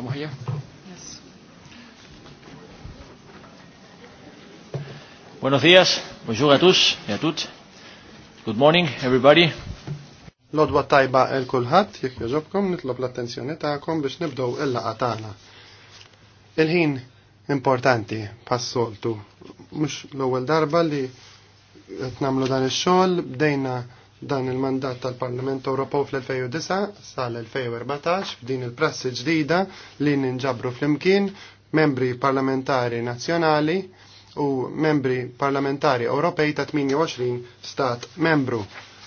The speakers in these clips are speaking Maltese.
Am I here? Yes. Buenos días, bonjour à tous et a toutes. Good morning, everybody. Lodwa tajba el kulħadd jekk jogħġobkom nitlob l-attenzjoni tagħkom biex nibdow il-laqgħa tagħna. Il-ħin importanti pas-soltu. Mhux l-ewwel darba li qed nagħmlu dan ix-xogħol bdejna dan il-mandat tal-Parlament Ewropew fl-2009 sal-2014 f'din il-prassi ġdida li ninġabru fl-imkien membri parlamentari nazzjonali u membri parlamentari Ewropej ta' 28 stat membru.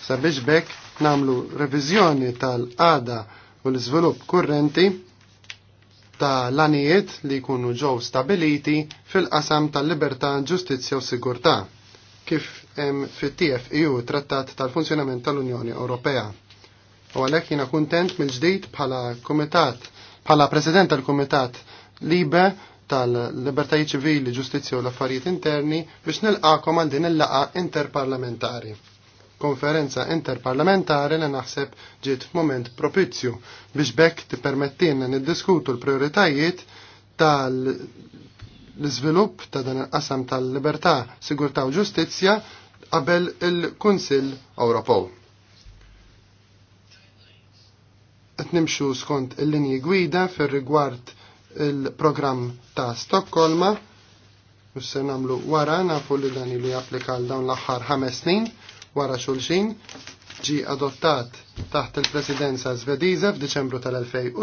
Sabiex bekk namlu reviżjoni tal-qada u l-iżvilupp kurrenti ta' lanijiet li jkunu ġew stabiliti fil-qasam tal-libertà, ġustizzja u sigurtà. Kif hemm fit-TFEU Trattat tal-Funzjonament tal-Unjoni Ewropea. U għalhekk jiena kuntent mill-ġdid bħala kumitat bħala President tal-Kumitat Libe tal-Libertajiet Ċivili, Ġustizzja u l-Affarijiet Interni biex nilqakom għal din il-laqa interparlamentari konferenza interparlamentari li naħseb ġiet f'mument propizju biex bekk tippermettilna niddiskutu l-prioritajiet tal l-iżvilupp ta' dan il-qasam tal-libertà, sigurtà u ġustizzja qabel il-Kunsill Ewropew. Qed nimxu skont il-linji gwida fir-rigward il-programm ta' Stokkolma u se nagħmlu wara nafu li dan li applika għal dawn l-aħħar ħames snin wara xulxin ġi adottat taħt il-presidenza Svediża f'Diċembru tal-2009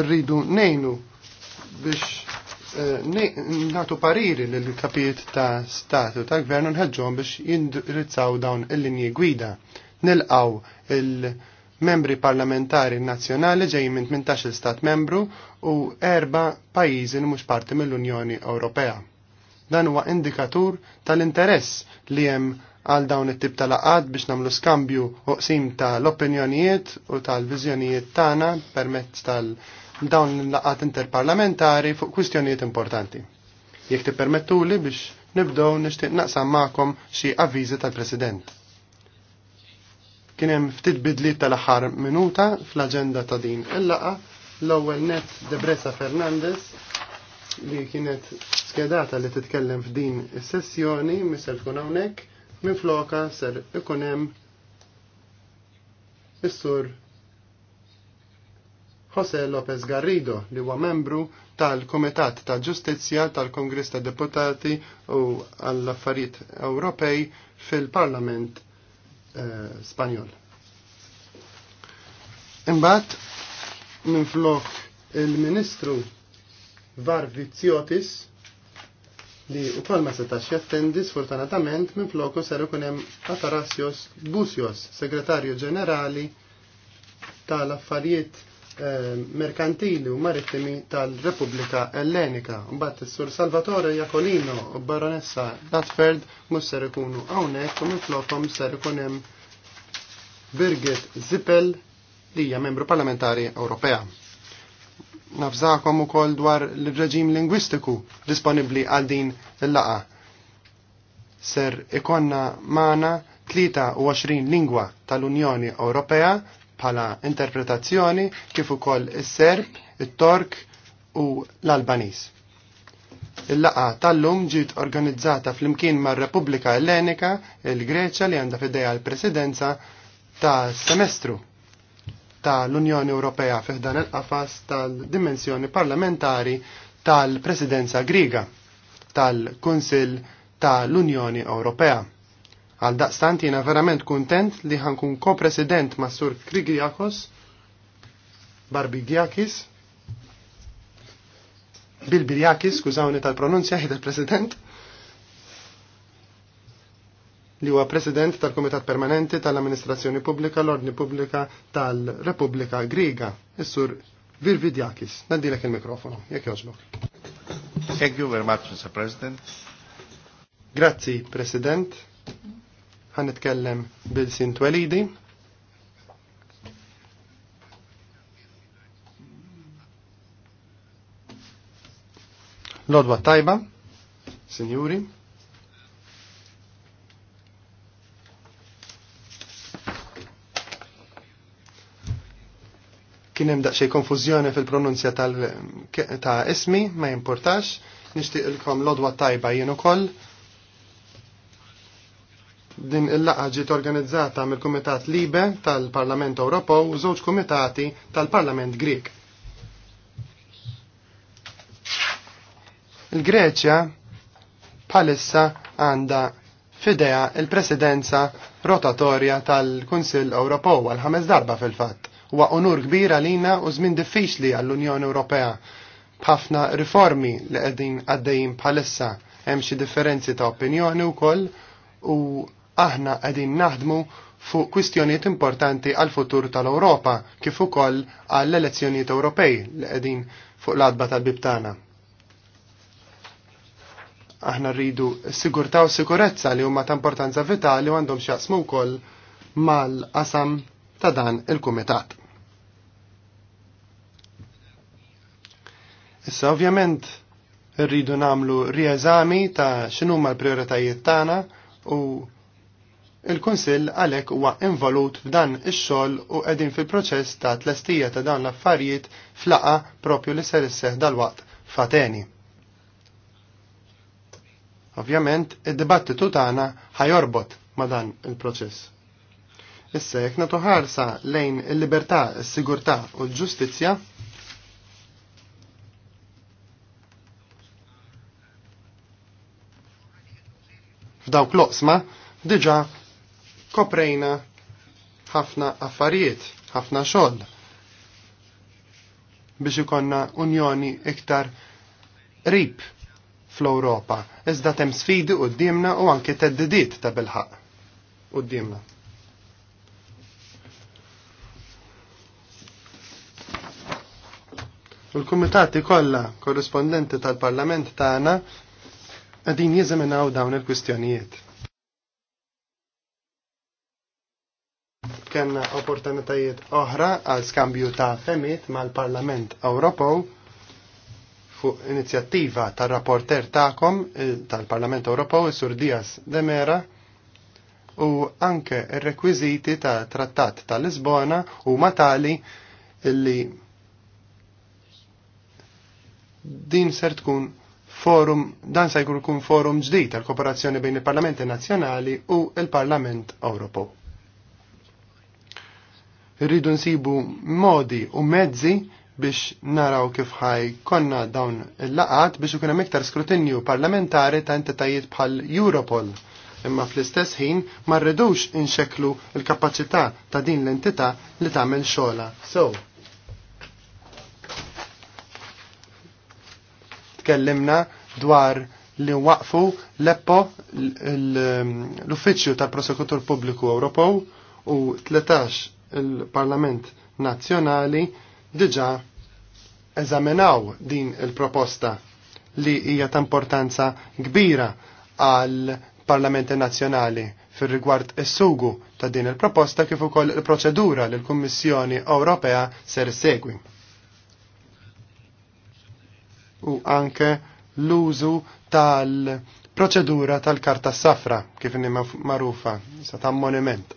irridu nejnu biex Eh, natu pariri li l kapijiet ta' statu ta' gvern nħeġġhom biex jindrizzaw dawn il-linji gwida. Nilqaw il-membri parlamentari nazzjonali ġejjin minn 18 stat membru u erba pajjiżi li mhux parti mill-Unjoni Ewropea. Dan huwa indikatur tal-interess li hemm għal dawn it-tip tal laqad biex namlu skambju uqsim tal-opinjonijiet u tal-vizjonijiet tagħna permezz tal-, -opinjonijiet, u tal dawn l-laqat interparlamentari fuq kwistjonijiet importanti. Jek ti li biex nibdow nishtiq naqsam ma'kom xi avviżi tal-President. Kien hemm ftit bidliet tal-aħħar minuta fl-aġenda ta' din il-laqa l-ewwel net Debresa Fernandez li kienet skedata li titkellem f'din is-sessjoni misser tkun hawnhekk minn floka ser ikunem is-sur Jose Lopez Garrido li huwa membru tal-Kumitat ta' Ġustizzja tal-Kongress ta' Deputati u għall-Affarijiet Ewropej fil-Parlament eh, Spanjol. Imbagħad minflok il-Ministru Var Viziotis li u kol ma setax jattendi sfortunatament minn floku ser ikun hemm Atarasios Busios, segretarju ġenerali tal-affarijiet Eh, merkantili u marittimi tal-Repubblika Ellenika. Mbagħad is-Sur Salvatore Jacolino u Baronessa Latfeld mhux ser ikunu hawnhekk u minflokhom ser ikun hemm Birgit Zippel li hija membru parlamentari Ewropea. Nafżakom ukoll dwar l-reġim lingwistiku disponibbli għal din il-laqa. Ser ikonna mana 23 lingwa tal-Unjoni Ewropea bħala interpretazzjoni kif ukoll is-Serb, it-Tork u l-Albaniż. Il-laqa tal-lum ġiet organizzata fl-imkien mar repubblika Ellenika, il greċa li għandha fidejha l-Presidenza ta' semestru ta' l-Unjoni Ewropea fiħdan il-qafas tal-dimensjoni parlamentari tal-Presidenza Griga tal-Kunsil tal-Unjoni Ewropea. Għal daqstant jena verament kontent li ħankun ko-president ma' sur Krigiakos Barbigiakis Bilbiakis, skużawni tal-pronunzja, ħed il-president li huwa president tal-Kumitat Permanenti tal-Amministrazzjoni Pubblika l-Ordni Pubblika tal-Repubblika Griga, is-sur Virvidjakis. Nadilek il-mikrofonu, jek joġbok. Thank you very much, Mr. President. Grazzi, President. Ħanitkellem bil-sin Twelidi. Lodwa tajba, sinjuri. Kien hemm daqsxejn konfużjoni fil-pronunzja ta' ismi, ma jimportax, nixtieq ilkom lodwa tajba jien ukoll Din il-laqa ġiet organizzata mill-Kumitat Libe tal-Parlament Ewropew u żewġ kumitati tal-Parlament Grik. Il-Greċja bħalissa għandha fidea il-presidenza rotatorja tal-Kunsill Ewropew għal ħames darba fil-fatt. Huwa onur kbir għalina u żmien diffiċli għall-Unjoni Ewropea b'ħafna riformi li qegħdin għaddejjin bħalissa hemm xi differenzi ta' opinjoni wkoll u aħna qegħdin naħdmu fuq kwistjonijiet importanti għal futur tal-Ewropa kif ukoll għall elezzjonijiet Ewropej li qegħdin fuq l-adba tal-bibtana. Aħna rridu sigurtà u sikurezza li huma ta' importanza vitali u għandhom x'jaqsmu wkoll mal-qasam ta' dan il-kumitat. Issa ovvjament rridu namlu rieżami ta' x'inhuma l-prioritajiet tagħna u Il-Kunsill għalek huwa involut f'dan ix-xogħol u qegħdin fil-proċess ta' tlestija ta' dan l-affarijiet flaqa propju li ser isseħ dal-waqt fateni. Ovvjament, id-dibattitu tagħna ħajorbot ma' dan il-proċess. Issa jekk nagħtu ħarsa lejn il-libertà, is-sigurtà u l-ġustizzja, f'dawk l-oqsma diġa koprejna ħafna affarijiet, ħafna xogħol biex ikonna unjoni iktar rib fl-Europa. Iżda hemm sfidi u u anke teddidiet ta' bilħaq u d U l-Kumitati kollha korrispondenti tal-Parlament tagħna qegħdin jeżaminaw dawn il-kwistjonijiet. kena opportunitajiet oħra għal skambju ta' femit mal-Parlament Ewropew fuq inizjattiva tar rapporter ta'kom eh, tal-Parlament Ewropew is-Sur Dias Mera, u anke r-rekwiżiti ta' Trattat ta' Lisbona u matali illi din ser tkun forum, dan se jkun forum ġdid tal-kooperazzjoni bejn il-Parlamenti Nazzjonali u il-Parlament Ewropew. Irridu nsibu modi u mezzi biex naraw kif ħaj konna dawn il-laqat biex ukun hemm iktar skrutinju parlamentari ta' entitajiet bħal Europol. Imma fl-istess ħin ma rridux inxeklu l-kapaċità ta' din l-entità li tagħmel xogħla. So. Tkellimna dwar li waqfu l-EPPO l-Uffiċċju tal-Prosekutur Pubbliku Ewropew u 13 il-Parlament Nazzjonali diġa eżaminaw din il-proposta li hija ta' importanza kbira għal Parlamenti Nazzjonali fir rigward is-sugu ta' din il-proposta kif ukoll il-proċedura li l-Kummissjoni Ewropea ser segwi. U anke l-użu tal-proċedura tal-karta safra kif nimma marufa sa ta' monument.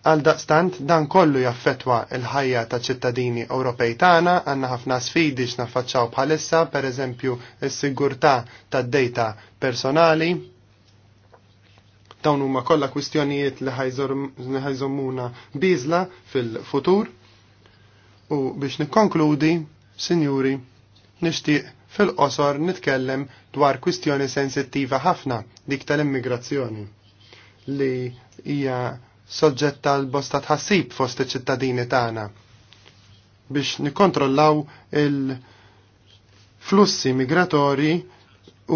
Għal daqstant dan kollu jaffetwa il-ħajja ta' ċittadini Ewropej tagħna għandna ħafna sfidi x'naffaċċaw bħalissa, pereżempju s-sigurtà tad-dejta personali. Dawn huma kollha kwistjonijiet li ħajżommuna biżla fil-futur. U biex nikkonkludi, sinjuri, nixtieq fil-qosor nitkellem dwar kwistjoni sensittiva ħafna dik tal-immigrazzjoni li hija soġġetta l bosta tħassib fost iċ-ċittadini tagħna biex nikkontrollaw il-flussi migratori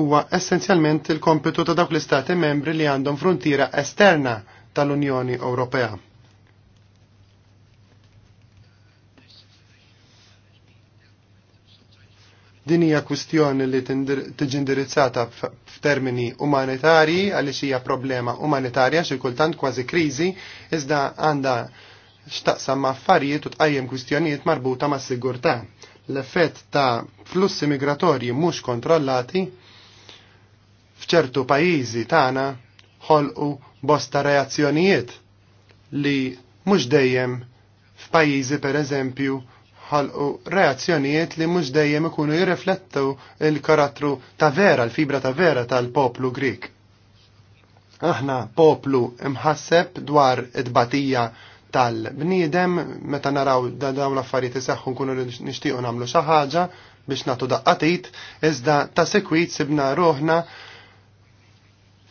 huwa essenzjalment il-kompetu ta' dawk l-istati membri li għandhom frontiera esterna tal-Unjoni Ewropea. Din hija kwistjoni li tiġi indirizzata f'termini umanitarji għaliex hija problema umanitarja xi kultant kważi kriżi iżda għandha x'taqsam ma' affarijiet u tqajjem kwistjonijiet marbuta ma' sigurtà. L-effett ta' flussi migratorji mhux kontrollati f'ċertu pajjiżi tagħna ħolqu bosta reazzjonijiet li mhux dejjem f'pajjiżi pereżempju ħalqu reazzjonijiet li mhux dejjem ikunu jirriflettu il-karattru ta' vera, l-fibra ta' vera tal-poplu Grik. Aħna poplu imħasseb dwar id-batija tal-bniedem meta naraw da dawn l-affarijiet iseħħu nkunu nixtiequ nagħmlu xi ħaġa biex nagħtu daqqatit, iżda ta' sekwit sibna ruħna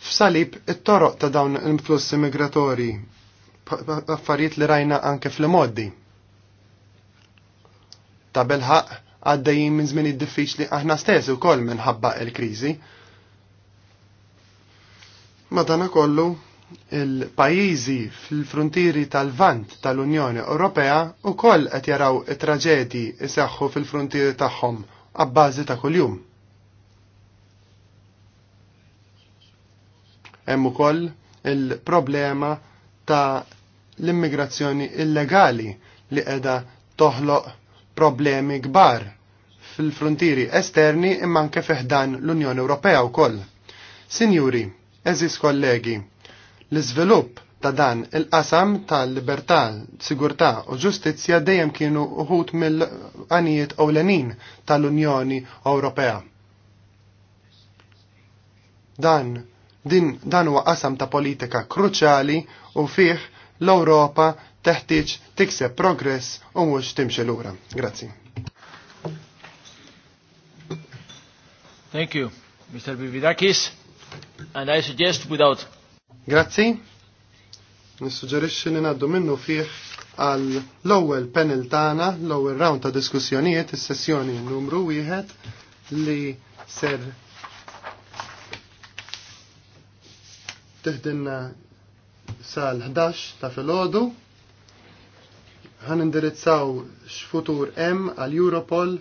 f'salib it-toroq ta' dawn il-flussi migratorji affarijiet li rajna anke fl-modi ta' belħaq għaddejjin minn żmien diffiċli aħna stess ukoll minħabba l-kriżi. Madana kollu il-pajjiżi fil-frontieri tal-vant tal-Unjoni Ewropea ukoll qed jaraw it-traġedji iseħħu fil-frontieri tagħhom għabbażi ta' kuljum. Hemm ukoll il-problema ta' l-immigrazzjoni illegali li qiegħda toħloq problemi kbar fil-frontieri esterni imma anke fiħdan l-Unjoni Ewropea wkoll. Sinjuri, eżis kollegi, l-iżvilupp ta' dan il-qasam ta' libertà, sigurtà u ġustizzja dejjem kienu uħut mill-qanijiet ewlenin tal-Unjoni Ewropea. Dan din dan huwa qasam ta' politika kruċjali u fih l-Ewropa teħtieġ tikseb progress u mhux timxi lura. Grazzi. Thank you, Mr. Bividakis. And I suggest without. Grazzi. Nissuġġerixxi li ngħaddu minnu fih għal l-ewwel panel tagħna, l-ewwel round ta' diskussjonijiet, is-sessjoni numru wieħed li ser tiħdinna sal-11 ta' filgħodu għan indirizzaw x'futur hemm għal Europol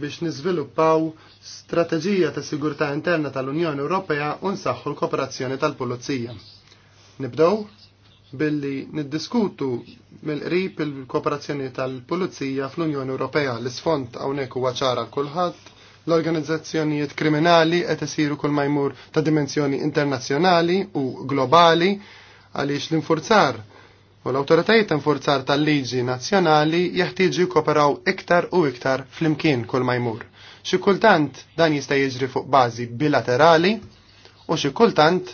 biex niżviluppaw strateġija ta' sigurtà interna tal-Unjoni Ewropea u nsaħħu l-kooperazzjoni tal-Pulizija. Nibdew billi niddiskutu mill-qrib il-kooperazzjoni tal-Pulizija fl-Unjoni Ewropea l-isfond hawnhekk huwa ċara kulħadd l-organizzazzjonijiet kriminali qed isiru kull ma jmur ta' dimensjoni internazzjonali u globali għaliex l-infurzar U l-autoritajiet enforzar tal-liġi nazzjonali jeħtieġu jkoperaw iktar u iktar flimkien kull ma jmur. Xi kultant dan jista' jiġri fuq bażi bilaterali u xi kultant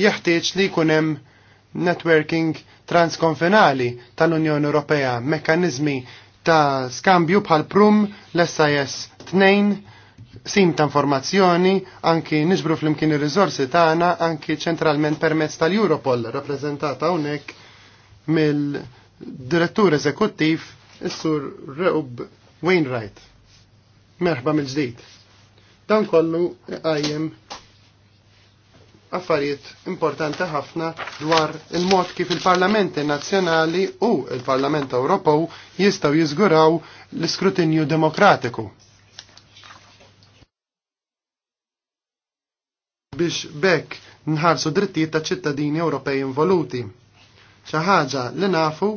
jeħtieġ li jkun hemm networking transkonfinali tal-Unjoni Ewropea, mekkaniżmi ta' skambju bħal prum l-SIS 2 sim ta' informazzjoni, anki niġbru fl ir-riżorsi tagħna anki ċentralment permezz tal-Europol, rappreżentata hawnhekk mill-direttur eżekuttiv is-sur Reub Wainwright. Merħba mill-ġdid. Dan kollu qajjem affarijiet importanti ħafna dwar il-mod kif il-Parlamenti Nazzjonali u il-Parlament Ewropew jistgħu jiżguraw l-iskrutinju demokratiku biex bekk nħarsu drittijiet ta' ċittadini Ewropej involuti. Xi ħaġa li nafu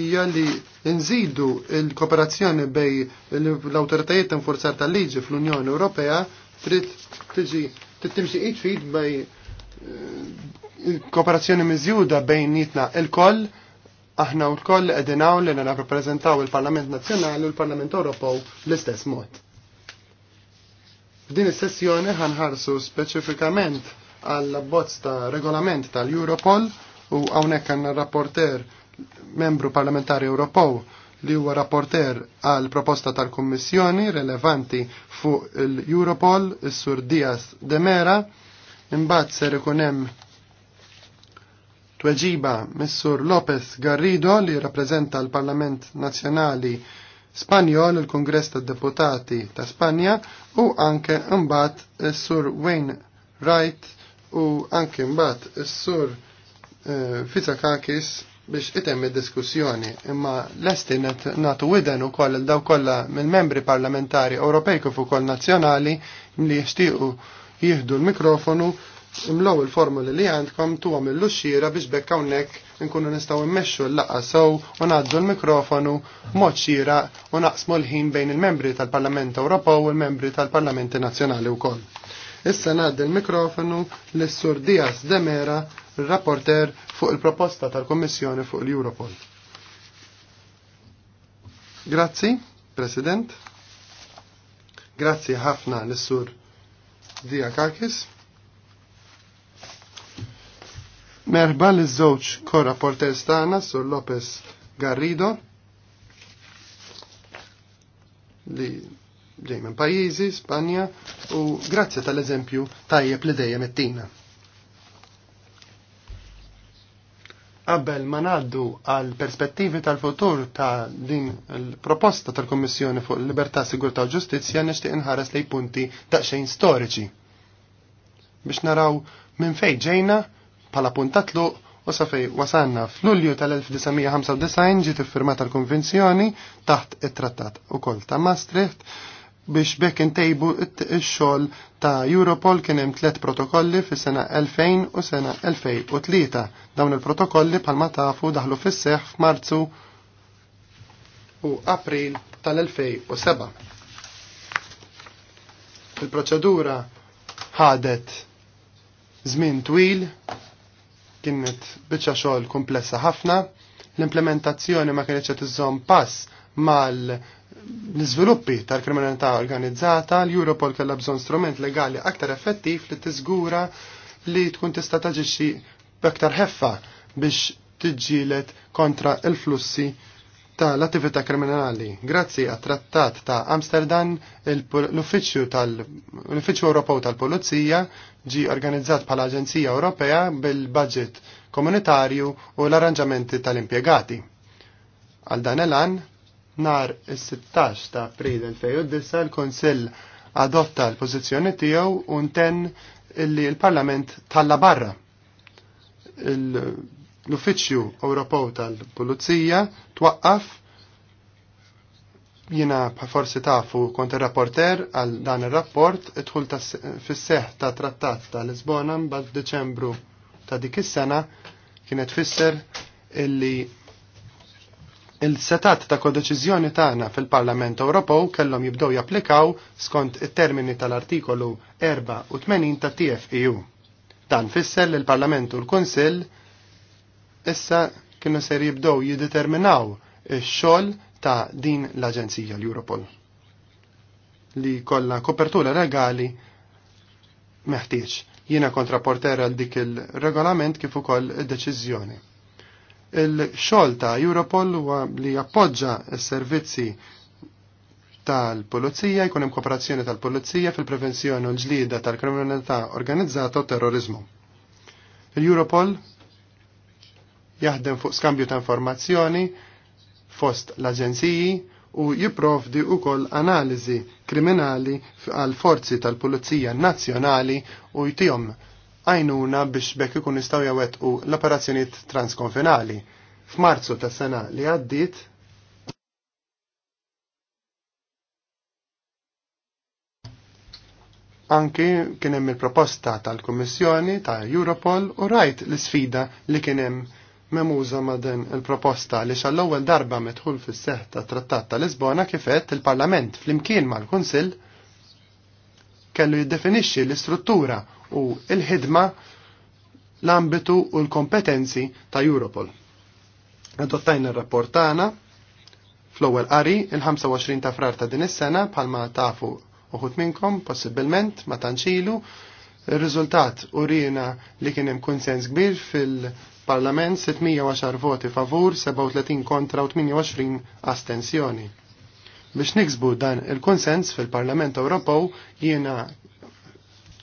hija li nżidu l-kooperazzjoni bej l-awtoritajiet infurzar tal-liġi fl-Unjoni Ewropea trid tiġi tittimxi id bej eh, kooperazzjoni miżjuda bejn nitna il-koll aħna u l-koll edinaw li nana rappresentaw il-Parlament Nazjonali u l-Parlament Ewropew l-istess mod. Din is-sessjoni ħanħarsu speċifikament għall bozz ta' regolament tal-Europol u hawnhekk għandna rapporter membru parlamentari Ewropew li huwa rapporter għal proposta tal-Kummissjoni relevanti fuq l-Europol, is-Sur Dias de Mera, imbagħad ser ikun hemm tweġiba mis-Sur Lopez Garrido li rappreżenta l-Parlament Nazzjonali Spanjol il-Kongress tad deputati ta' Spanja u anke mbagħad is-Sur Wayne Wright u anke mbagħad is-Sur uh, eh, Fizakakis biex item id-diskussjoni imma l-estin natu widen u koll daw kolla mill-membri parlamentari Ewropej kif ukoll nazzjonali li jieħdu l-mikrofonu imlaw il-formuli li għandkom tu għam il-luxxira biex bekk hawnhekk nkunu nistgħu immexxu l-laqgħa sew u ngħaddu l-mikrofonu mod xira u naqsmu l-ħin bejn il-membri tal-Parlament Ewropew u l-membri tal-Parlamenti Nazzjonali wkoll. Issa ngħaddi l-mikrofonu lis-Sur Dias Demera, rapporter fuq il-proposta tal-Kommissjoni fuq l-Europol. Grazzi, President. Grazzi ħafna lis-Sur Diakakis Merba li żewġ kora porters tagħna sur Lopez Garrido li ġej minn pajjiżi, Spanja, u grazzi tal-eżempju tajjeb li dejjem ittina. qabel ma naddu għal perspettivi tal-futur ta' din il-proposta tal-Kommissjoni fuq libertà, sigurtà u ġustizzja nixtieq inħares lej punti xejn storiċi biex naraw minn fejn ġejna bħala puntatlu u safej wasanna f'Lulju tal-1995 ġiet iffirmata l-konvenzjoni taħt it-trattat ukoll ta' Maastricht biex bekk intejbu x-xogħol ta' Europol kien hemm tliet protokolli fis-sena 2000 u sena 2003. Dawn il-protokolli bħalma tafu daħlu fis-seħħ f'Marzu u April tal-2007. Il-proċedura ħadet żmien twil kienet biċċa xogħol komplessa ħafna, l-implementazzjoni ma kienet qed iżżomm pass mal l-iżviluppi tal-kriminalità organizzata, l-Europol kellha bżonn strument legali aktar effettiv li tiżgura li tkun tista' taġixxi b'aktar ħeffa biex tiġġielet kontra il-flussi tal-attività kriminali. Grazzi għat trattat ta' Amsterdam, l-Uffiċċju tal-Uffiċċju Ewropew tal-Pulizija ġi organizzat bħala Aġenzija Ewropea bil-budget komunitarju u l-arranġamenti tal-impjegati. Għal dan elan, nar is-16 ta' april 2009 l-Konsill adotta l-pożizzjoni tiegħu u nten illi l-Parlament talla barra L-Uffiċċju Ewropew tal-Pulizija twaqqaf jina forsi tafu kont il-rapporter għal dan il-rapport idħul fis-seħ ta' trattat ta' Lisbona mbagħad Deċembru ta' dik is-sena kienet fisser illi il-setat ta' kodeċiżjoni tagħna fil-Parlament Ewropew kellhom jibdew japplikaw skont it-termini tal-artikolu 84 ta' TFEU. Dan fisser li l-Parlament u l-Kunsill issa kienu ser jibdow jiddeterminaw ix-xogħol ta' din l-Aġenzija l-Europol li kollha kopertura legali meħtieġ. Jiena kontraporter għal dik il-regolament kif ukoll id-deċiżjoni. il xol ta' Europol huwa li jappoġġa s-servizzi tal-Pulizija, jkun hemm kooperazzjoni tal-Pulizija fil-prevenzjoni u l-ġlida tal-kriminalità organizzata u terrorizmu. Il-Europol jaħdem fuq skambju ta' informazzjoni fost l-aġenziji u jiprovdi u koll analizi kriminali għal forzi tal-Pulizija Nazzjonali u jtijom għajnuna biex bekk ikun istaw jawet u l-operazzjoniet transkonfinali. F'Marzu ta' sena li għaddit Anki kien hemm il-proposta tal-Kummissjoni ta' Europol u rajt l-sfida li kien hemm memuża ma' din il-proposta li xall-ewwel darba metħul fis-seħħ tat Trattat ta' Lisbona kifet il-Parlament flimkien mal-Kunsill kellu jiddefinixxi l-istruttura u l-ħidma l-ambitu u l-kompetenzi ta' Europol. Adottajna r-rapport tagħna fl-ewwel qari il-25 ta' frar ta' din is-sena bħalma tafu uħut minnkom possibilment ma tantxilu ir-riżultat urina li kien hemm konsens kbir fil- Parlament 610 voti favur, 37 kontra u 28 astensjoni. Biex niksbu dan il-konsens fil-Parlament Ewropew jiena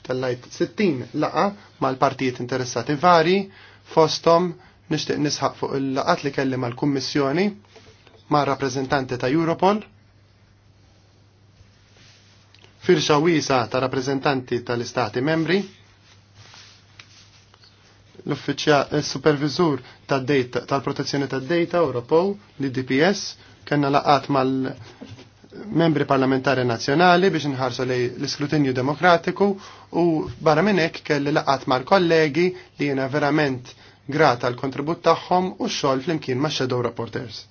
tal tal-lajt 60 laqa mal-partijiet interessati vari, fostom nixtieq nisħaq fuq il-laqat li kelli mal-Kummissjoni, mar-rappreżentanti ta' Europol, firxa wiesa ta' rappreżentanti tal-Istati membri, l-supervizur tal-protezzjoni tad-data Europol, l-DPS, kena laqat mal-membri parlamentari nazjonali biex nħarsu li l-iskrutinju demokratiku u barra minnek kelli laqat mal-kollegi li jena verament grata l-kontribut tagħhom u xogħol flimkien ma' Shadow Reporters.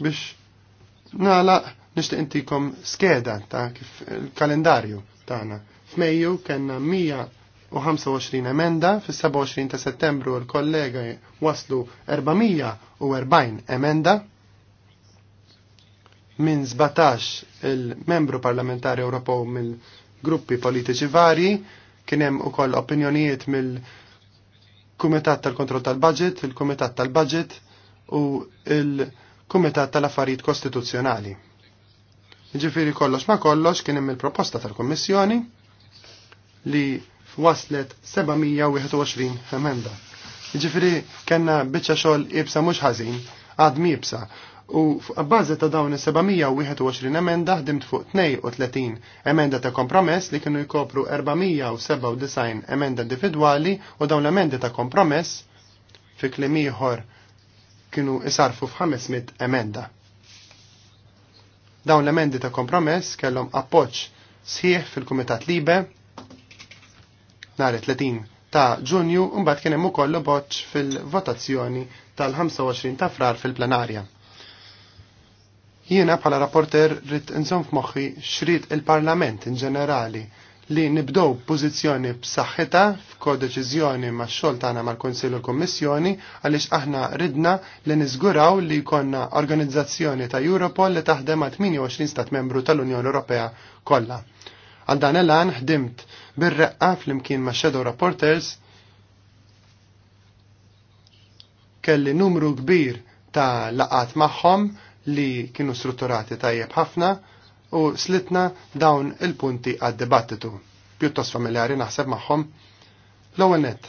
Biex nala nixtieq intikom skeda ta' kif il-kalendarju tagħna. F'Mejju kellna u 25 emenda, fis-27 ta' settembru l-kollega waslu 440 emenda minn 17 il-membru parlamentari Ewropew mill-gruppi politiċi varji, kien hemm ukoll opinjonijiet mill-Kumitat tal-Kontroll tal-Budget, il-Kumitat tal-Budget u il-Kumitat tal-Affarijiet Kostituzzjonali. Ġifiri kollox ma kollox kien hemm il-proposta tal-Kommissjoni li waslet 721 emenda. Ġifiri, kena bieċa xol ibsa mux ħazin, għad mibsa, u f'bbażi ta' dawn 721 emenda ħdimt fuq 32 emenda ta' kompromess li kienu jkopru 497 emenda individwali u dawn l-emendi ta' kompromess fi klimiħor kienu isarfu f'500 emenda. Dawn l-emendi ta' kompromess kellhom appoġġ sħiħ fil-Kumitat Libe nhar 30 ta' Ġunju u mbagħad kien hemm ukoll boċċ fil-votazzjoni tal-25 ta' frar fil-plenarja. Jiena bħala rapporter rrid insom f'moħħi xrid il-Parlament in ġenerali li nibdow pożizzjoni b'saħħitha f'kodeċiżjoni max-xogħol tagħna mal-Kunsill u l-Kummissjoni għaliex aħna ridna li niżguraw li jkollna organizzazzjoni ta' Europol li taħdem ma' 28 stat membru tal-Unjoni Ewropea kollha. Għal dan elan ħdimt bir-reqqa fl-imkien ma' Shadow Reporters kelli numru kbir ta' laqat magħhom li kienu strutturati tajjeb ħafna u slitna dawn il-punti għad-dibattitu. Pjuttost familjari naħseb maħħom L-ewwel nett.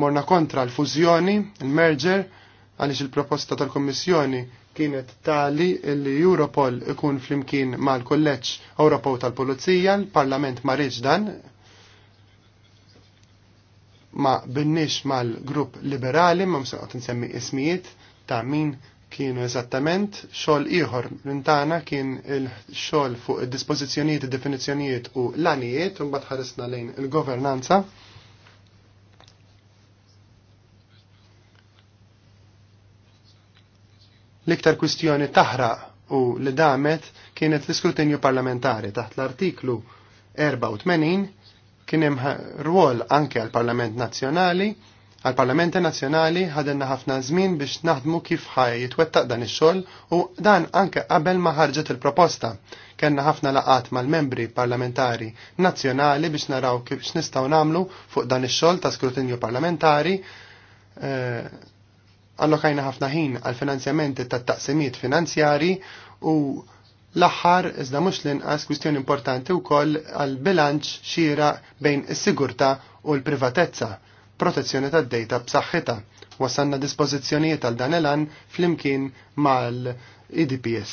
Morna kontra l-fużjoni, il-merger, għaliex il-proposta tal-Kommissjoni kienet tali li Europol ikun flimkien mal-Kolleġġ Ewropew tal-Pulizija, l-Parlament ma rridx dan ma binnix mal-grupp liberali, ma msaqot nsemmi ismijiet ta' min kienu eżattament xogħol ieħor rintana kien il-xogħol fuq id-dispożizzjonijiet, id-definizzjonijiet u l-anijiet u mbagħad ħaresna lejn il-governanza. il governanza L-iktar kwistjoni taħraq u li damet kienet l-iskrutinju parlamentari taħt l-artiklu 84 kien hemm rwol anke għal Parlament Nazzjonali, għal Parlamenti Nazzjonali ħadenna ħafna żmien biex naħdmu kif ħaj jitwettaq dan ix-xogħol u dan anke qabel ma ħarġet il-proposta. Kenna ħafna laqat mal-membri parlamentari nazzjonali biex naraw kif x'nistgħu nagħmlu fuq dan ix-xogħol ta' skrutinju parlamentari eh, allokajna ħafna ħin għal finanzjamenti tat taqsimiet finanzjari u l-aħħar iżda mhux l-inqas kwistjoni importanti wkoll għal bilanċ xira bejn is-sigurtà u l-privatezza, protezzjoni tad-dejta b'saħħitha. Wasanna dispożizzjonijiet għal dan elan flimkien mal-IDPS.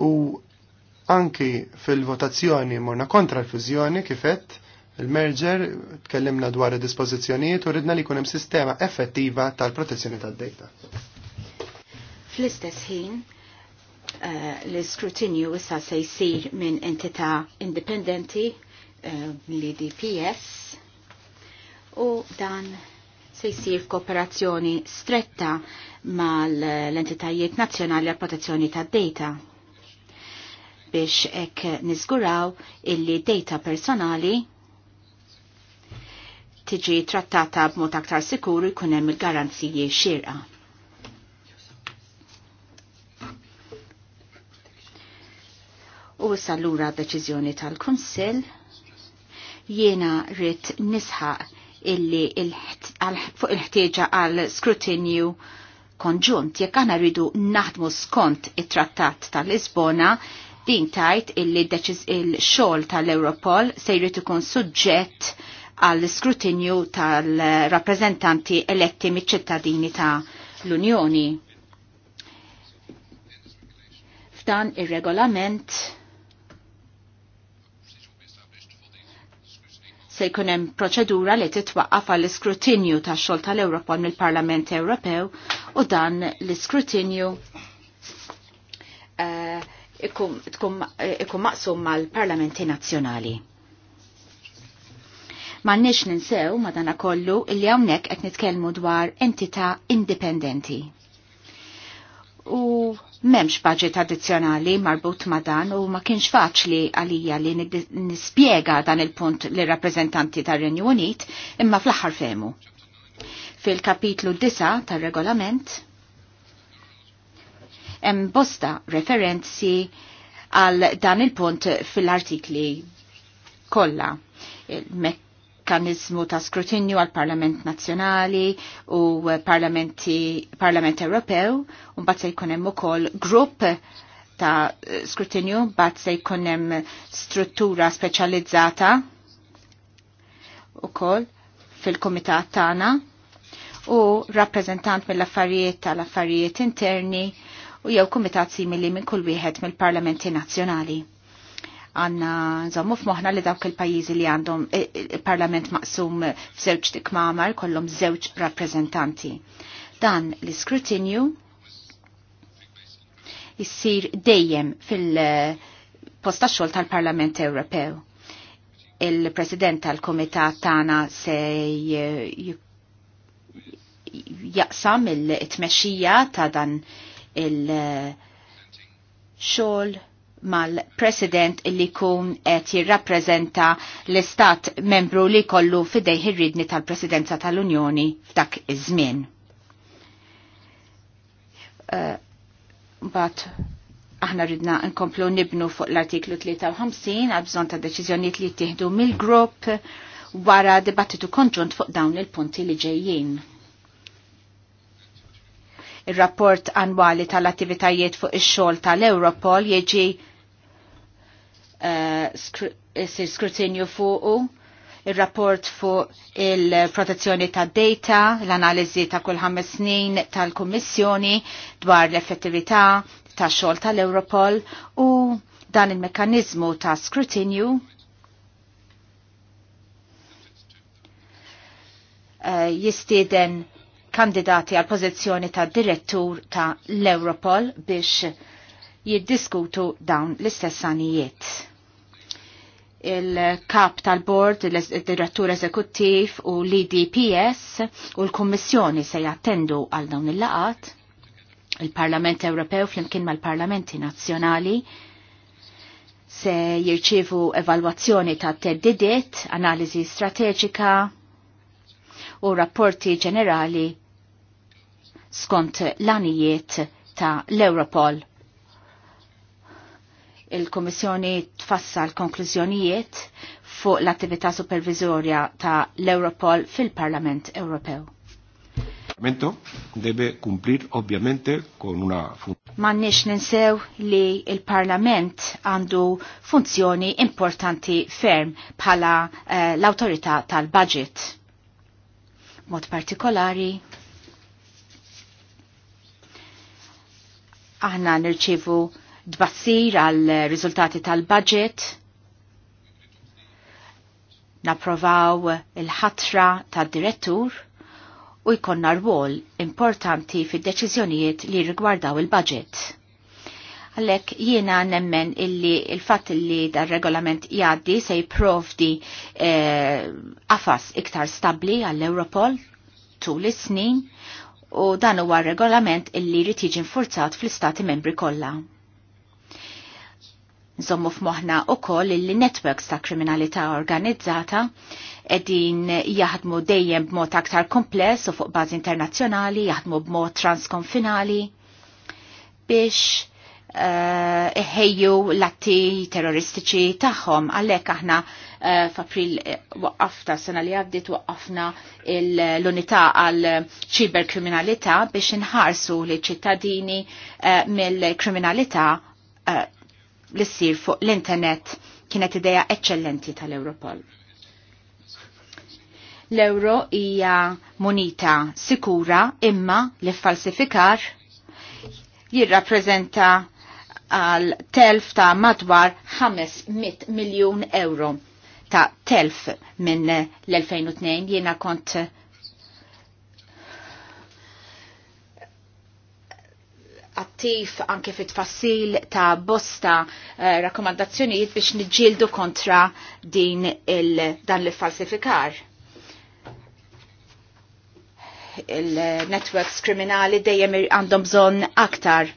U anki fil-votazzjoni morna kontra l-fużjoni kifet Il-merger, tkellimna dwar il-dispozizjoniet u ridna li kunem sistema effettiva tal-protezzjoni tad-data. Fl-istess ħin, eh, l-iskrutinju issa se jsir minn entità indipendenti eh, l-IDPS u dan se jsir f'kooperazzjoni stretta mal l-entitajiet nazzjonali għal protezzjoni tad data biex ek nizguraw illi data personali tiġi trattata b'mod aktar sikuru jkun hemm il-garanziji xierqa. U issa lura deċiżjoni tal-Kunsill jiena rrid nisħaq illi fuq il-ħtieġa għal skrutinju konġunt jekk aħna rridu naħdmu skont it-trattat tal-Lisbona din tajt illi il-xogħol tal-Europol se jrid ikun suġġett għall-iskrutinju tal-rappresentanti eletti mit-ċittadini ta' l-Unjoni. F'dan ir-regolament se jkun hemm proċedura li titwaqqaf għall iskrutinju tax-xogħol tal-Ewropol mill-Parlament Ewropew u dan l-iskrutinju eh, ikum eh, maqsum mal-Parlamenti Nazzjonali nix ninsew madana kollu illi hawnhekk qed nitkellmu dwar entità indipendenti. U memx budget addizzjonali marbut ma dan u ma kienx faċli għalija li nispjega dan il-punt li rappresentanti tar renju Unit imma fl-aħħar femu. Fil-kapitlu 9 tar-regolament hemm bosta referenzi għal dan il-punt fil-artikli kollha mekkanizmu ta' skrutinju għal Parlament Nazzjonali u Parlament Ewropew, un bat se jkun hemm ukoll grupp ta' skrutinju, bat se jkunem struttura struttura speċjalizzata kol fil-Kumitat tagħna u rappreżentant mill-affarijiet tal-affarijiet interni u jew komitat simili minn kull wieħed mill-Parlamenti Nazzjonali. Għanna zammuf moħna li dawk il-pajjiżi li għandhom e, e, il-parlament maqsum f'żewġ tikmamar kollhom żewġ rappreżentanti. Dan l-iskrutinju jissir dejjem fil-posta xogħol tal-Parlament Ewropew. Il-President tal-Komitat tagħna se jaqsam il-tmexxija ta' dan il- xogħol mal-president li kun qed jirrappreżenta l-istat membru li kollu f'idej ir-ridni tal-presidenza tal-Unjoni f'dak iż-żmien. Uh, but aħna ridna nkomplu nibnu fuq l-artiklu 53 għal bżon ta' deċiżjonijiet li jittieħdu mill-grupp wara dibattitu konġunt fuq dawn il-punti li ġejjin. Ir-rapport annwali tal-attivitajiet fuq ix-xogħol tal-Europol jiġi isir eh, eh, skrutinju fuqu il-rapport fuq il-protezzjoni ta' data, l-analizi ta' kull ħames snin tal-Kummissjoni dwar l-effettività ta' xogħol tal-Europol u dan il-mekkanizmu ta' skrutinju uh, jistieden kandidati għal pożizzjoni ta' direttur ta' l-Europol biex jiddiskutu dawn l-istessanijiet il-kap tal-bord, il-direttur eżekuttiv u l-IDPS u l-Kommissjoni se jattendu għal dawn il-laqat, il-Parlament Ewropew flimkien mal-Parlamenti Nazzjonali se jirċivu evalwazzjoni ta' teddidiet, analizi strateġika u rapporti ġenerali skont l-anijiet ta' l-Europol il-Komissjoni tfassal konklużjonijiet fuq l-attività supervizorja ta' l-Europol fil-Parlament Ewropew. Parlamento debe kumplir ovvjamente con una Mannix ninsew li il-Parlament għandu funzjoni importanti ferm bħala eh, l-autorità tal-budget. Mod partikolari aħna nirċivu dbassir għal riżultati tal-budget, naprovaw il-ħatra tad-direttur u jkonna rwol importanti fid-deċiżjonijiet li rigwardaw il-budget għallek jiena nemmen illi il-fat illi dar regolament jaddi se jiprovdi eh, qafas iktar stabli għall-Europol tul is-snin u dan huwa regolament illi rrid jiġi nfurzat fl-istati membri kollha. Nżommu f'moħna u koll li networks ta' kriminalità organizzata edin jaħdmu dejjem b'mod aktar kompless u fuq bażi internazzjonali, jaħdmu b'mod transkonfinali biex eh, iħejju uh, l-atti terroristiċi tagħhom għalhekk aħna uh, f'April eh, waqqafta sena li għaddit waqqafna l-unità għal ċiberkriminalità biex inħarsu li ċittadini uh, mill-kriminalità li ssir fuq l-internet kienet ideja eccellenti tal-Europol. L-euro hija moneta sikura imma li falsifikar jirrappreżenta għal telf ta' madwar 500 miljon euro ta' telf minn l-2002 jiena kont attiv anke fit tfassil ta' bosta eh, rakkomandazzjonijiet biex niġġieldu kontra din il, dan li falsifikar Il-networks kriminali dejjem għandhom bżonn aktar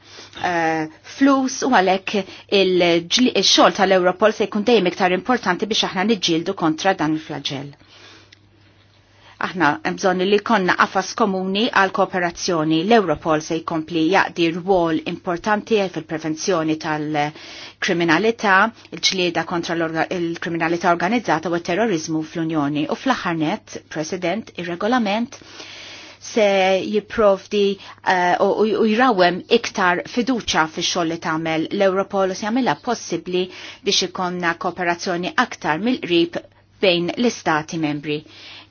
eh, flus u għalhekk il-xogħol tal-Europol se jkun dejjem iktar importanti biex aħna niġġieldu kontra dan il-flagell. Aħna bżonni li konna għafas komuni għal kooperazzjoni l-Europol se jkompli jaqdi rwol importanti fil-prevenzjoni tal-kriminalità, il-ġlieda kontra l-kriminalità organizzata u t-terrorizmu fl-Unjoni. U fl-aħħar President, ir-regolament se jiprovdi eh, u uh, jrawem iktar fiduċa fi xoll li tagħmel l-Europol se jagħmilha possibbli biex ikonna kooperazzjoni aktar mill-qrib bejn l-istati membri.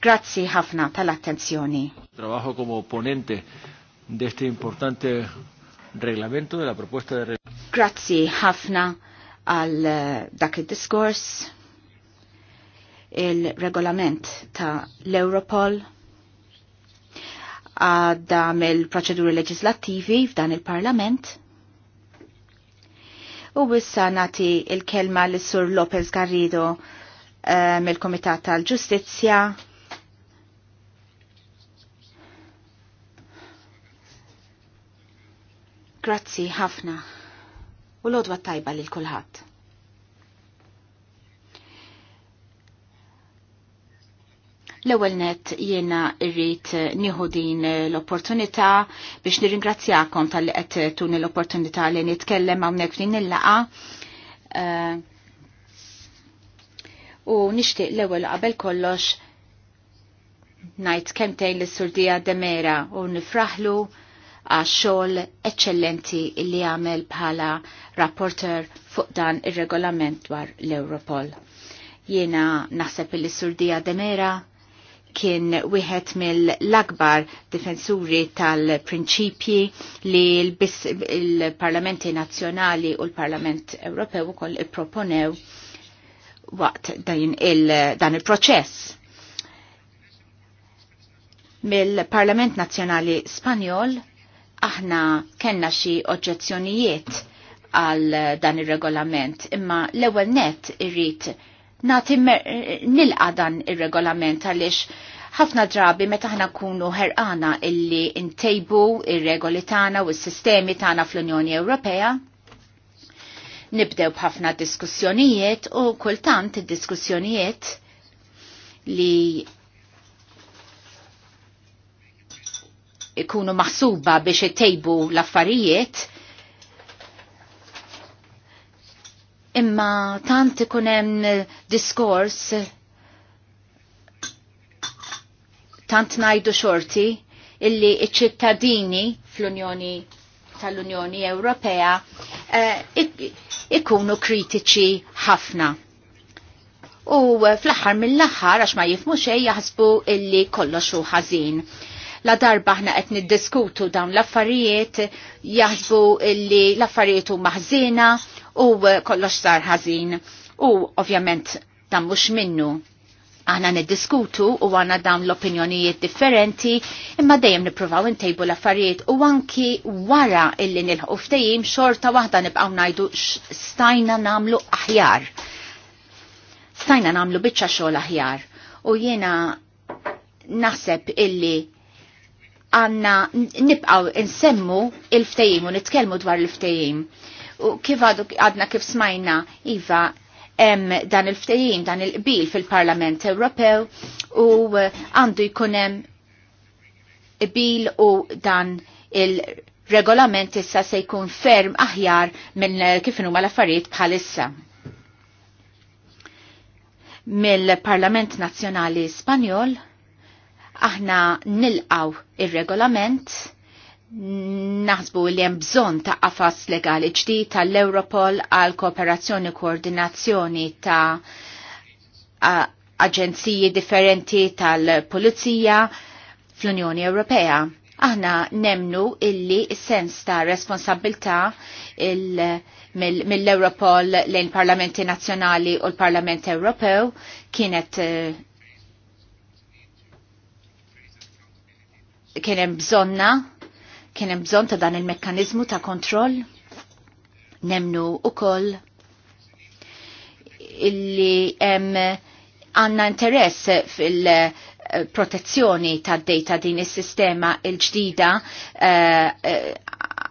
Grazzi ħafna tal-attenzjoni. Trabajo como ponente de este importante reglamento de la proposta de Grazzi ħafna għal eh, dak il-diskors il-regolament ta' l-Europol għadda mill-proċeduri leġislattivi f'dan il-Parlament. U wissa nati il-kelma l-Sur Lopez Garrido eh, mill-Komitat tal-Ġustizzja Grazzi ħafna. U l-odwa tajba lil kulħadd. L-ewwel net jiena rrid nieħu din l-opportunità biex nirringrazzjakom tal-li qed tuni l-opportunità li nitkellem hawnhekk din il-laqa. Eh, u nixtieq l-ewwel qabel kollox ngħid tejn l surdija Demera u nifraħlu għax xogħol eċċellenti li għamel bħala rapporter fuq dan ir-regolament dwar l-Europol. Jiena naħseb il surdija Demera kien wieħed mill-akbar difensuri tal-prinċipji li l-Parlamenti Nazzjonali u l-Parlament Ewropew ukoll ipproponew waqt dan il-proċess. Il Mill-Parlament Nazzjonali Spanjol Aħna kenna xi oġġezzjonijiet għal dan ir-regolament, imma l-ewwel net irrid nagħti nilqa dan ir-regolament għaliex ħafna drabi meta aħna kunu ħerqana illi ntejbu ir-regoli tagħna u s-sistemi tagħna fl-Unjoni Ewropea, nibdew b'ħafna diskussjonijiet u kultant id-diskussjonijiet li ikunu maħsuba biex ittejbu l-affarijiet, imma tant ikun hemm diskors tant ngħidu xorti illi iċ-ċittadini fl-Unjoni tal-Unjoni Ewropea eh, ikunu kritiċi ħafna. U fl-axar mill-axar, għax ma jifmu xej jaħsbu illi kollox u ħażin. La darba ħna qed niddiskutu dawn l-affarijiet jaħsbu li l-affarijiet huma ħżiena u kollox sar ħażin. U ovvjament dan mhux minnu aħna niddiskutu u għana dawn l-opinjonijiet differenti imma dejjem nippruvaw intejbu l-affarijiet u anki wara illi nilħu ftejim xorta waħda nibqgħu ngħidu stajna namlu aħjar. Stajna namlu biċċa xogħol aħjar u jiena naħseb illi għanna nibqaw nsemmu il ftajim u nitkelmu dwar il-ftejim. U kif għadna kif smajna, Iva, em, dan il ftajim dan il-qbil fil-Parlament Ewropew u eh, għandu jkunem qbil u dan il-regolament issa se jkun ferm aħjar minn eh, kif huma l-affarijiet bħalissa mill-Parlament Nazzjonali Spanjol Aħna nilqaw il regolament naħsbu li hemm bżonn ta' qafas legali ġdid tal-Europol għal kooperazzjoni koordinazzjoni ta' aġenziji differenti tal-Pulizija fl-Unjoni Ewropea. Aħna nemnu illi sens ta' responsabilità mill-Europol lejn parlamenti nazzjonali u l-Parlament Ewropew kienet eh, kien hemm bżonna, kien hemm bżonn ta' dan il-mekkaniżmu ta' kontroll. Nemnu ukoll illi hemm għandna interess fil- protezzjoni tad-dejta din is-sistema il-ġdida eh, eh,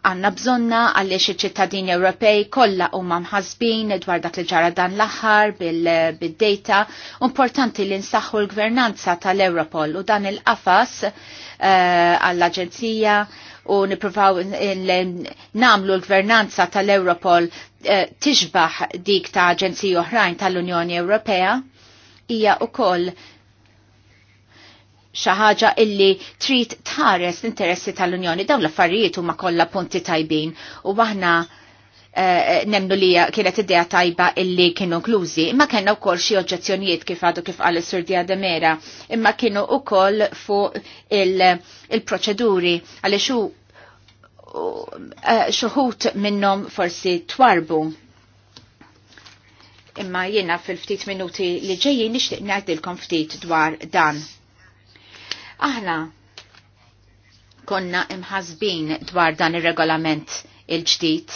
għanna bżonna għaliex iċ-ċittadini Ewropej kollha huma mħasbin dwar dak li ġara dan l-aħħar bil-data. Importanti li nsaħħu l-gvernanza tal-Europol u dan il-qafas eh, għall-Aġenzija u nipruvaw namlu l-gvernanza tal-Europol eh, tixbaħ dik ta' aġenziji oħrajn tal-Unjoni Ewropea hija koll xaħġa ħaġa illi trid tħares l-interessi tal-Unjoni. Dawn l-affarijiet huma kollha punti tajbin u aħna eh, nemnu li kienet idea tajba illi kienu inklużi, imma kellna wkoll xi oġġezzjonijiet kif għadu kif għal is-Sur Demera, imma kienu wkoll fuq il-proċeduri il, il għaliex hu eh, xuħut minnhom forsi twarbu imma jiena fil-ftit minuti li ġejjin nixtieq ngħidilkom ftit dwar dan. Aħna konna imħazbin dwar dan ir-regolament il ġdid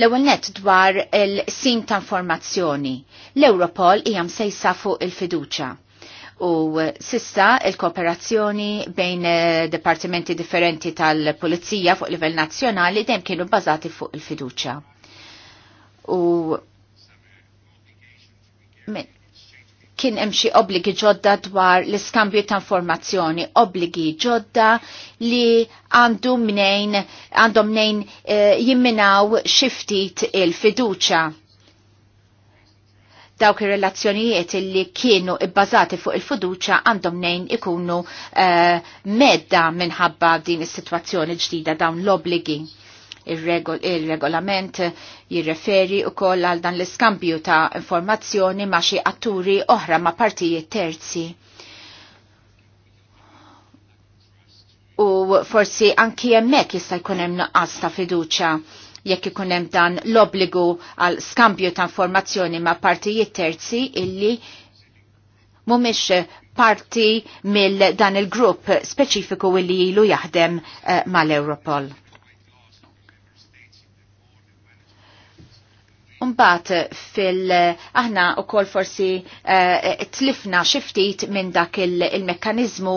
L-ewwel net dwar il sin ta' informazzjoni. L-Europol hija msejsa fuq il-fiduċa u sissa il-kooperazzjoni bejn eh, departimenti differenti tal-Pulizija fuq livell nazzjonali dejjem kienu bbażati fuq il-fiduċja. U kien hemm xi obbligi ġodda dwar l-iskambju ta' informazzjoni, obbligi ġodda li għandu mnejn għandhom mnejn eh, jimminaw xiftit il-fiduċa dawk ir-relazzjonijiet li kienu ibbażati fuq il-fiduċa għandhom nejn ikunu eh, medda minħabba din is-sitwazzjoni ġdida dawn l-obligi. Il-regolament jirreferi u koll għal dan l-iskambju ta' informazzjoni ma' xi atturi oħra ma' partijiet terzi. U forsi anki jemmek jista' jkun hemm nuqqas ta' fiduċa jekk ikun hemm dan l-obbligu għal skambju ta' informazzjoni ma' partijiet terzi illi mhumiex parti mill dan il-grupp speċifiku illi ilu jaħdem uh, mal-Europol. Umbat fil aħna u kol forsi eh, tlifna xiftit minn dak il-mekkanizmu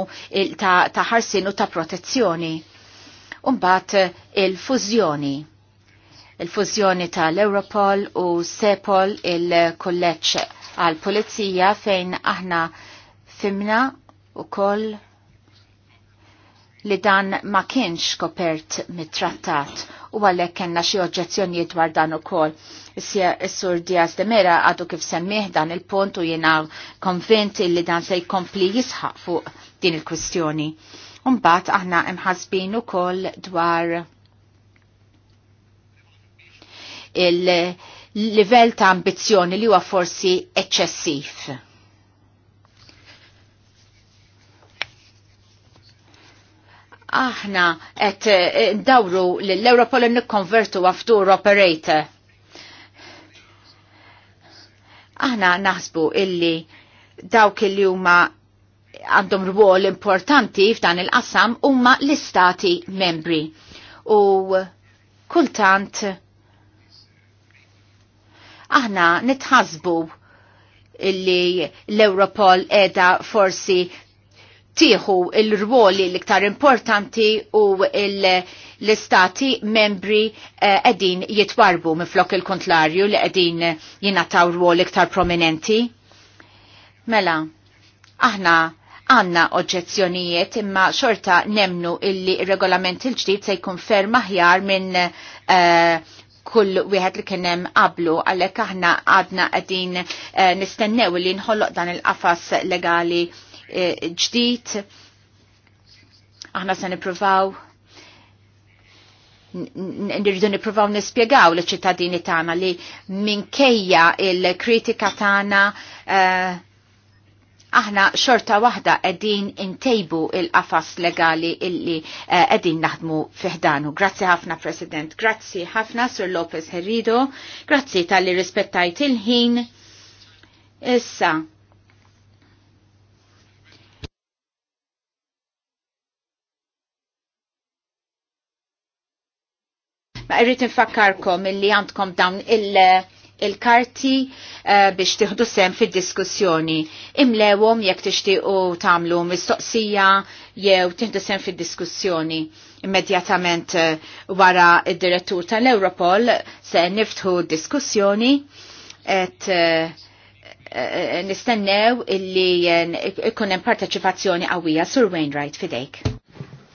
ta', ħarsin u ta' protezzjoni. Umbat il-fużjoni. Il-fużjoni tal-Europol u Sepol il-kolleċ għal-polizija fejn aħna fimna u kol li dan ma kienx kopert mit-trattat u għalek kena xie oġġezzjonijiet dwar dan u kol Is-sur Diaz de Mera għadu kif semmih dan il pont u jena konvinti li dan se jkompli jisħaq fuq din il-kwistjoni. Umbat aħna imħasbin u koll dwar il-livell ta' ambizjoni li huwa forsi eċċessiv. aħna et dawru l-Europol nikkonvertu għaftur operator. Aħna naħsbu illi dawk illi huma għandhom rwol importanti f'dan il-qassam huma l-istati membri. U kultant aħna nitħasbu illi l-Europol edha forsi tieħu il-rwoli l-iktar importanti u il- l-istati membri eh, edin jitwarbu miflok il-kontlarju li edin jinataw rwol iktar prominenti? Mela, aħna għanna oġġezzjonijiet imma xorta nemnu illi regolament il-ġdid se jkun ferm aħjar minn uh, kull wieħed li kien hemm qablu għalhekk aħna għadna qegħdin uh, nistennew li nħolloq dan il-qafas legali uh, ġdid. Aħna se nippruvaw nirridu nippruvaw nispjegaw l ċittadini tagħna li minkejja il-kritika tagħna eh, aħna xorta waħda qegħdin intejbu il-qafas legali illi eh, qegħdin naħdmu fiħdanu. Grazzi ħafna President, grazzi ħafna Sur Lopez Herrido, grazzi tal-li rispettajt il-ħin. Issa, Irrit infakkarkom illi għandkom dawn il- karti eh, biex tiħdu sem fil-diskussjoni. Imlewom jekk tixtiequ tagħmlu mistoqsija jew tiħdu sem fil-diskussjoni. Immedjatament eh, wara id-direttur tal-Europol se niftħu diskussjoni et eh, nistennew illi ikun hemm parteċipazzjoni għawija sur Wainwright fidejk.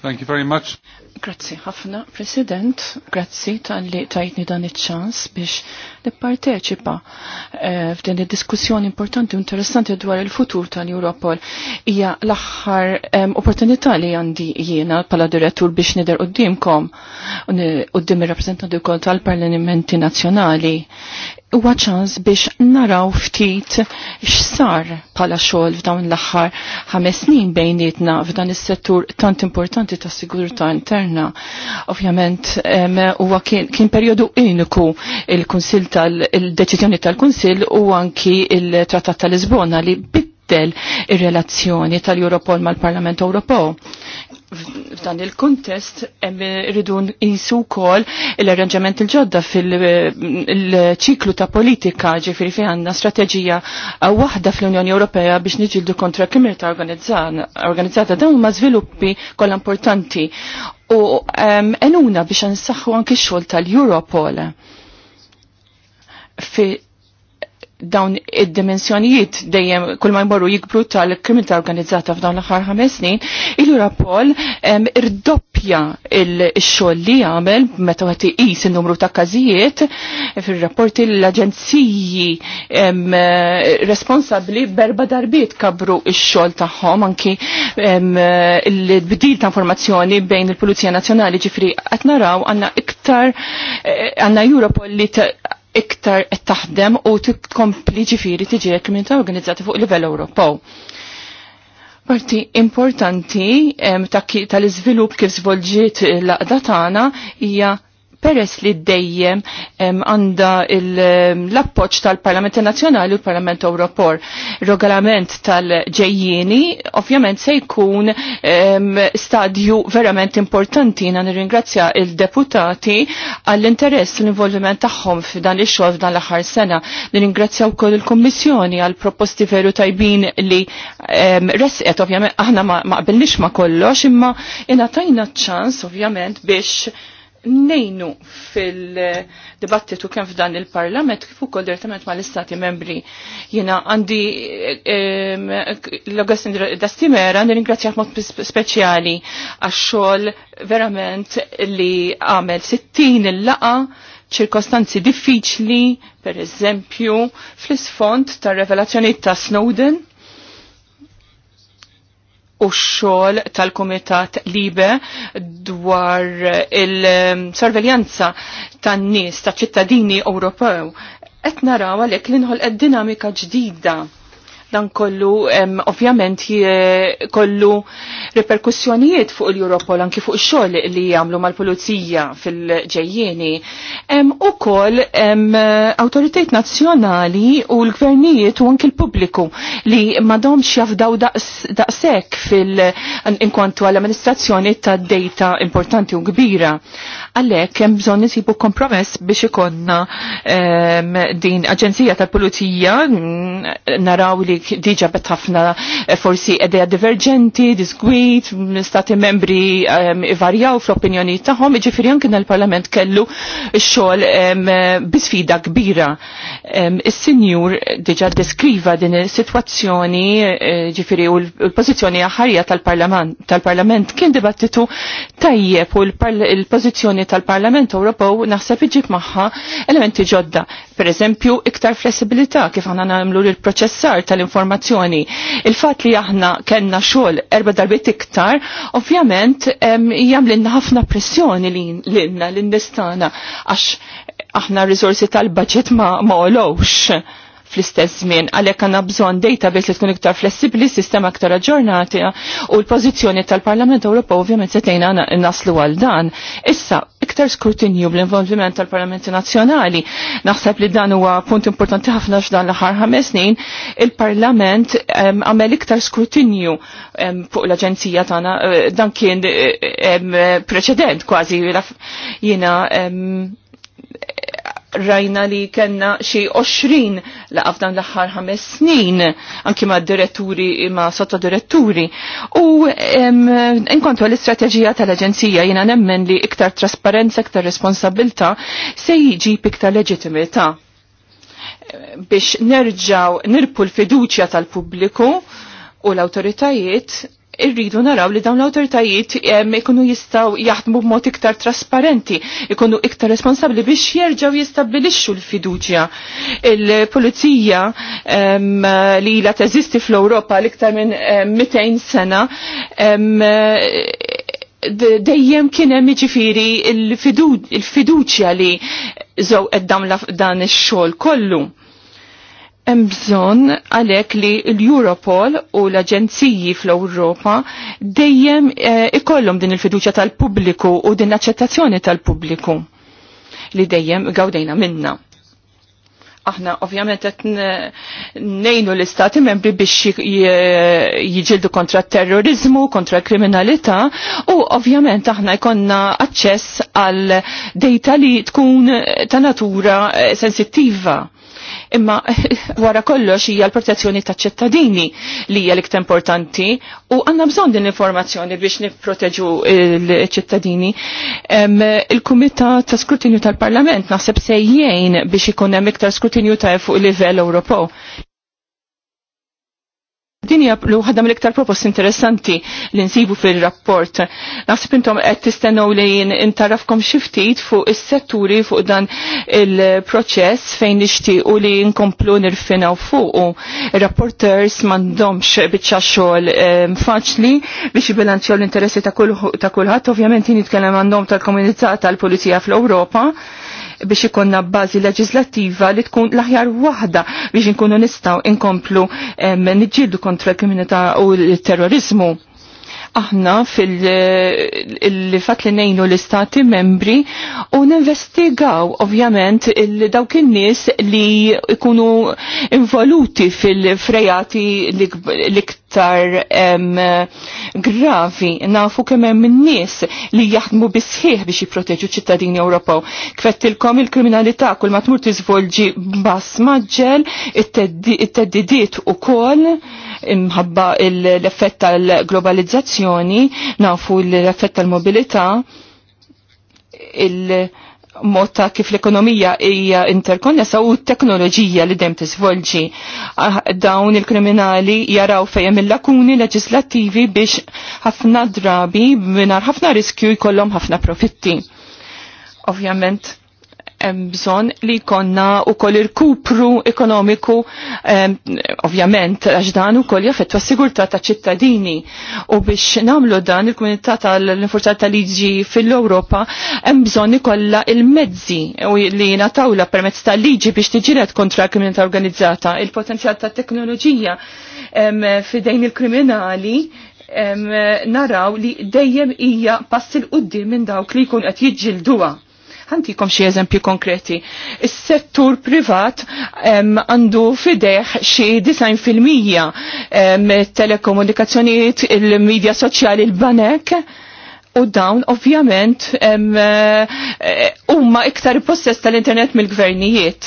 Thank you very much. Grazzi ħafna, President. Grazzi tal-li tajtni dan iċ-ċans biex nipparteċipa eh, f'din id-diskussjoni importanti u interessanti dwar il-futur tal-Europol. Hija l-aħħar opportunità li għandi jiena pala direttur biex nider qudiemkom qudiem ir-rappreżentanti wkoll tal-Parlamenti Nazzjonali huwa ċans biex naraw ftit x'sar pala xogħol f'dawn l-aħħar ħames snin bejnietna f'dan is-settur tant importanti tas sigurtà interna. Ovvjament huwa kien perjodu uniku il-Kunsill tal-deċizjoni tal-Kunsill u anki il-Trattat tal-Lisbona li biddel ir-relazzjoni tal-Europol mal-Parlament Ewropew. F'dan il-kontest rridu nqisu wkoll l-arranġament il-ġodda fil-ċiklu ta' politika ġifieri fejn għandna strateġija waħda fl-Unjoni Ewropea biex niġildu kontra kriminalità organizzata dawn ma' żviluppi kollha importanti u ehm, enuna biex ansaħħu anke x-xogħol tal-Europol fi dawn id-dimensjonijiet dejjem kull ma jmorru jikbru tal-kriminalità organizzata f'dawn l-aħħar ħames snin, il-jura Pol irdoppja il-xogħol li jagħmel meta wieħed iqis in-numru ta' każijiet fir-rapporti l-aġenziji responsabbli berba darbiet kabru x-xogħol tagħhom anki il-bdil ta' informazzjoni bejn il-Pulizija Nazzjonali ġifri qed naraw għandna iktar eh, għandna Europol li iktar taħdem u tikkompli ġifieri tiġi ta' organizzati fuq livell Ewropew. Parti importanti tal-iżvilupp kif żvolġiet l-aqda tagħna hija peress li dejjem għanda l-appoċ tal-Parlament Nazzjonali u l-Parlament Ewropor. Regolament tal-ġejjini ovvjament se jkun stadju verament importanti na nirringrazzja il-deputati għall-interess l-involviment tagħhom f'dan ix-xogħol f'dan l-aħħar sena. Nirringrazzja wkoll il-Kummissjoni għal proposti veru tajbin li resqet ovvjament aħna ma qbilniex ma kollox imma inatajna ċans ovvjament biex nejnu fil-dibattitu kemm f'dan il-parlament kif ukoll direttament mal-istati membri. Jiena għandi l d-astimera Dastimera ringrazzjaħ mod speċjali għax-xogħol verament li għamel 60 il-laqa ċirkostanzi diffiċli, per eżempju, fl-isfond tar-revelazzjoni ta' Snowden u xol tal-Komitat Libe dwar il-sorveljanza tan-nies ta' ċittadini Ewropew qed raw għalek l-inħolqet dinamika ġdida Dan kollu, ovvjament, kollu reperkussjonijiet fuq l-Europol, anki fuq xogħol li jagħmlu mal-pulizija fil-ġejjieni. U koll autoritet nazzjonali u l-gvernijiet u anki l-pubbliku li madomx jafdaw daqsek fil-inkwantu għall-amministrazzjoni ta' data importanti u kbira. Għalek, hemm bżonn nisibu kompromess biex ikonna din aġenzija tal-pulizija naraw li diġa bet ħafna eh, forsi edeja divergenti, disgwit, stati membri ehm, varjaw fl-opinjoni taħom, ġifiri anke nel-parlament kellu xol ehm, bisfida kbira. Ehm, Is-senjur diġa deskriva din situazzjoni eh, ġifiri u l-pozizjoni aħarja tal-parlament kien dibattitu tajjeb u l-pozizjoni tal-parlament Ewropew naħseb iġib maħħa elementi ġodda. Per eżempju, iktar flessibilità kif għana namlu l-proċessar tal informazzjoni. Il-fat li aħna kellna xogħol erba' darbit iktar, ovvjament jamlinna ħafna pressjoni lilna l nistana għax aħna r tal-budget ma ma fl-istess żmien għalhekk għandna bżonn database li tkun iktar flessibbli, sistema aktar aġġornati eh, u l-pożizzjoni tal-Parlament Ewropew ovvjament se tgħinha naslu għal dan. Issa iktar skrutinju bl-involviment tal-Parlamenti Nazzjonali. Naħseb li dan huwa punt importanti ħafna x'dan l-aħħar ħames snin, il-Parlament għamel iktar skrutinju fuq l-Aġenzija tagħna eh, dan kien eh, preċedent kważi jiena rajna li kena xie 20 laqaf dan l-axħar ħames snin, anki ma' diretturi, ma' sottodiretturi. U inkontu l-istrateġija tal-Aġenzija jina nemmen li iktar trasparenza, iktar responsabilta se jġib iktar leġitimita biex nerġaw nirpu l-fiduċja tal-pubbliku u l-autoritajiet irridu naraw li dawn l-autoritajiet ikunu jistaw jaħdmu b'mod iktar trasparenti, ikunu iktar responsabli biex jerġaw jistabilixxu l-fiduċja. Il-pulizija li la teżisti fl-Ewropa l-iktar minn 200 sena dejjem kien hemm jiġifieri il-fiduċja li żew qed dan ix-xogħol kollu hemm bżonn għalhekk li l-Europol u l-aġenziji fl-Ewropa dejjem eh, ikollhom din il-fiduċja tal-pubbliku u din l-aċċettazzjoni tal-pubbliku li dejjem gawdejna minna. Aħna ovvjament qed ngħinu l-istati membri biex eh, jiġildu kontra t terrorizmu, kontra kriminalità u ovvjament aħna jkollna aċċess għal dejta li tkun ta' natura eh, sensittiva imma wara kollox hija l-protezzjoni taċ ċittadini li hija l-iktar importanti u għandna bżonn din l-informazzjoni biex nipproteġu l-ċittadini. Il-Kumitat ta' Skrutinju tal-Parlament naħseb jgħin biex ikun hemm iktar skrutinju ta' fuq livell Ewropew. Din hija waħda mill-iktar propost interessanti li nsibu fil-rapport. Naħseb intom qed tistennew li intarafkom xi ftit fuq is-setturi fuq dan il-proċess fejn nixtiequ li nkomplu nirfinaw fuq Ir-rapporters m'għandhomx biċċa xogħol ehm, faċli biex jibilanċjaw l-interessi ta' kulħadd, ovvjament jien nitkellem għandhom tal-komunità tal-Pulizija fl-Ewropa biex ikonna bażi leġislattiva li tkun l-aħjar waħda biex nkunu nistgħu inkomplu niġġieldu kontra l-kriminalità u l-terrorizmu aħna fil-fat li nejnu l-istati membri u ninvestigaw ovvjament dawk in-nies li ikunu involuti fil-frejati li iktar gravi nafu kemm hemm nies li jaħdmu bisħieħ biex jipproteġu ċittadini Ewropew. Kvettilkom il-kriminalità kull ma tmur tiżvolġi bass maġġel, it-teddidiet ukoll imħabba l-effett tal-globalizzazzjoni, nafu l-effett tal-mobilità, il- mod ta' kif l-ekonomija hija interkonnessa u t-teknoloġija li dem tisvolġi ah, dawn il-kriminali jaraw fejem il-lakuni leġislattivi biex ħafna drabi minar ħafna riskju jkollhom ħafna profitti. Ovvjament, bżon li konna u koll il-kupru ekonomiku um, ovvjament għax dan u koll jaffetwa sigurta ta' ċittadini u biex namlu dan il-komunità tal-infurzat tal-liġi fil-Europa hemm bżon ikolla il-mezzi u li natawla permezz tal-liġi biex tiġiret kontra l-kriminalità organizzata il-potenzjal ta' teknoloġija um, fidejn il-kriminali um, naraw li dejjem hija passi l-qoddim minn dawk li jkun qed jiġġilduha Għandikom xie eżempju konkreti. Is-settur privat għandu fideħ xie 90% telekomunikazzjoniet, il-medja soċjali, il-banek, mija medja il medja soċjali il banek U dawn ovvjament eh, huma iktar possess tal-internet mill-gvernijiet.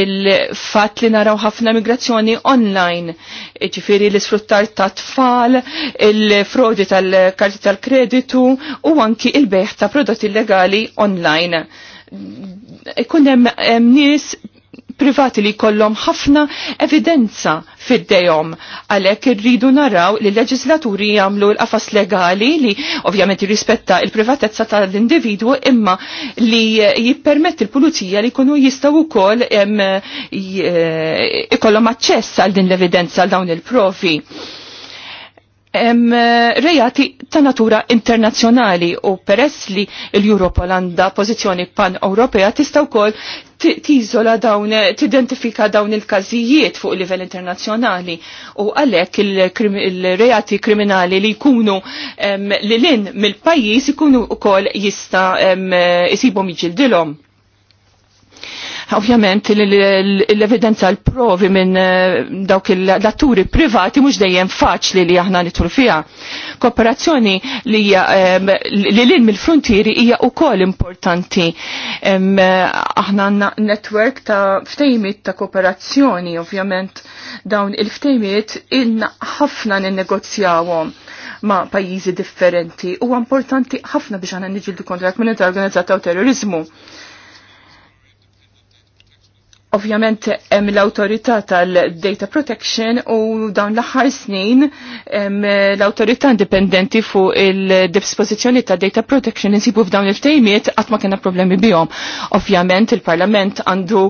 Il-fatt li naraw ħafna migrazzjoni online, ġifiri l-isfruttar ta' tfal, il-frodi tal-karti tal-kreditu u anki il-beħ ta' prodotti illegali online ikun hemm nies privati li kollom ħafna evidenza fid-dejom. Għalek irridu naraw li leġislaturi jamlu l-qafas legali li ovvjament jirrispetta il-privatezza tal-individu imma li jippermetti l-pulizija li kunu jistaw ukoll eh, ikollhom aċċess għal din l-evidenza għal dawn il-profi Eh, rejati ta' natura internazzjonali u peress li l-Europol għanda pozizjoni pan-Ewropea tista' wkoll tiżola dawn, tidentifika dawn il-każijiet fuq livell internazzjonali u għalhekk il-reati kriminali li jkunu li mill-pajjiż ikunu wkoll jista' eh, isibhom jiġildilhom Ovvjament l-evidenza l-provi minn eh, dawk l-atturi privati mhux dejjem faċli li aħna nitru fiha. Kooperazzjoni li ehm, l-ilm mill-frontieri hija wkoll importanti. Ehm, aħna għandna netwerk ta' ftejmit ta' kooperazzjoni, ovvjament dawn il-ftejmiet inna ħafna n-negozjawom ma' pajjiżi differenti u importanti ħafna biex għana nġildu kontrakt minn kriminalità organizzata u terrorizmu. Ovvjament hemm l-awtorità tal-data protection u dawn l-aħħar snin l-awtorità indipendenti fuq il-dispożizzjoni ta' data protection insibu f'dawn il-tejmiet qatt ma kena problemi bihom. Ovvjament il-Parlament għandu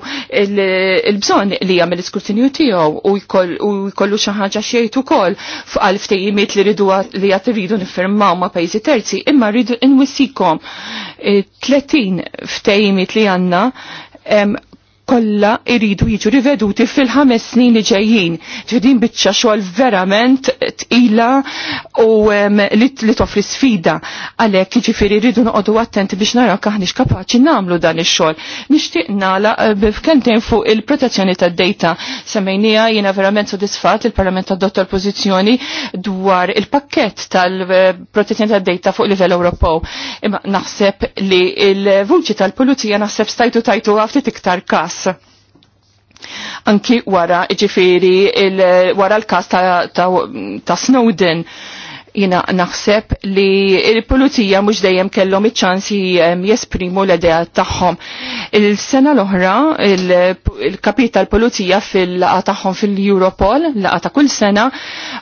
il-bżonn li jagħmel l iskrutinju tiegħu u jkollu xi ħaġa xejt ukoll f'qal ftejmiet li ridu li qed iridu niffirmaw ma' pajjiżi terzi imma rridu nwissikom 30 eh, ftejmiet li għandna Kolla iridu jiġu riveduti fil-ħames snin li ġejjin. Ġedin biċċa xogħol verament tqila u li toffri sfida. Għalhekk jiġifieri rridu noqogħdu attenti biex nara kaħniex kapaċi nagħmlu dan ix-xogħol. Nixtieq nagħlaq eh, b'kentejn fuq il-protezzjoni tad-dejta. Semmejnija jiena verament sodisfat il-Parlament adottor pożizzjoni dwar il-pakkett tal-protezzjoni tad-dejta fuq livell Ewropew. Imma naħseb li il-vuċi tal-pulizija naħseb stajtu tajtu għafti iktar kas kas anki wara ġifiri wara l-kas ta, ta, ta, Snowden jina naħseb li il-pulizija mux dejjem kellhom iċ-ċansi jesprimu l-idea tagħhom. Il-sena l-oħra il-kapit tal-pulizija fil-laqa tagħhom fil-Europol, laqa ta' kull sena,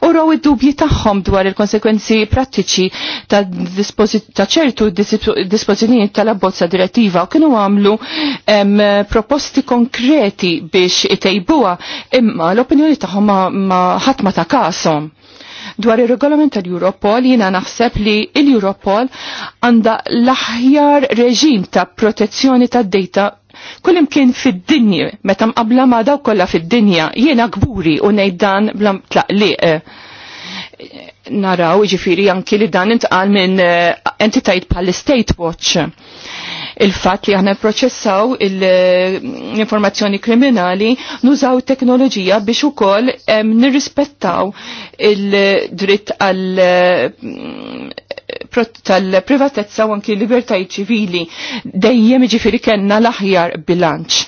u raw id-dubji tagħhom dwar il-konsekwenzi prattiċi ta' ċertu dispożizzjonijiet tal-abbozza direttiva u kienu għamlu proposti konkreti biex itejbuha imma l-opinjoni tagħhom ma ħadd ta' kasom Dwar ir-regolament tal-Europol jiena naħseb li l-Europol għandha l-aħjar reġim ta' protezzjoni tad-data kullim kien fid-dinja, meta qabla ma daw kollha fid-dinja, jiena kburi u ngħid dan bla tlaqliq eh, naraw ġifiri anki li dan intqal minn eh, entitajt pal state Watch. Il-fat li aħna proċessaw l-informazzjoni eh, kriminali nużaw teknoloġija biex ukoll eh, nirrispettaw il-dritt għal tal-privatezza u anki libertajt ċivili dejjem ġifiri kena l-aħjar bilanċ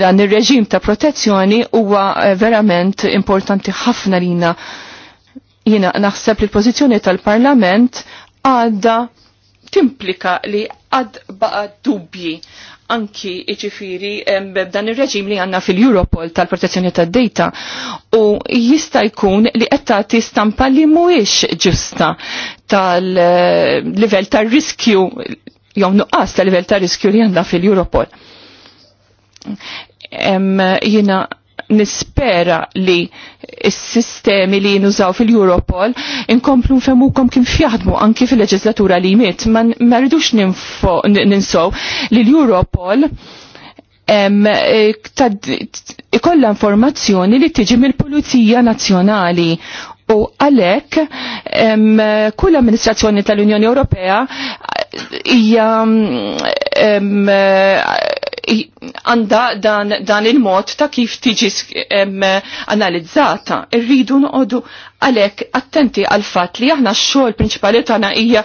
dan ir-reġim ta' protezzjoni huwa verament importanti ħafna lina Jina naħseb li l-pozizjoni tal-Parlament għadda timplika li għad baqa dubji anki iġifiri b'dan il-reġim li għanna fil-Europol tal-protezzjoni tad data u jista jkun li qed stampa li mhuwiex ġusta tal-livell tar-riskju jew nuqqas tal-livell tar-riskju li għandna fil-Europol. Jina nispera li s-sistemi li nużaw fil-Europol inkomplu kom kien fjaħdmu anki fil-leġislatura li jmiet. Ma rridux ninsow li l-Europol e, ikolla informazzjoni li tiġi mill-Pulizija Nazzjonali u għalek kull amministrazzjoni tal-Unjoni Ewropea hija eh, għanda dan, dan il-mod ta' kif tiġi analizzata. Irridu noqogħdu għalhekk attenti għal fatt li aħna x-xogħol prinċipali tagħna hija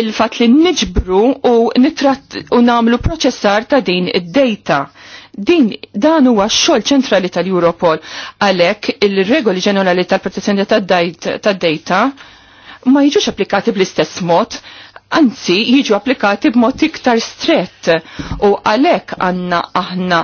il-fatt li niġbru u nitrat u nagħmlu proċessar ta' din id-data din dan huwa xogħol ċentrali tal-Europol għalhekk il-regoli ġenerali tal-protezzjoni tad-data ma jiġux applikati bl-istess mod anzi jiġu applikati b'mod iktar strett u għalhekk għandna aħna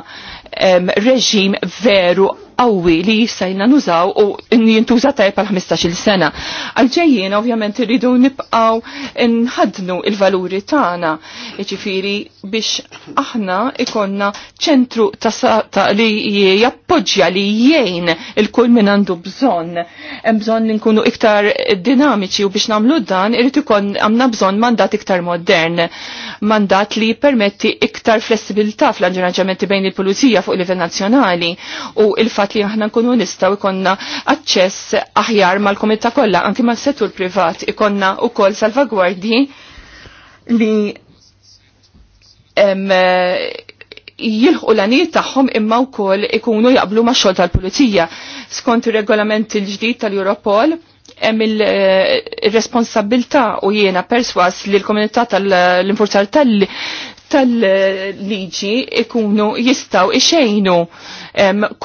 reġim veru qawwi li jistajna nużaw u jintuża tajb għal 15-il sena. Għalġejjien ovvjament irridu nibqaw nħadnu il-valuri tagħna, jiġifieri biex aħna ikonna ċentru ta' li jappoġġja li jgħin il-kull min għandu bżonn. Hemm bżonn nkunu iktar dinamiċi u biex nagħmlu dan irid ikun għandna bżonn mandat iktar modern, mandat li permetti iktar flessibilità fl-anġuraġġamenti bejn il-pulizija fuq il livell nazzjonali u il-fatt li aħna nkunu nistaw ikonna aċċess aħjar mal-komunità kollha anki mal-settur privat ikonna wkoll salvagwardji li jilħu l-għaniet taħħom imma u ikunu jaqblu ma xol tal-pulizija. Skont il-regolament il-ġdid tal-Europol, hemm il-responsabilta eh, u jiena perswas li l-komunità tal-infurzar tal-liġi ikunu jistaw ixejnu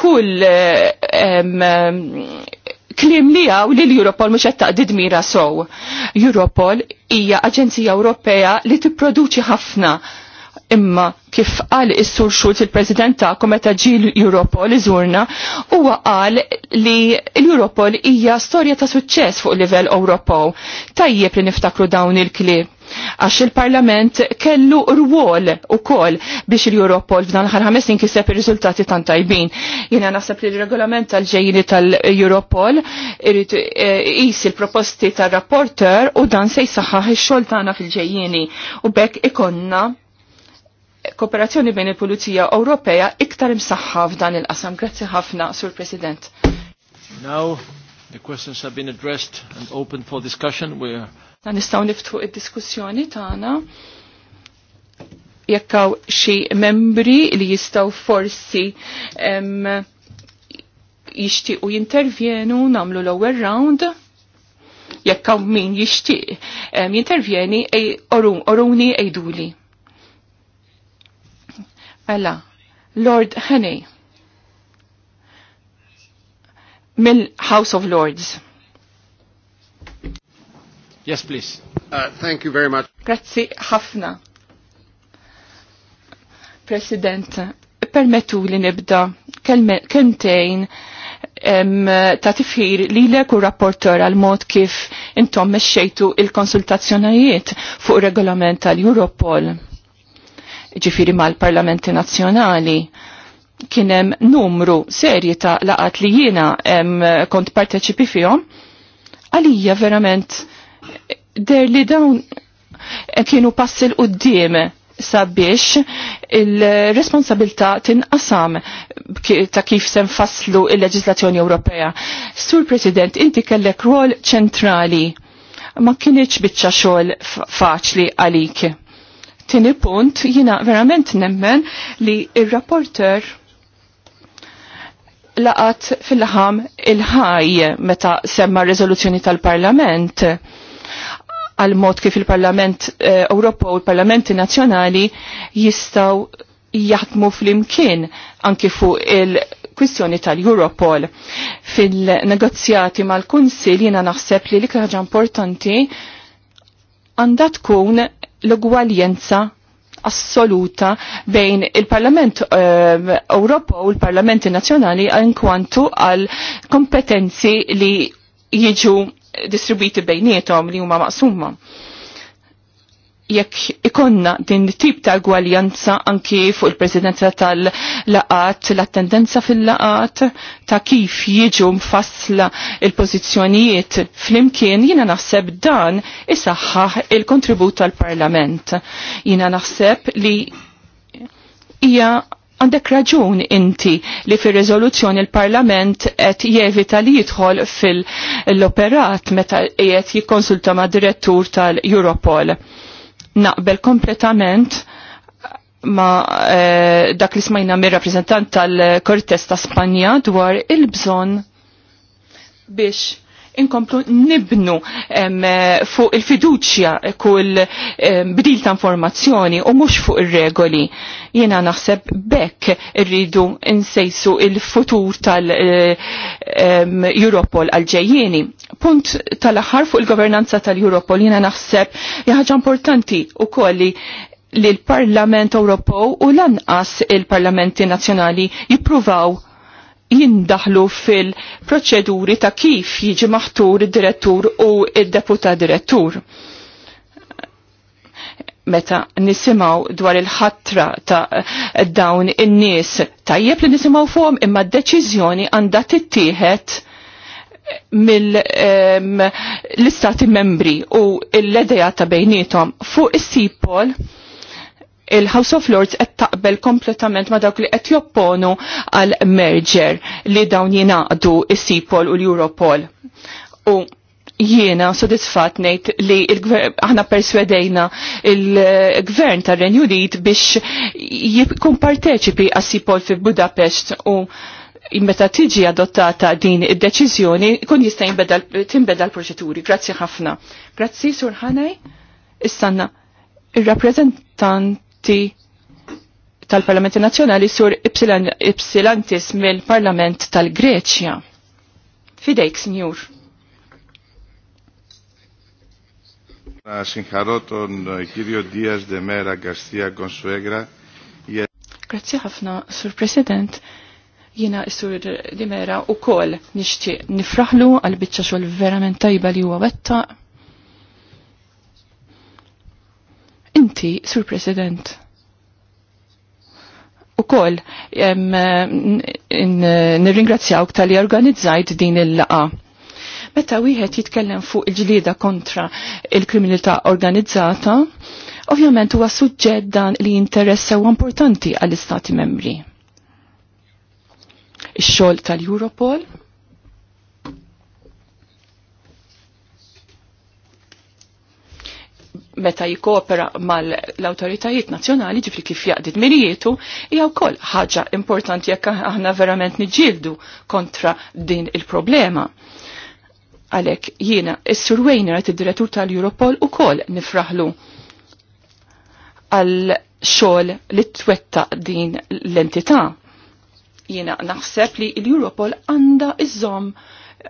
kull klim li għaw li l-Europol mux taqdid mira sow. Europol hija aġenzija Ewropea li tipproduċi ħafna imma kif qal is-sur Schulz il-President tagħkom meta ġi Europol iżurna, huwa qal li l-Europol hija storja ta' suċċess fuq livell Ewropew. Tajjeb li niftakru dawn il-klieb għax il-Parlament kellu rwol u kol biex l-Europol f'dan l-ħar ħamessin inkiseb ir-riżultati tan tajbin. Jiena naħseb li l-regolament tal-ġejjini tal-Europol irid jis eh, il-proposti tar-rapporter u dan se jsaħħaħ ix-xogħol tagħna fil-ġejjini u bekk ikonna kooperazzjoni bejn il-Pulizija Ewropea iktar imsaħħa f'dan il-qasam. Grazzi ħafna, Sur President. Now, the questions have been addressed and open for discussion. Dan Ta' nistaw niftħu id-diskussjoni tagħna. Jekk hawn xi membri li jistgħu forsi jixtiequ jintervjenu nagħmlu l-ewwel round jekk hawn min jixtieq jintervjeni ej oruni ejduli. Ella, Lord Henney mill-House of Lords. Yes, please. Uh, thank you very much. Grazzi ħafna. President, permettu li nibda kentejn ta' tifħir li l u rapporter għal mod kif intom meċċejtu il-konsultazzjonajiet fuq regolament tal-Europol ġifiri mal-parlamenti nazjonali kienem numru serji ta' laqat li jiena kont parteċipi fihom, għalija verament der li dawn kienu passi l-qoddim sabiex il-responsabilta tinqasam ta' kif sen faslu il-leġislazzjoni Ewropea. Sur President, inti kellek rol ċentrali ma kienieċ bitċa xogħol faċli għalik Tini punt, jina verament nemmen li il-rapporter laqat fil-ħam il-ħaj meta semma rezoluzzjoni tal-parlament għal mod kif il-Parlament eh, Ewropa u l-Parlamenti Nazzjonali jistaw jaħdmu fl-imkien anki fuq il-kwistjoni tal-Europol. Fil-negozjati mal-Kunsil jiena naħseb li l-iktar importanti għandha tkun l-ugwaljenza assoluta bejn il-Parlament ehm, Ewropa u l-Parlamenti Nazzjonali kwantu għal kompetenzi li jiġu distribuiti bejnietom li huma maqsuma jekk ikonna din tip ta' gwaljanza anki fuq il-presidenza tal-laqat, la tendenza fil-laqat ta' kif jiġu mfassla il-pozizjonijiet fl-imkien, jina naħseb dan isaħħaħ il-kontribut tal-parlament. Jina naħseb li hija għandek raġun inti li fir rezoluzzjoni il-Parlament qed jevita li jidħol fil-operat meta jiet jikkonsulta ma' direttur tal-Europol naqbel kompletament ma eh, dak li smajna mir rappresentant tal-Kortes ta' Spanja dwar il-bżon biex inkomplu nibnu em, fuq il-fiduċja kull bdil ta' informazzjoni u mux fuq il-regoli. Jena naħseb bekk rridu nsejsu il-futur tal-Europol eh, għalġejjeni. Punt tal-aħħar fuq il-governanza tal-Europol jena naħseb ħaġa importanti u kolli li l-Parlament Ewropew u lanqas il-Parlamenti Nazzjonali jippruvaw jindaħlu fil-proċeduri ta' kif jiġi maħtur id-direttur u id-deputa direttur meta nisimaw dwar il-ħatra ta' dawn in-nies tajjeb li nisimaw fuqhom imma d-deċiżjoni għandha tittieħed mill-istati membri u l-ledeja ta' bejnietom fuq is-sipol il-House of Lords qed taqbel kompletament ma dawk li qed jopponu għal merger li dawn jingħaqdu is-Sipol u l-Europol. U jiena sodisfat nejt li aħna perswedejna il-gvern tar renju Unit biex jikun parteċipi għas-sipol fi Budapest u meta tiġi adottata din id-deċiżjoni kun jista' tinbeda l-proċeduri. Grazzi ħafna. Grazzi Sur Istanna, il ir-rappreżentanti tal-Parlamenti Nazzjonali sur Ypsilantis mill-Parlament tal-Greċja. Fidejk, Signor. συγχαρώ τον κύριο Δίας Grazie ħafna, Sur President. Jina Sur Dimera u kol nishti nifraħlu għal-bicċa xol verament tajba li huwa wetta. Inti, Sur President, u kol nirringrazzjawk tal-li organizzajt din il-laqa Meta wieħed jitkellem fuq il-ġlieda kontra il-kriminalità organizzata, ovvjament huwa suġġett dan li jinteressa u importanti għall-Istati membri. Ix-xogħol tal-Europol, meta jikopera mal-autoritajiet nazjonali ġifri kif jaqdid mirijietu, jgħu kol ħaġa importanti jekk aħna verament niġġieldu kontra din il-problema. Għalek jiena is-Sur Wainwright id-direttur tal-Europol ukoll nifraħlu għal xogħol li twetta din l-entità. Jiena naħseb li l-Europol għanda iżom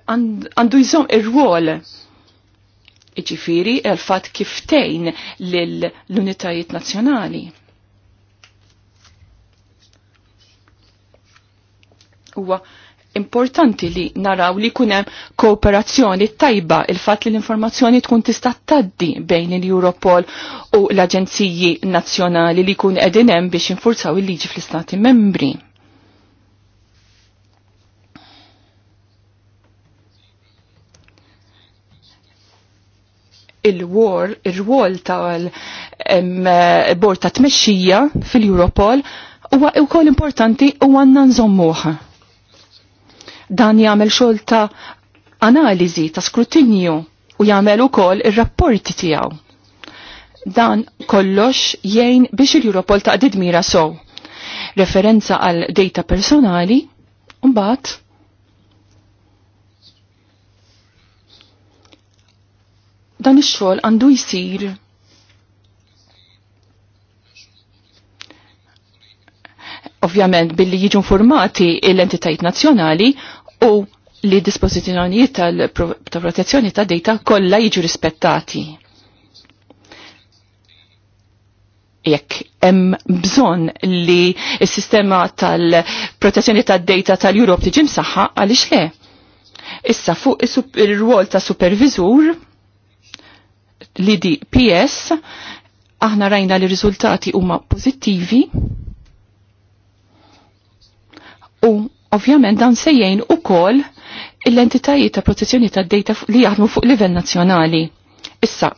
għandu jżomm ir-rwol iġifiri għal-fat kiftejn l-unitajiet nazjonali. Uwa, importanti li naraw li kunem kooperazzjoni tajba il-fat li l-informazzjoni tkun tista' taddi bejn il-Europol u l-Aġenziji Nazzjonali li kun qegħdin hemm biex infurzaw il-liġi fl-Istati Membri. il-war, il wol tal-bord ta' tmexxija fil-Europol huwa wkoll importanti u għandna nżommuħa. Dan jagħmel xogħol ta' analiżi ta' skrutinju u jagħmel ukoll ir-rapporti tiegħu. Dan kollox jgħin biex il-Europol ta' didmira sow. Referenza għal data personali, mbagħad dan ix-xogħol għandu jsir ovvjament billi jiġu informati l-entitajt nazzjonali u li dispozizjonijiet tal-protezzjoni ta' data kollha jiġu rispettati. Jekk hemm bżonn li s-sistema tal-protezzjoni tad-data tal-Europ tiġi msaħħa għaliex le. Issa fuq ir-rwol ta' supervisur li di PS aħna rajna li riżultati huma pożittivi u Ovvjament dan sejjejn kol l-entitajiet ta' protezzjoni ta' data li jaħdmu fuq livell nazzjonali. Issa,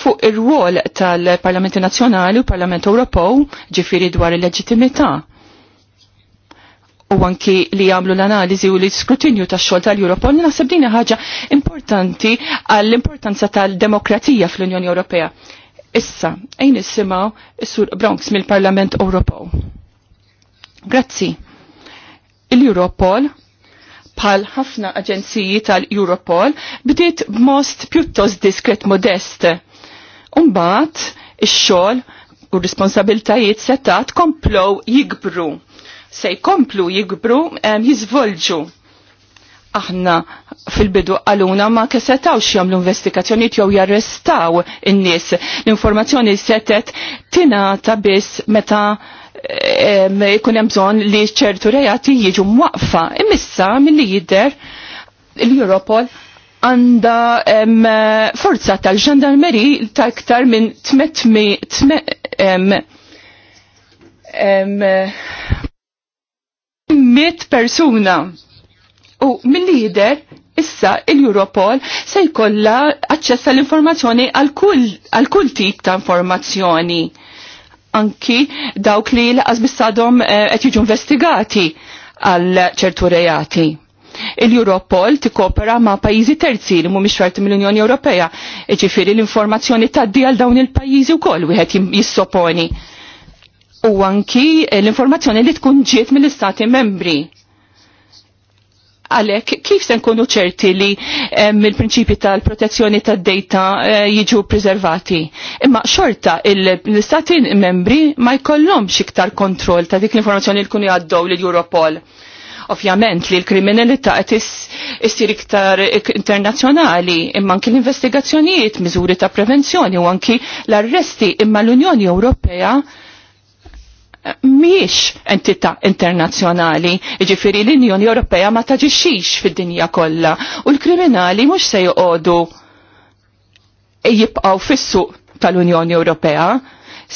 fuq ir-rwol tal parlament Nazzjonali u Parlament Ewropew ġifiri dwar il-leġittimità u anki li jagħmlu l-analiżi u l-iskrutinju tax-xogħol tal-Europol li naħseb din ħaġa importanti għall-importanza tal-demokratija fl-Unjoni Ewropea. Issa, ejn issimgħu is-Sur Bronx mill-Parlament Ewropew. Grazzi il-Europol bħal ħafna aġenziji tal-Europol bdiet b'most pjuttost diskret modest. Umbat, ix-xogħol u responsabiltajiet setat komplow jikbru. Se jkomplu jikbru jizvolġu. Aħna fil-bidu għaluna ma xjom jagħmlu investigazzjoniet jew jarrestaw in-nies. L-informazzjoni setet tingħata biss meta ikun hemm bżonn li ċertu rejati jiġu mwaqfa. Imissa milli jidher l-Europol għanda forza tal-ġandarmeri ta' iktar minn 800 persuna. U mill-lider issa il-Europol se jkollha aċċessa l informazzjoni għal kull tip ta' informazzjoni anki dawk li laqas bissadom eh, qed jiġu investigati għal ċertu rejati. Il-Europol tikkopera ma' pajizi terzi li mhumiex parti mill-Unjoni Ewropea, ġifieri l-informazzjoni taddi għal dawn il-pajjiżi wkoll wieħed jissoponi. U anki l-informazzjoni li tkun ġiet mill-Istati membri Għalek, kif se nkunu ċerti li il-prinċipi tal-protezzjoni tad-data eh, jiġu preservati? Imma xorta l-istati membri ma jkollhomx iktar kontroll ta' dik l-informazzjoni li kunu jgħaddew l Europol ovvjament li l-kriminalità qed issir iktar internazzjonali imma anki l-investigazzjonijiet, miżuri ta' prevenzjoni u anki l-arresti imma l-Unjoni Ewropea miex entità internazzjonali, iġifiri l-Unjoni Ewropea ma taġiċiċ fid-dinja kollha u l-kriminali mhux se joqogħdu jibqgħu fis-suq tal-Unjoni Ewropea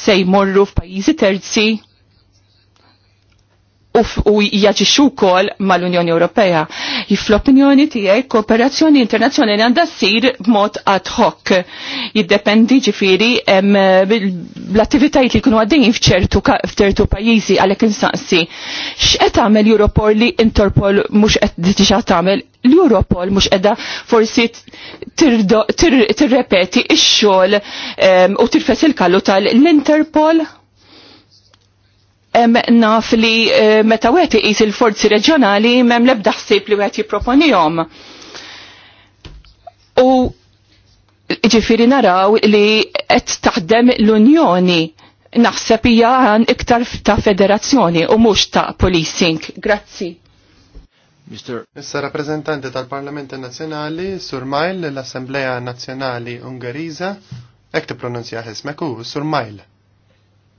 se jmorru f'pajjiżi terzi u jaġixxu wkoll mal-Unjoni Ewropea. Fl-opinjoni tiegħi kooperazzjoni internazzjonali għandha ssir b'mod ad hoc. Jiddependi ġifiri l-attivitajiet li jkunu għaddejjin f'ċertu pajjiżi għalhekk insaqsi. X'qed tagħmel Europol li Interpol mhux qed diġà tagħmel l-Europol mhux qiegħda forsi tirrepeti x-xogħol u tirfess il-kallu tal-Interpol? naf li eh, meta wieħed iqis il-forzi reġjonali mem lebda ebda ħsieb li wieħed jipproponihom. U ġifiri naraw li qed taħdem l-Unjoni naħseb hija iktar ta' federazzjoni u mhux ta' policing. Grazzi. Mr. Issa rappresentante tal-Parlament Nazzjonali, Sur Majl, l-Assembleja Nazzjonali Ungeriża, hekk pronunzja ismek u Sur Majl.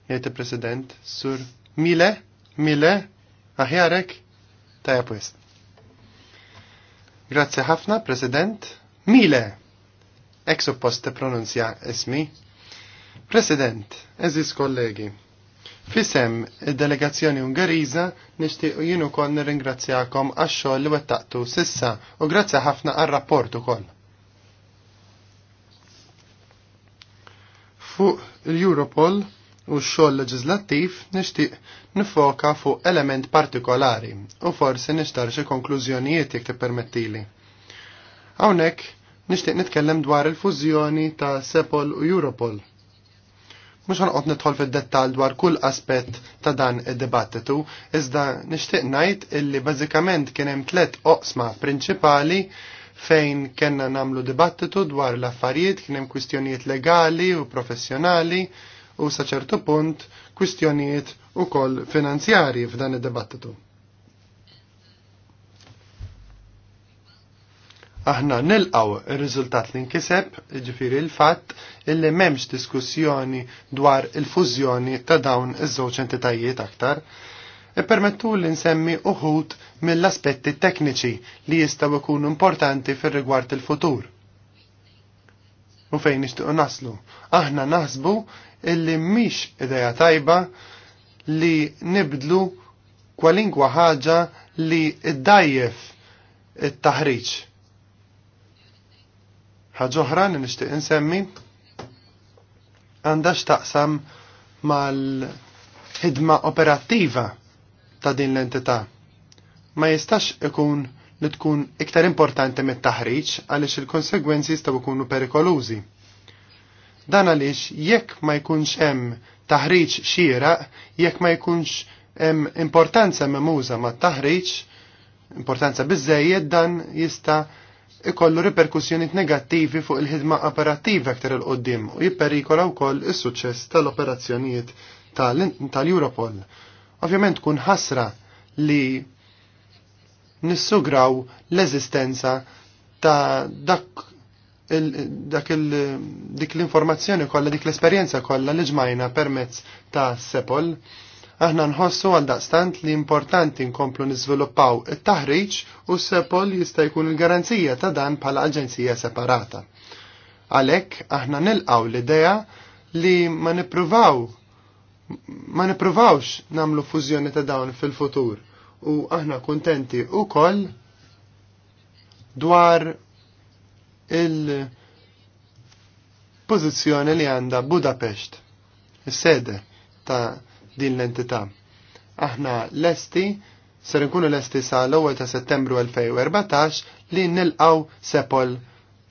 Jgħid il-President Sur Mile, mile, aħjarek, ta' pwis. Grazzi ħafna, President. Mile, ek suppost te pronunzja ismi. President, eżis kollegi. Fisem il-delegazzjoni Ungariża nixtieq jien ukoll nirringrazzjakom għax-xogħol li wettaqtu sissa u grazzi ħafna għar-rapport ukoll. Fuq l-Europol u x-xogħol leġislattiv nixtieq nifoka fuq element partikolari u forsi nixtar xi konklużjonijiet te tippermettili. Hawnhekk nixtieq nitkellem dwar il-fużjoni ta' Sepol u Europol. Mhux ħanqod nidħol fid-dettall dwar kull aspett ta' dan id-dibattitu, iżda nixtieq ngħid illi bażikament kien hemm tliet oqsma prinċipali fejn kellna nagħmlu dibattitu dwar l-affarijiet kien hemm kwistjonijiet legali u professjonali u sa ċertu punt kwistjonijiet ukoll finanzjarji f'dan id debattitu Aħna nilqaw il riżultat li nkiseb, ġifiri l-fatt illi memx diskussjoni dwar il-fużjoni ta' dawn iż-żewġ entitajiet aktar, permettu li nsemmi uħut mill-aspetti tekniċi li jistaw ikun importanti fir rigward il-futur. U fejn nixtiequ naslu, aħna naħsbu illi mhix idea tajba li nibdlu kwalinkwa ħaġa li iddajjef it-taħriġ. Ħaġa oħra li nixtieq insemmi għandha x'taqsam mal-ħidma operattiva ta' din l-entità. Ma jistax ikun li tkun iktar importanti mit-taħriġ għaliex il-konsegwenzi jistgħu jkunu perikolużi Dan għaliex jekk ma jkunx hemm taħriġ xieraq, jekk ma jkunx hemm importanza memuża ma' taħriġ, importanza biżejjed dan jista' ikollu riperkussjoni negattivi fuq il-ħidma operattiva aktar il-qoddim u jipperikola wkoll is-suċċess tal-operazzjonijiet tal-Europol. Ovvjament kun ħasra li nissugraw l-eżistenza ta' dak dak dik l-informazzjoni kollha dik l-esperjenza kollha li ġmajna permezz ta' Sepol. Aħna nħossu għal daqstant li importanti nkomplu niżviluppaw it-taħriġ u Sepol jista' jkun il-garanzija ta' dan bħala aġenzija separata. Għalhekk aħna nilqaw l-idea li ma nippruvaw ma nippruvawx namlu fużjoni ta' dawn fil-futur u aħna kontenti u koll dwar il-pozizjoni li għanda Budapest, is-sede ta' din l-entità. Aħna lesti, ser nkunu lesti sa' l-ewwel ta' Settembru 2014 li nilqaw sepol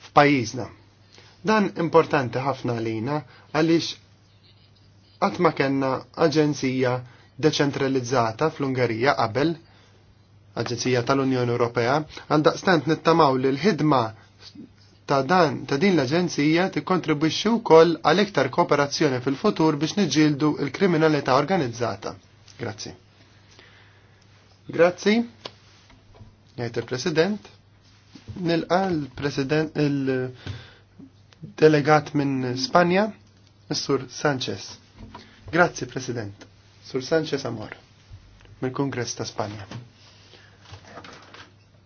f'pajjiżna. Dan importanti ħafna lina għaliex qatt ma kellna aġenzija deċentralizzata fl-Ungerija qabel, Aġenzija tal-Unjoni Ewropea, stant nittamaw li l-ħidma ta' dan ta' din l-Aġenzija tikkontribwixxi wkoll għal iktar kooperazzjoni fil-futur biex niġġieldu l-kriminalità organizzata. Grazzi. Grazzi. Ngħid il-President. Nilqa l-President il-delegat minn Spanja, Sur Sanchez. Grazzi President. Sur Sanchez Amor mill-Kongress ta' Spanja.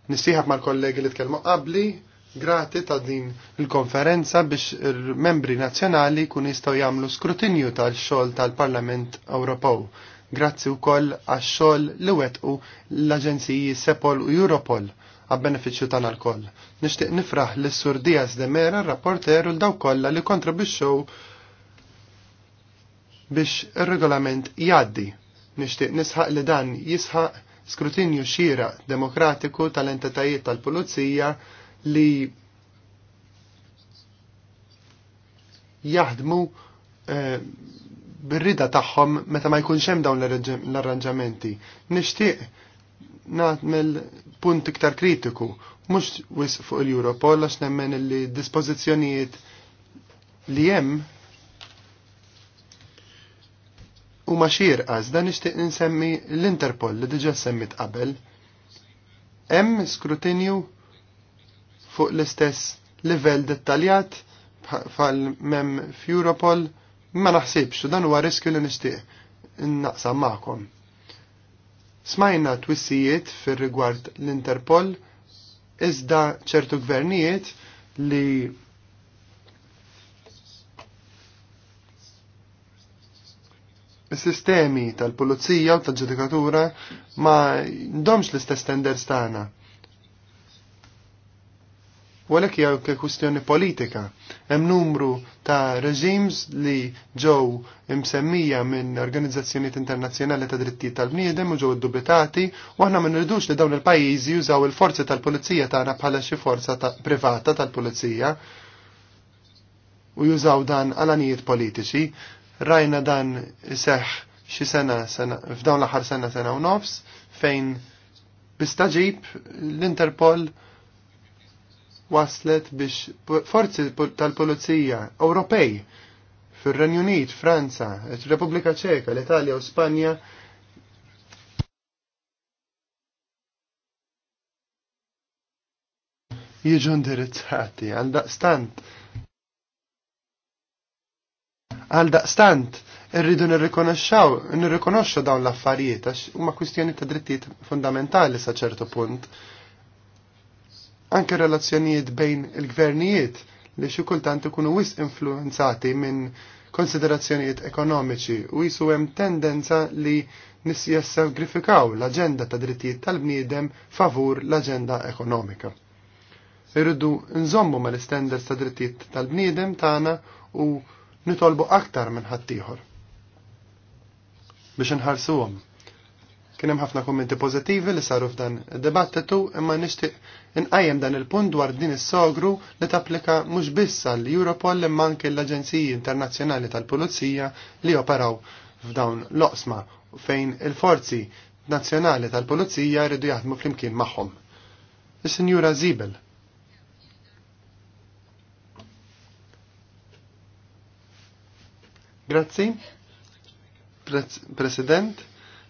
Nisiħab mal-kollegi li tkellmu qabli grati ta' din il-konferenza biex il-membri nazzjonali kun jistaw jagħmlu skrutinju tal-xogħol tal-Parlament Ewropew. Grazzi wkoll għax-xogħol li wetqu l-Aġenziji Sepol u Europol għab-beneficju l-koll. Nixtieq nifraħ l sur Diaz de Mera, rapporter u l-daw kollha li kontribixxew biex ir-regolament jgħaddi. Nixtieq nisħaq li dan jisħaq skrutinju xira demokratiku tal-entitajiet tal-pulizija tal entetajiet tal tal entitajiet tal pulizija li jaħdmu eh, bir-rida tagħhom meta ma jkunx hemm dawn l-arranġamenti. Nixtieq nagħmel punt iktar kritiku, mhux wis fuq il-Europol għax nemmen li dispożizzjonijiet li hemm huma għaz, dan nixtieq insemmi l-Interpol li diġà semmit qabel. Hemm skrutinju fuq l-istess livell dettaljat bħal mem f'Europol ma naħsibx u dan huwa riskju li nixtieq innaqsam magħkom. Smajna twissijiet fir-rigward l-Interpol iżda ċertu gvernijiet li sistemi tal-pulizija u tal-ġudikatura ma ndomx l-istess standards tagħna. Walek għalhekk ke kustjoni kwistjoni politika. Hemm numru ta' reġims li ġew imsemmija minn organizzazzjonijiet internazzjonali ta' drittijiet tal-bniedem u ġew iddubitati u aħna ma nridux li dawn il-pajjiżi jużaw il-forzi tal-pulizija tagħna bħala xi forza privata tal-pulizija u jużaw dan għalanijiet politiċi. Rajna dan seħ xi sena, sena f'dawn l-aħħar sena sena u nofs fejn bistaġib l-Interpol waslet biex forzi tal-Polizija Ewropej fir-Renju Unit, Franza, Repubblika Ċeka, l-Italja u Spanja jiġu indirizzati għal daqstant. Għal daqstant irridu nirrikonoxxaw, nirrikonoxxu dawn l-affarijiet għax huma kwistjoni ta' drittijiet fundamentali sa' ċertu punt anke relazzjonijiet bejn il-gvernijiet li xi kultant ikunu wis influenzati minn konsiderazzjonijiet ekonomiċi u jisu hemm tendenza li nisjessegrifikaw l-aġenda ta' drittijiet tal-bniedem favur l-aġenda ekonomika. Irridu nżommu mal-istenders ta' drittijiet tal-bniedem tagħna u nitolbu aktar minn ħaddieħor biex nħarsuhom Kien hemm ħafna kummenti pożittivi li saru f'dan id-dibattitu imma nixtieq inqajjem dan il-punt dwar din is-sogru li tapplika mhux biss għall Europol imma anke l-Aġenziji Internazzjonali tal-Pulizija li operaw f'dawn l-oqsma fejn il-forzi nazzjonali tal-Pulizija jridu jaħdmu flimkien magħhom. Is-Sinjura Zibel. Grazzi, President.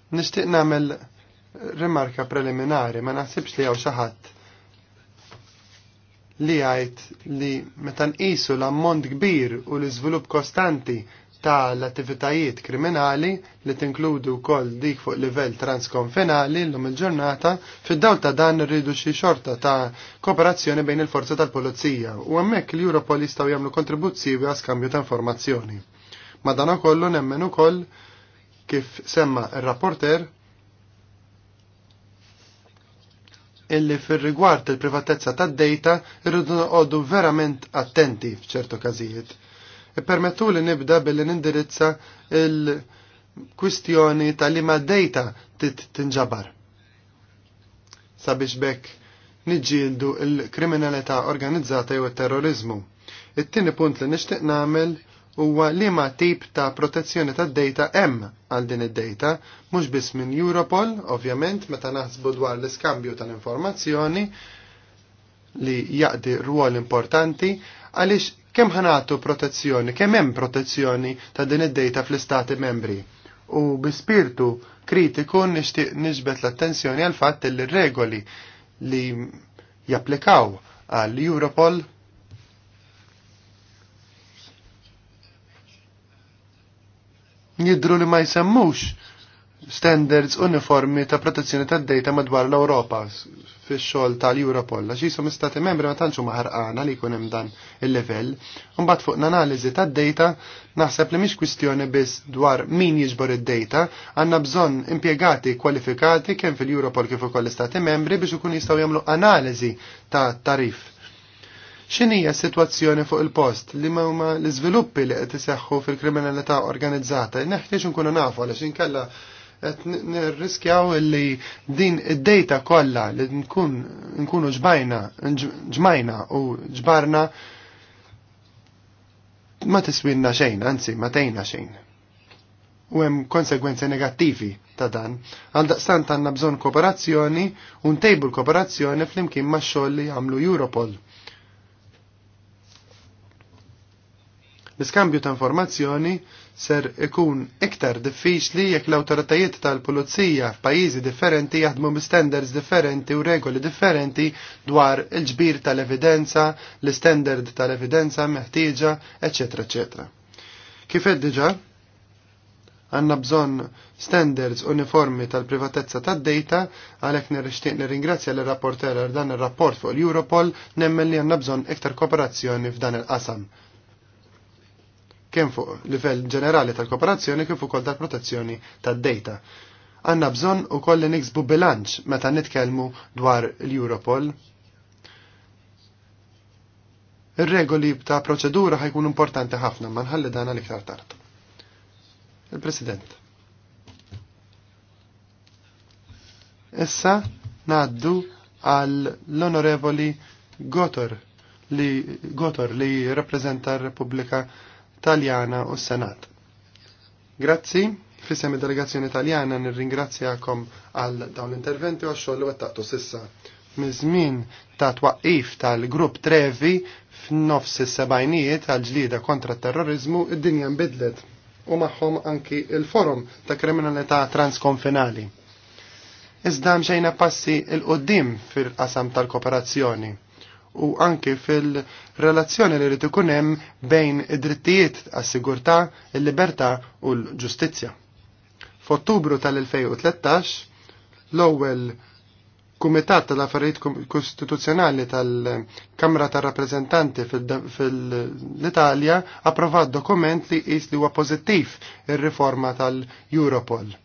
Nixtieq nagħmel rimarka preliminari, ma naħsibx li għaw xi ħadd li għajt li meta nqisu l-ammont kbir u l-iżvilupp kostanti ta' l-attivitajiet kriminali li tinkludu wkoll dik fuq livell transkonfinali llum il-ġurnata, fid-dawl ta' dan rridu xi xorta ta' kooperazzjoni bejn il-forza tal-Pulizija u hemmhekk li Europol jistgħu jagħmlu kontribuzzi għal skambju ta' informazzjoni. u kollu nemmen ukoll kif semma il-rapporter illi fil-rigward il-privatezza tad-data irridu noqogħdu verament attenti f'ċertu każijiet. Ippermettu e li nibda billi nindirizza il-kwistjoni ta' li ma' data tinġabar. Sabiex bekk niġġieldu il-kriminalità organizzata jew il terrorizmu It-tieni punt li nixtieq nagħmel huwa liema tip ta' protezzjoni tad data hemm għal din id-data, mhux biss minn Europol, ovvjament, meta naħsbu dwar l-iskambju tal-informazzjoni li jaqdi ruol importanti għaliex kemm ħanatu protezzjoni, kemm hemm protezzjoni ta' din id-data fl-istati membri. U bi spirtu kritiku nixtieq niġbet l-attenzjoni għal fatt li regoli li japplikaw għal Europol jidru li ma jsemmux standards uniformi ta' protezzjoni tad data madwar l-Ewropa fix-xogħol tal-Europol għax jisom istati membri ma tantxu maħarqana li jkun hemm dan il-livell. Imbagħad fuq l-analiżi tad-data naħseb li mhix kwistjoni biss dwar min jiġbor id-data, għandna bżonn impjegati kwalifikati kemm fil-Europol kif ukoll l-istati membri biex ikun jistgħu jagħmlu analiżi ta' tarif X'inhija s-sitwazzjoni fuq il-post li huma l-iżviluppi li qed iseħħu fil-kriminalità organizzata? Neħtieġ nkunu nafu għaliex inkella qed nirriskjaw li din id-dejta kollha li nkun nkunu ġbajna ġmajna u ġbarna ma tiswinna xejn, anzi ma tejna xejn. U hemm konsegwenzi negattivi ta' dan. Għaldaqstant għandna bżonn kooperazzjoni u ntejbu l-kooperazzjoni flimkien max-xogħol li jagħmlu Europol L-iskambju ta' informazzjoni ser ikun iktar diffiċli jekk l-awtoritajiet tal-pulizija f'pajjiżi differenti jaħdmu bi standards differenti u regoli differenti dwar il-ġbir tal-evidenza, l-standard tal-evidenza meħtieġa, eċetera, eċetera. Kif diġa, għanna bżon standards uniformi tal-privatezza tad data għalek nirrixtiq nirringrazzja l rapporter għal dan il-rapport fuq l-Europol nemmen li għanna bżon iktar kooperazzjoni f'dan il-qasam kemm fuq livell ġenerali tal-kooperazzjoni kif ukoll tal-protezzjoni tad-data. Għandna bżonn ukoll li niksbu bilanċ meta nitkellmu dwar l-Europol. Ir-regoli ta' proċedura ħajkun importanti ħafna ma nħalli dan l-iktar tard. Il-President. Issa naddu għal l-Onorevoli Gotor li Gotor li rappresenta r-Repubblika Taljana u s-Senat. Grazzi, fissem il-delegazzjoni Taljana nirringrazzjakom għal dawn l-interventi u għaxxol li għattaqtu sissa. Mizmin ta' twaqif tal-grupp Trevi f'nofs is-sebajnijiet għal ġlida kontra terrorizmu id-dinja nbidlet u magħhom anki il-forum ta' kriminalità transkonfinali. Iżda mxejna passi il-qoddim fil-qasam tal-kooperazzjoni u anke fil-relazzjoni li rrid ikun hemm bejn id-drittijiet għas-sigurtà, il-libertà u l-ġustizzja. F'Ottubru tal-2013 l-ewwel Kumitat tal-Affarijiet Kostituzzjonali tal-Kamra tar-Rappreżentanti fil-Italja approvat dokument li qis li huwa pożittiv ir-riforma tal-Europol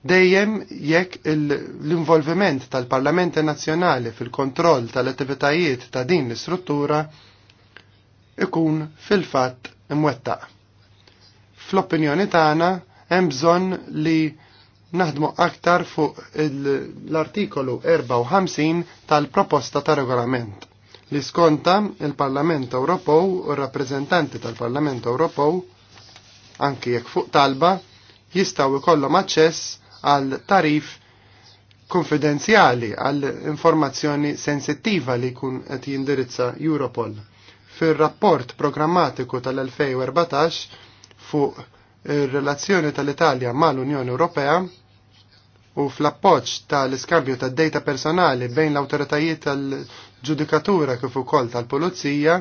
dejjem jekk l-involviment tal parlament Nazzjonali fil-kontroll tal-attivitajiet ta' din l-istruttura ikun fil-fatt imwettaq. Fl-opinjoni tagħna hemm bżonn li naħdmu aktar fuq l-artikolu 54 tal-proposta ta' regolament li skonta il-Parlament Ewropew u r-rappreżentanti tal-Parlament Ewropew anki jekk fuq talba jistgħu jkollhom aċċess għal tarif konfidenzjali għal informazzjoni sensittiva li kun qed jindirizza Europol. Fir-rapport programmatiku tal-2014 fuq ir-relazzjoni tal-Italja mal-Unjoni Ewropea u fl-appoġġ tal-iskambju tad data personali bejn l-awtoritajiet tal-ġudikatura kif ukoll tal-pulizija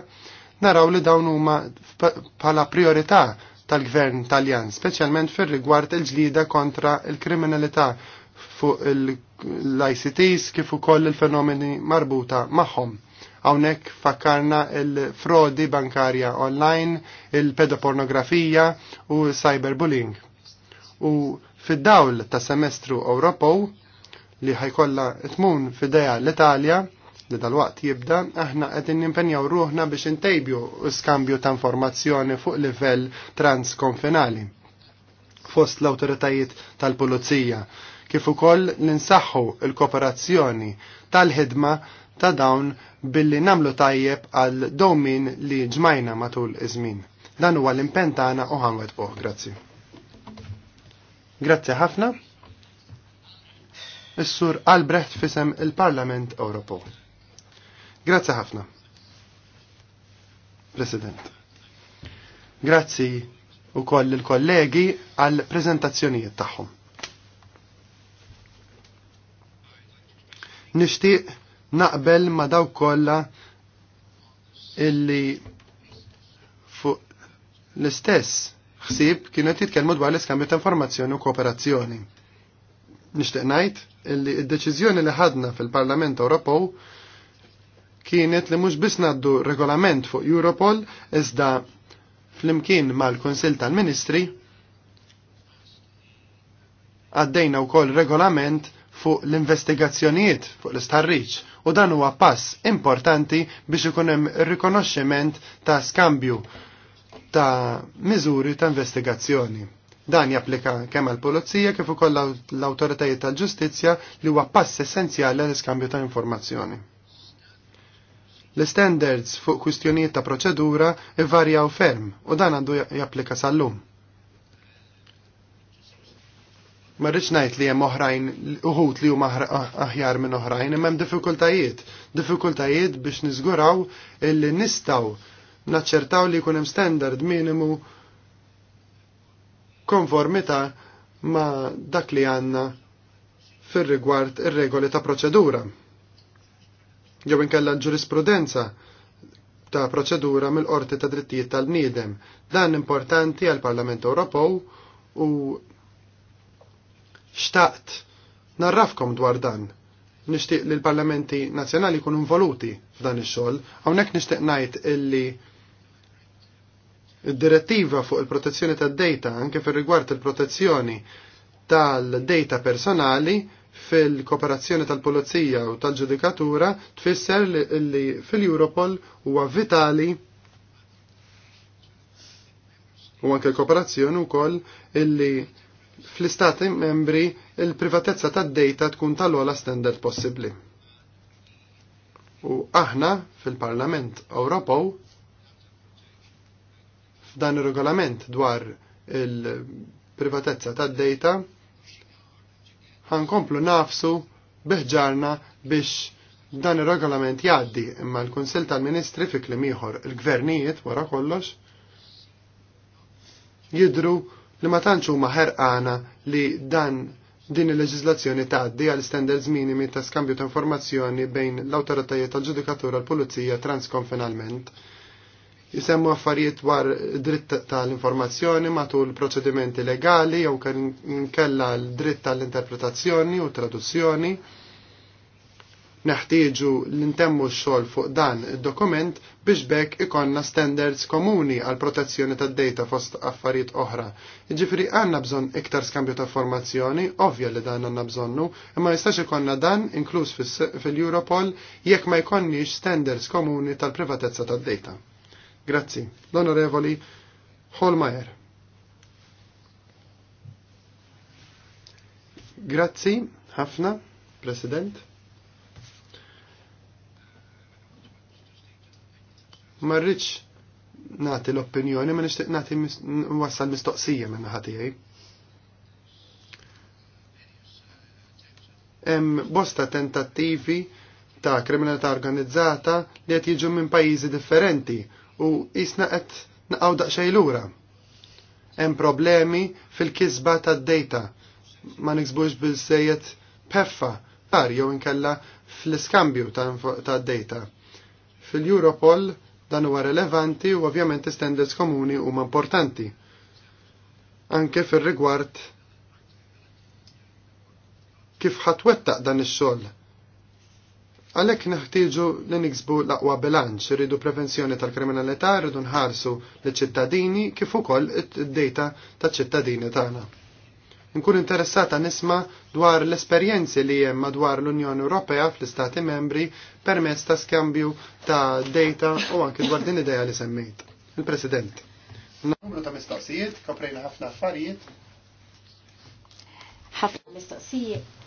naraw li dawn huma bħala priorità tal-gvern taljan, speċjalment fir-rigward il-ġlida kontra il-kriminalità fuq l-ICTs kif ukoll il-fenomeni marbuta magħhom. Hawnhekk fakkarna il-frodi bankarja online, il-pedopornografija u cyberbullying. U fid-dawl ta' semestru Ewropew li ħajkolla tmun fideja l-Italja, li dal-waqt jibda, aħna qed nimpenjaw ruħna biex intejbju skambju ta' informazzjoni fuq livell transkonfinali fost l-autoritajiet tal-pulizija, kif ukoll l-insaħħu l-kooperazzjoni tal-ħidma ta' dawn billi namlu tajjeb għal domin li ġmajna matul iż-żmien. Dan huwa l-impenn tagħna u ħanwed fuq, grazzi. Grazzi ħafna. Is-sur Albrecht fisem il-Parlament Ewropew. Grazzi ħafna. President. Grazzi u koll il-kollegi għal prezentazzjonijiet tagħhom. Nixtieq naqbel ma daw kollha illi fuq l-istess ħsieb kienet jitkellmu dwar l-iskambju ta' informazzjoni u kooperazzjoni. Nixtieq ngħid illi d-deċiżjoni li ħadna fil-Parlament Ewropew kienet li mhux biss naddu regolament fuq Europol iżda flimkien mal-Kunsill tal-Ministri għaddejna wkoll regolament fuq l-investigazzjonijiet fuq l-istarriċ u dan huwa pass importanti biex ikun hemm rikonoxximent ta' skambju ta' miżuri ta' investigazzjoni. Dan japplika kemm għall pulizija kif ukoll l-awtoritajiet tal-ġustizzja li huwa pass essenzjali għall iskambju ta' informazzjoni. L-standards fuq kwistjonijiet ta' proċedura ivarjaw ferm u dan għandu japplika sal-lum. Ma najt ngħid li hemm oħrajn uħut li huma ah, aħjar minn oħrajn imma hemm diffikultajiet. Diffikultajiet biex nizguraw illi nistgħu naċċertaw li jkun hemm standard minimu konformità ma dak li għandna fir-rigward ir-regoli ta' proċedura jew inkella l-ġurisprudenza ta' proċedura mill-Qorti ta' Drittijiet tal-Bniedem. Dan importanti għal Parlament Ewropew u xtaqt narrafkom dwar dan. Nixtieq li l-parlamenti nazzjonali jkunu involuti f'dan ix-xogħol, hawnhekk nixtieq ngħid illi Id-direttiva fuq il-protezzjoni tad-data anke fir rigward il-protezzjoni tal-data personali fil-kooperazzjoni tal-Polizija u tal-Ġudikatura tfisser li fil-Europol huwa vitali u anke l-kooperazzjoni wkoll illi fl-istati membri il-privatezza tad-data tkun tal-ola standard possibbli. U aħna fil-Parlament Ewropew f'dan ir-regolament dwar il-privatezza tad-data ħankomplu nafsu biħġarna biex dan ir-regolament jgħaddi imma l-Kunsill tal-Ministri fi klimiħor ieħor il-gvernijiet wara kollox jidru li ma tantx huma ħerqana li dan din il-leġizlazzjoni tgħaddi għal standards minimi ta' skambju ta' informazzjoni bejn l-awtoritajiet tal-ġudikatura l-Pulizija transkonfinalment jisemmu affarijiet dwar dritt tal-informazzjoni matul proċedimenti legali jew kella l-dritt tal-interpretazzjoni u traduzzjoni. Neħtieġu l-intemmu x-xogħol fuq dan id-dokument biex bekk ikonna standards komuni għal protezzjoni tad data fost affarijiet oħra. Ġifri għanna bżon iktar skambju ta' formazzjoni, ovvja li dan għanna bżonnu, imma jistax ikonna dan inkluż fil-Europol jekk ma jkonniex standards komuni tal-privatezza tad data. Grazzi. Lonorevoli Holmeier. Grazzi, ħafna, President. Marriċ nati l-opinjoni, ma nishtiq nati wassal mistoqsija minna ħatijaj. Em bosta tentattivi ta' kriminalità organizzata li qed jiġu minn pajjiżi differenti u jisna qed naqgħu daqsxejn lura. Hemm problemi fil-kisba tad dejta ma niksbux bil-sejjed peffa tar jew inkella fl-iskambju tad dejta Fil-Europol dan huwa relevanti u ovvjament standards komuni huma importanti. Anke fir-rigward kif ħatwettaq dan ix-xogħol Għalhekk neħtieġu li niksbu l-aqwa bilanċ, rridu prevenzjoni tal-kriminalità, rridu nħarsu l-ċittadini kif ukoll id-dejta taċ-ċittadini tagħna. Nkun interessata nisma dwar l-esperjenzi li hemm madwar l-Unjoni Ewropea fl-Istati membri permezz ta' skambju ta' data u anke dwar din idea li semmejt. Il-President. Numru ta' mistoqsijiet, koprejna ħafna affarijiet. Ħafna mistoqsijiet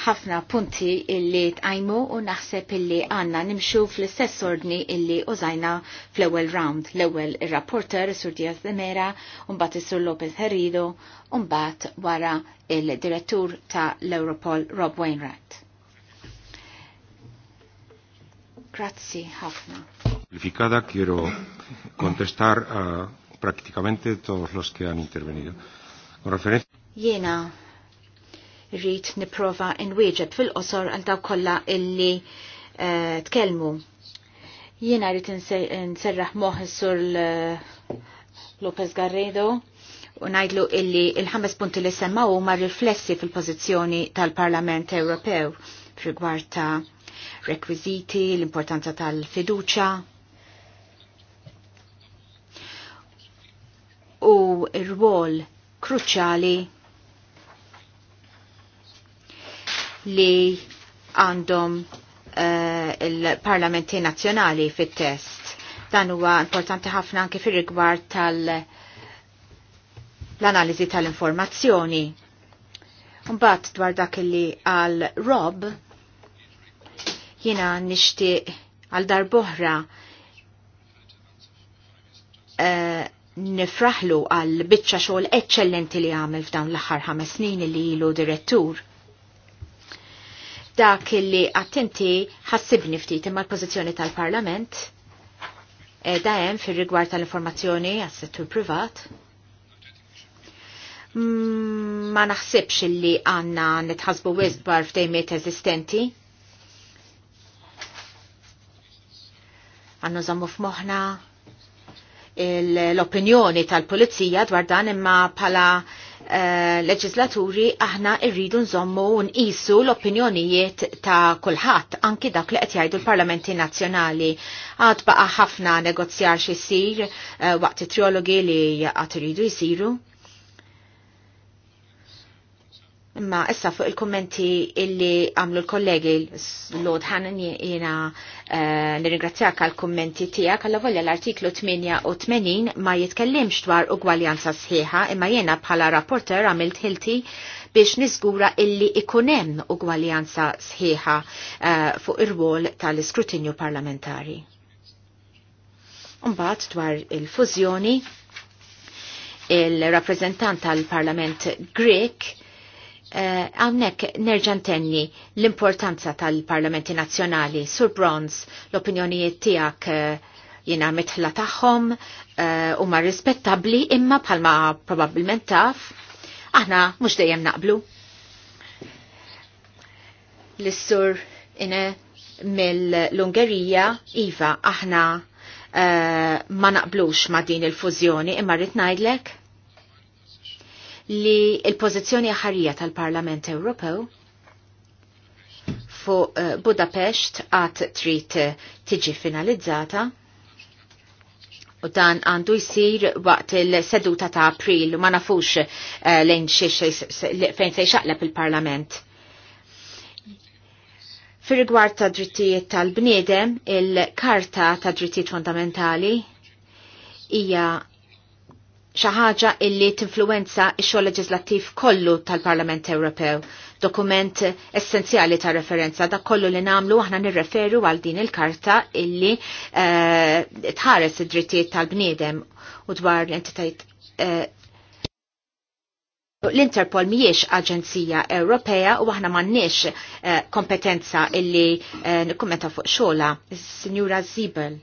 ħafna punti illi tqajmu u naħseb illi għanna nimxu fl-istess ordni illi użajna fl-ewwel round. L-ewwel ir-rapporter Sur Diaz de Mera, mbagħad sur Lopez Herrido, u mbagħad wara il-direttur ta' l-Europol Rob Wainwright. Grazzi ħafna. Amplificada quiero kontestar uh, praktikamente todos los que han intervenido. Con referencia... Jena, rrit niprofa inwieġeb fil-qosor għal daw kollha illi uh, tkellmu. Jiena rrit nserraħ moħ sur Lopez Garrido u najdlu illi il-ħames punti li semmaw ma riflessi fil-pozizjoni tal-Parlament Ewropew rigward ta' rekwiziti, l-importanza tal-fiduċa u r-rwol kruċjali li għandhom uh, il-parlamenti nazjonali fit-test. Dan huwa importanti ħafna anke fir-rigward tal-analiżi tal-informazzjoni. Mbagħad dwar dak li għal Rob jiena nixtieq għal darboħra uh, eh, nifraħlu għal bitċa xogħol eċċellenti li għamil f'dawn l-aħħar ħames snin li ilu direttur dak li attenti ħassibni ftit imma l-pożizzjoni tal-Parlament eh, da hemm fir-rigward tal-informazzjoni għas-settur privat. Mm, ma naħsibx li għanna nitħasbu wisbar f'dejmiet eżistenti. Għannu zammu f'moħna l-opinjoni tal-pulizija dwar dan imma pala Eh, leġislaturi aħna irridu nżommu nqisu l-opinjonijiet ta' kulħadd anki dak li qed jgħidu l-Parlamenti Nazzjonali. Għad baqa' ħafna negozjar xi jsir eh, waqt it-triologi li qatt iridu jsiru. Imma issa fuq il-kommenti illi għamlu l-kollegi l-Lord Hannan jena eh, nirringrazzjak għal kommenti tijak għalla volja l-artiklu 88 ma jitkellimx dwar ugwaljanza sħiħa imma jena bħala rapporter għamilt hilti biex nizgura illi ikunem ugwaljanza sħiħa eh, fuq ir-wol tal-iskrutinju parlamentari. Umbat dwar il-fużjoni il-rappresentant tal-Parlament Grek Eh, għannek uh, nerġantenni l-importanza tal-Parlamenti Nazzjonali sur Bronze l-opinjonijiet tijak uh, jina mitħla taħħom eh, u ma rispettabli imma bħalma probabilment taf, aħna mux dejjem naqblu. L-sur ine mill-Ungerija, Iva, aħna ma naqblux ma din il-fużjoni imma rritnajdlek. najdlek li il-pozizjoni ħarija tal-Parlament Ewropew fuq eh, Budapest għat trid eh, tiġi finalizzata u dan għandu jisir waqt il-seduta ta' april u ma nafux eh, lejn fejn se jxaqleb il-parlament. Fir rigward ta' drittijiet tal-bniedem, il-karta ta' drittijiet fundamentali hija xi ħaġa illi tinfluwenza x-xogħol leġislattiv kollu tal-Parlament Ewropew, dokument essenzjali ta' referenza da kollu li namlu aħna nirreferu għal din il-karta illi uh, tħares id-drittijiet tal-bniedem u dwar l-entitajt uh, eh, L-Interpol miex aġenzija Ewropea u aħna m'għandniex uh, kompetenza illi nikkumenta fuq xola. Signora Zibel,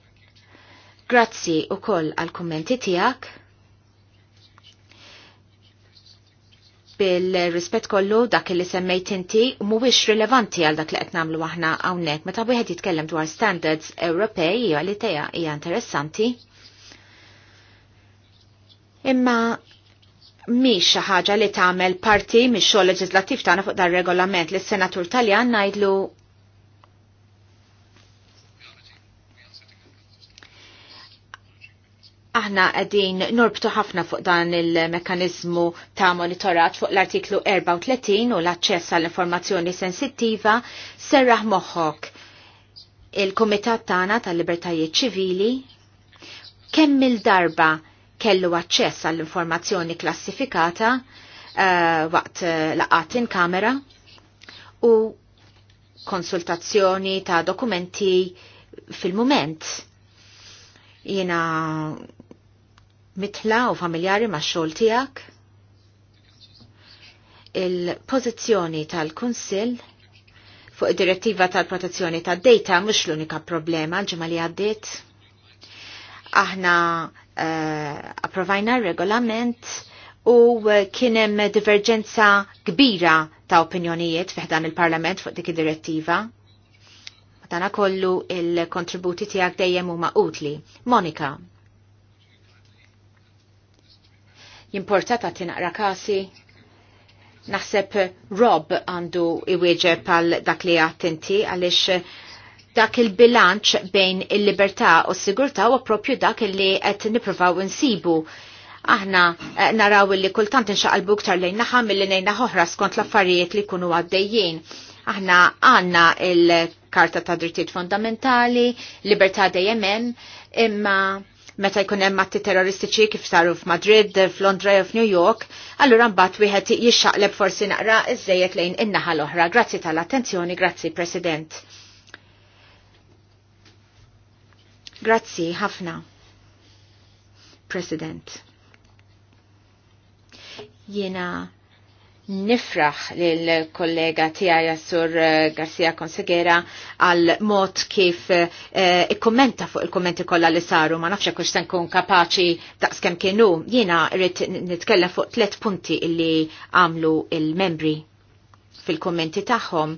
grazzi u koll għal-kommenti tiegħek. bil-rispett kollu dak li semmejt inti mhuwiex rilevanti għal dak li qed nagħmlu aħna hawnhekk. Meta wieħed jitkellem dwar standards Ewropej hija li tejja hija interessanti. Imma mhix xi ħaġa li tagħmel parti mix-xogħol leġislattiv tagħna fuq dar regolament li s-senatur Taljan ngħidlu Aħna għedin norbtu ħafna fuq dan il-mekanizmu ta' monitorat fuq l-artiklu 34 u l-access għall-informazzjoni sensittiva serraħ moħħok il-Komitat tagħna tal-Libertajiet Ċivili kemm il-darba kellu aċċess għall-informazzjoni klassifikata uh, waqt uh, laqat in kamera u konsultazzjoni ta' dokumenti fil-moment. Jena mitla u familjari ma' xogħol tiegħek? Il-pożizzjoni tal-Kunsill fuq id-direttiva tal-protezzjoni tad-data mux l-unika problema ġimgħa li għaddiet. Aħna uh, approvajna regolament u kienem diverġenza kbira ta' opinjonijiet fiħdan il-Parlament fuq dik id-direttiva. Dana kollu il-kontributi tiegħek dejjem huma utli. Monika, jimportata tinaqra kasi. Naħseb Rob għandu iwieġeb għal dak li għattinti għalix dak il-bilanċ bejn il-libertà u s-sigurtà u propju dak li qed nippruvaw insibu. Aħna eh, naraw li kultant inxaqalbu ktar lejn naħa mill-li nejna oħra skont l-affarijiet li kunu għaddejjien. Aħna għanna il-Karta ta' Drittijiet Fundamentali, Libertà dejjem imma meta jkun hemm atti terroristiċi kif saru f'Madrid, f'Londra jew f'New York, allura mbagħad wieħed jixxaqleb forsi naqra iżejjed lejn in-naħa l-oħra. Grazzi tal-attenzjoni, grazzi President. Grazzi ħafna. President. Jiena nifraħ lill-kollega tiegħi Sur eh, Garcia Consegera għal mod kif eh, ikkommenta fuq il-kommenti kollha li saru ma nafxek hekk se nkun kapaċi daqskemm kienu jiena rrid nitkellem fuq tliet punti illi għamlu il-membri fil-kommenti tagħhom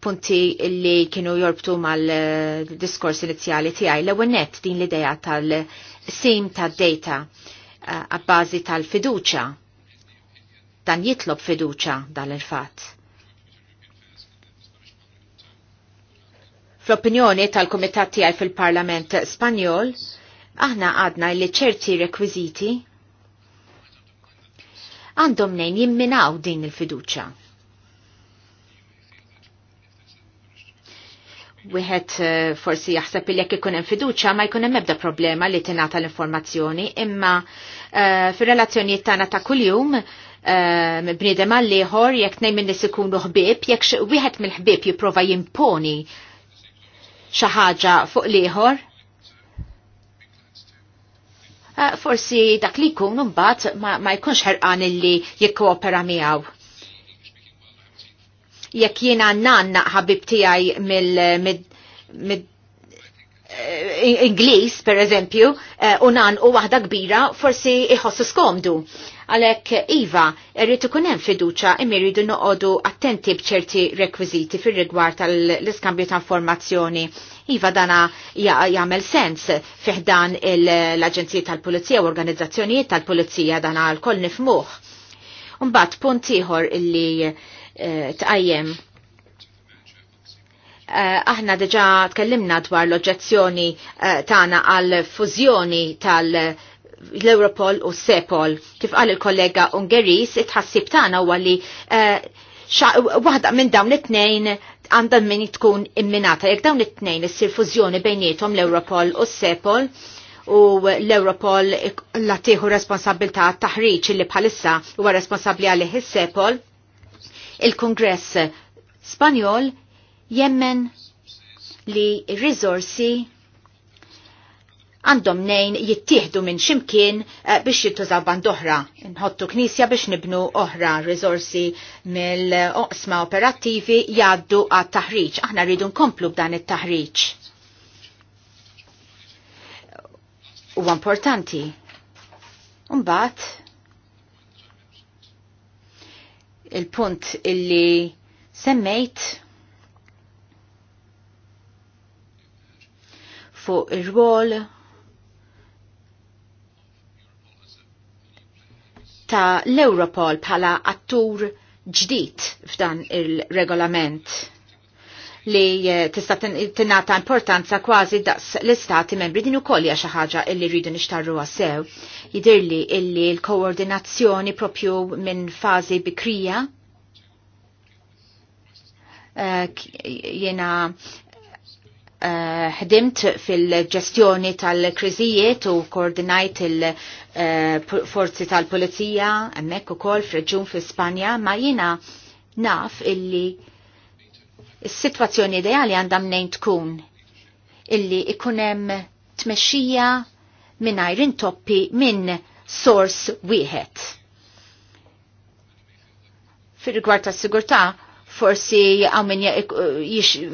punti illi kienu jorbtu mal-diskors inizjali tiegħi l-ewwel nett din l-idea tal-sim tad-data eh, għabbażi tal-fiduċa dan jitlob fiduċa dan il-fatt. Fl-opinjoni tal-Kumitat tiegħi fil-Parlament Spanjol, aħna għadna li ċerti rekwiżiti għandhom nejn jimminaw din il-fiduċa. Wieħed eh, forsi jaħseb li jekk ikun hemm fiduċja ma jkun hemm ebda problema li tingħata l-informazzjoni, imma eh, fir-relazzjonijiet tagħna ta' kuljum Eh, bniedem għal liħor, jekk nej minn ikunu ħbieb, jekk wieħed mill-ħbieb jipprova jimponi xi ħaġa fuq liħor. Eh, forsi dak li jkun mbagħad ma jkunx ħerqan illi jikkoopera miegħu jekk jiena nanna ħabib tiegħi mill eh, Ingliż per eżempju, u nan u waħda kbira forsi iħossu skomdu. Għalhekk iva, irrid ikun hemm fiduċja imma jridu noqogħdu attenti b'ċerti rekwiżiti fir-rigward tal-iskambju ta' informazzjoni. Iva dana jagħmel sens fiħdan l-Aġenzija tal-Pulizija u organizzazzjonijiet tal-Pulizija dana l-koll nifmuh. Mbagħad punt ieħor illi eh, tqajjem eh, aħna deġa tkellimna dwar l-oġġezzjoni eh, tagħna għal fużjoni tal- l-Europol u Sepol. Kif qal il-kollega Ungeris, itħassib ħassib tagħna għalli li eh, waħda minn dawn it-tnejn għandha minn tkun imminata. Jek dawn it-tnejn issir fużjoni bejnietom l-Europol u Sepol, u l-Europol la tieħu responsabilità taħriġ li bħalissa huwa responsabbli għalih is-Sepol, il-Kongress Spanjol jemmen li r rizorsi għandhom nejn jittieħdu minn ximkien eh, biex jittużaw band oħra. Nħottu knisja biex nibnu oħra rizorsi mill-oqsma operattivi jaddu għat taħriġ. Aħna rridu nkomplu b'dan it-taħriġ. U importanti. Umbat, il-punt illi semmejt fuq ir-rwol ta' l-Europol bħala attur ġdid f'dan il-regolament li eh, tista' tingħata importanza kważi daqs l-istati membri din ukoll hija xi ħaġa li rridu nixtarruha sew. Jidirli illi l-koordinazzjoni propju minn fażi bikrija eh, Jiena eh, ħdimt fil-ġestjoni tal-kriżijiet u koordinajt il- Eh, forzi tal-polizija, emmek u kol f'reġun fi Spanja, ma jina naf illi s-situazzjoni ideali għandha mnejn tkun illi ikunem tmexxija mingħajr intoppi minn source wieħed. Fir-rigward tas-sigurtà, forsi għaw minn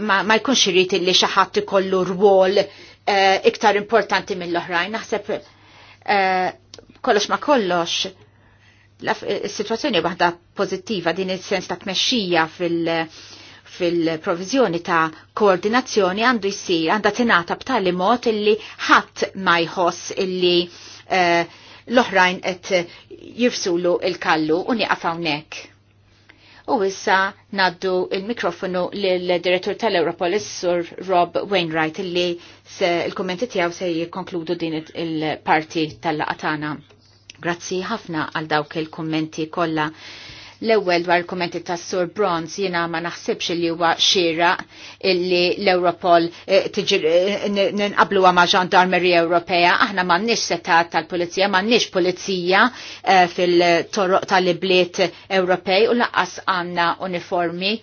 ma jkunx irrit illi xaħat ikollu rwol eh, iktar importanti mill-oħrajn. Naħseb eh, kollox ma kollox eh, situazzjoni waħda pozittiva din il-sens ta' tmexxija fil- fil-provizjoni ta' koordinazzjoni għandu jisir għanda tingħata b'tali mod illi ħadd ma jħoss illi eh, l-oħrajn qed jirsulu il-kallu u nieqaf hawnhekk. U issa naddu il-mikrofonu l-direttur tal europolis sur Rob Wainwright, illi il-kommenti tijaw se jikonkludu din il-parti tal-laqatana. Grazzi ħafna għal dawk il-kommenti kolla L-ewwel dwar il-kummenti ta' Sur Bronz jiena ma naħsibx li huwa xira illi l-Europol eh, tiġi eh, ma' ġandarmeri Ewropea, aħna m'għandniex setat tal-pulizija, m'għandniex pulizija eh, fil-toroq tal-ibliet Ewropej u laqqas għandna uniformi.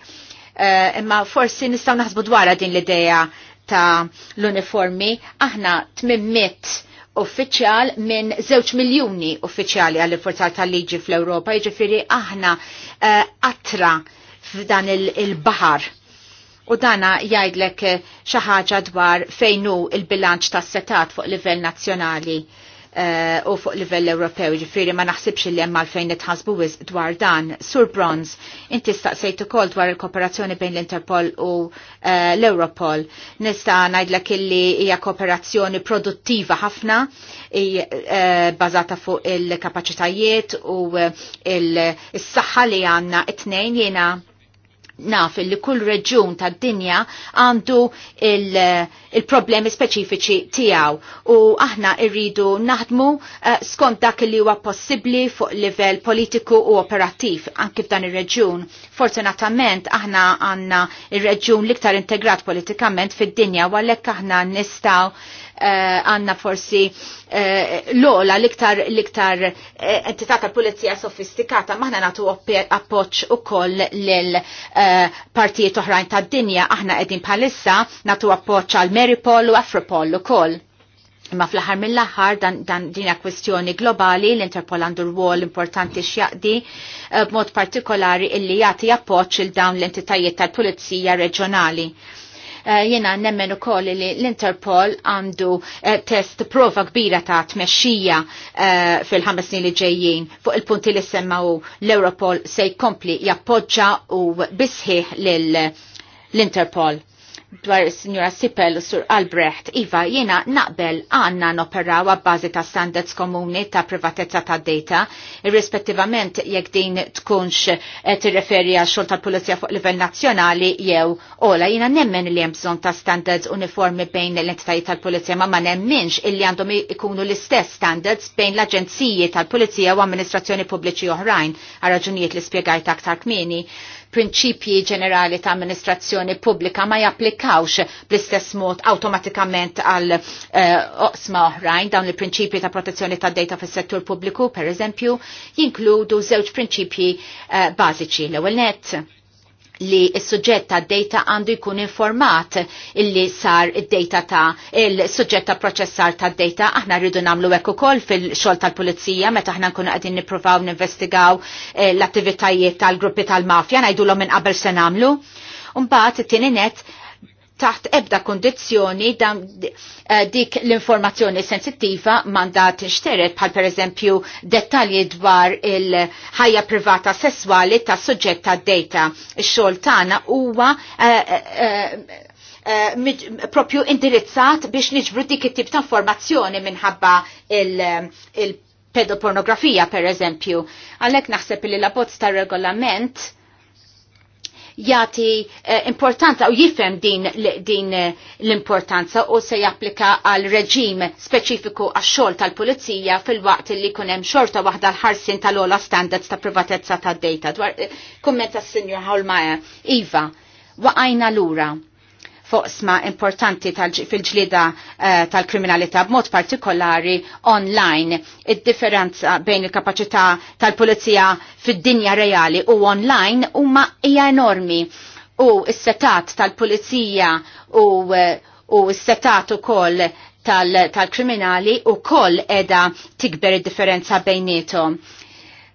Imma forsi nistgħu naħsbu dwar din l-idea ta' l-uniformi, aħna tmimmit uffiċjal minn 2 miljuni uffiċjali għall forza tal-liġi fl-Europa, jiġifieri aħna uh, attra f'dan il-bahar. Il u dana jgħidlek eh, xi ħaġa dwar fejnu il-bilanċ tas-setat fuq livell nazzjonali Eh, u fuq livell Ewropew, ġifiri ma naħsibx li hemm għalfejn nitħasbu dwar dan. Sur Bronz, inti staqsejt ukoll dwar il-kooperazzjoni bejn l-Interpol u eh, l-Europol. Nista' ngħidlek illi hija kooperazzjoni produttiva ħafna, eh, bażata fuq il-kapaċitajiet u il-saħħa li għandna it-tnejn jiena naf li kull reġun tad dinja għandu il-problemi il speċifiċi tijaw u aħna irridu naħdmu uh, skont dak li huwa possibli fuq livell politiku u operattiv anki f'dan ir-reġun. Fortunatament aħna għandna ir-reġun liktar integrat politikament fid-dinja u għalhekk aħna nistgħu Eh, għanna forsi eh, l-ola liktar liktar eh, entità tal-pulizija sofistikata maħna natu appoċ u koll l-partijiet oħrajn tad dinja aħna edin palissa natu appoċ għal Meripol u Afropol u koll. Imma fl-ħar mill-ħar dan, dan kwestjoni globali l-Interpol għandu rwol importanti xjaqdi b'mod partikolari illi jagħti appoċ il dawn l-entitajiet tal-Pulizija Reġjonali Eh, Jena nemmen ukoll li l-Interpol għandu eh, test prova kbira ta' tmexxija eh, fil-ħames snin li ġejjin fuq il-punti li semmaw l-Europol se jkompli jappoġġa u bisħiħ l-Interpol dwar is sinjura Sipel u Sur Albrecht, Iva, jena naqbel għanna noperaw għabbażi ta' standards komuni ta' privatezza ta' data, irrispettivament jekk din tkunx t-referi għal xol tal-Polizija fuq livell nazzjonali jew ola, jena nemmen li jemżon ta' standards uniformi bejn l-entitajiet tal-Polizija, ma ma nemmenx illi għandhom ikunu l-istess standards bejn l-Aġenziji tal-Polizija u amministrazzjoni pubbliċi oħrajn, għal raġunijiet li spiegajt aktar kmini prinċipji ġenerali ta' amministrazzjoni pubblika ma japplikawx bl-istess mod automatikament għal eh, oqsma oħrajn dawn il-prinċipji ta' protezzjoni ta' data fis settur pubbliku, per eżempju, jinkludu żewġ prinċipji eh, bażiċi l-ewwel net li s-suġġett ta' data għandu jkun informat illi sar id-data ta' il-suġġett ta' proċessar ta' data aħna rridu namlu hekk ukoll fil-xogħol tal-pulizija meta aħna nkunu qegħdin nippruvaw ninvestigaw eh, l-attivitajiet tal-gruppi tal-mafja ngħidulhom minn qabel se nagħmlu. Mbagħad it-tieni net taħt ebda kondizjoni dan eh, dik l-informazzjoni sensittiva mandat tinxteret bħal per eżempju dettalji dwar il-ħajja privata sessuali ta' suġġett data. Ix-xogħol tagħna huwa eh, eh, propju indirizzat biex niġbru dik it-tip ta' informazzjoni minħabba il-pedopornografija per eżempju. Għalhekk naħseb li l-abbozz ta' regolament jati eh, importanza u jifem din, din eh, l-importanza u se japplika għal reġim speċifiku għax xogħol tal-pulizija fil-waqt li kunem xorta waħda l-ħarsin tal-ola standards ta' privatezza ta' data. Dwar eh, kummenta s-senjur Hawlmaja, Iva, waqajna l-ura foqsma importanti fil-ġlida eh, tal-kriminalità b'mod partikolari online. Id-differenza bejn il-kapacità tal-pulizija fid-dinja reali u online huma hija enormi u s-setat tal-pulizija u u s-setat u koll tal-kriminali tal u koll edha tikber id-differenza bejnietom.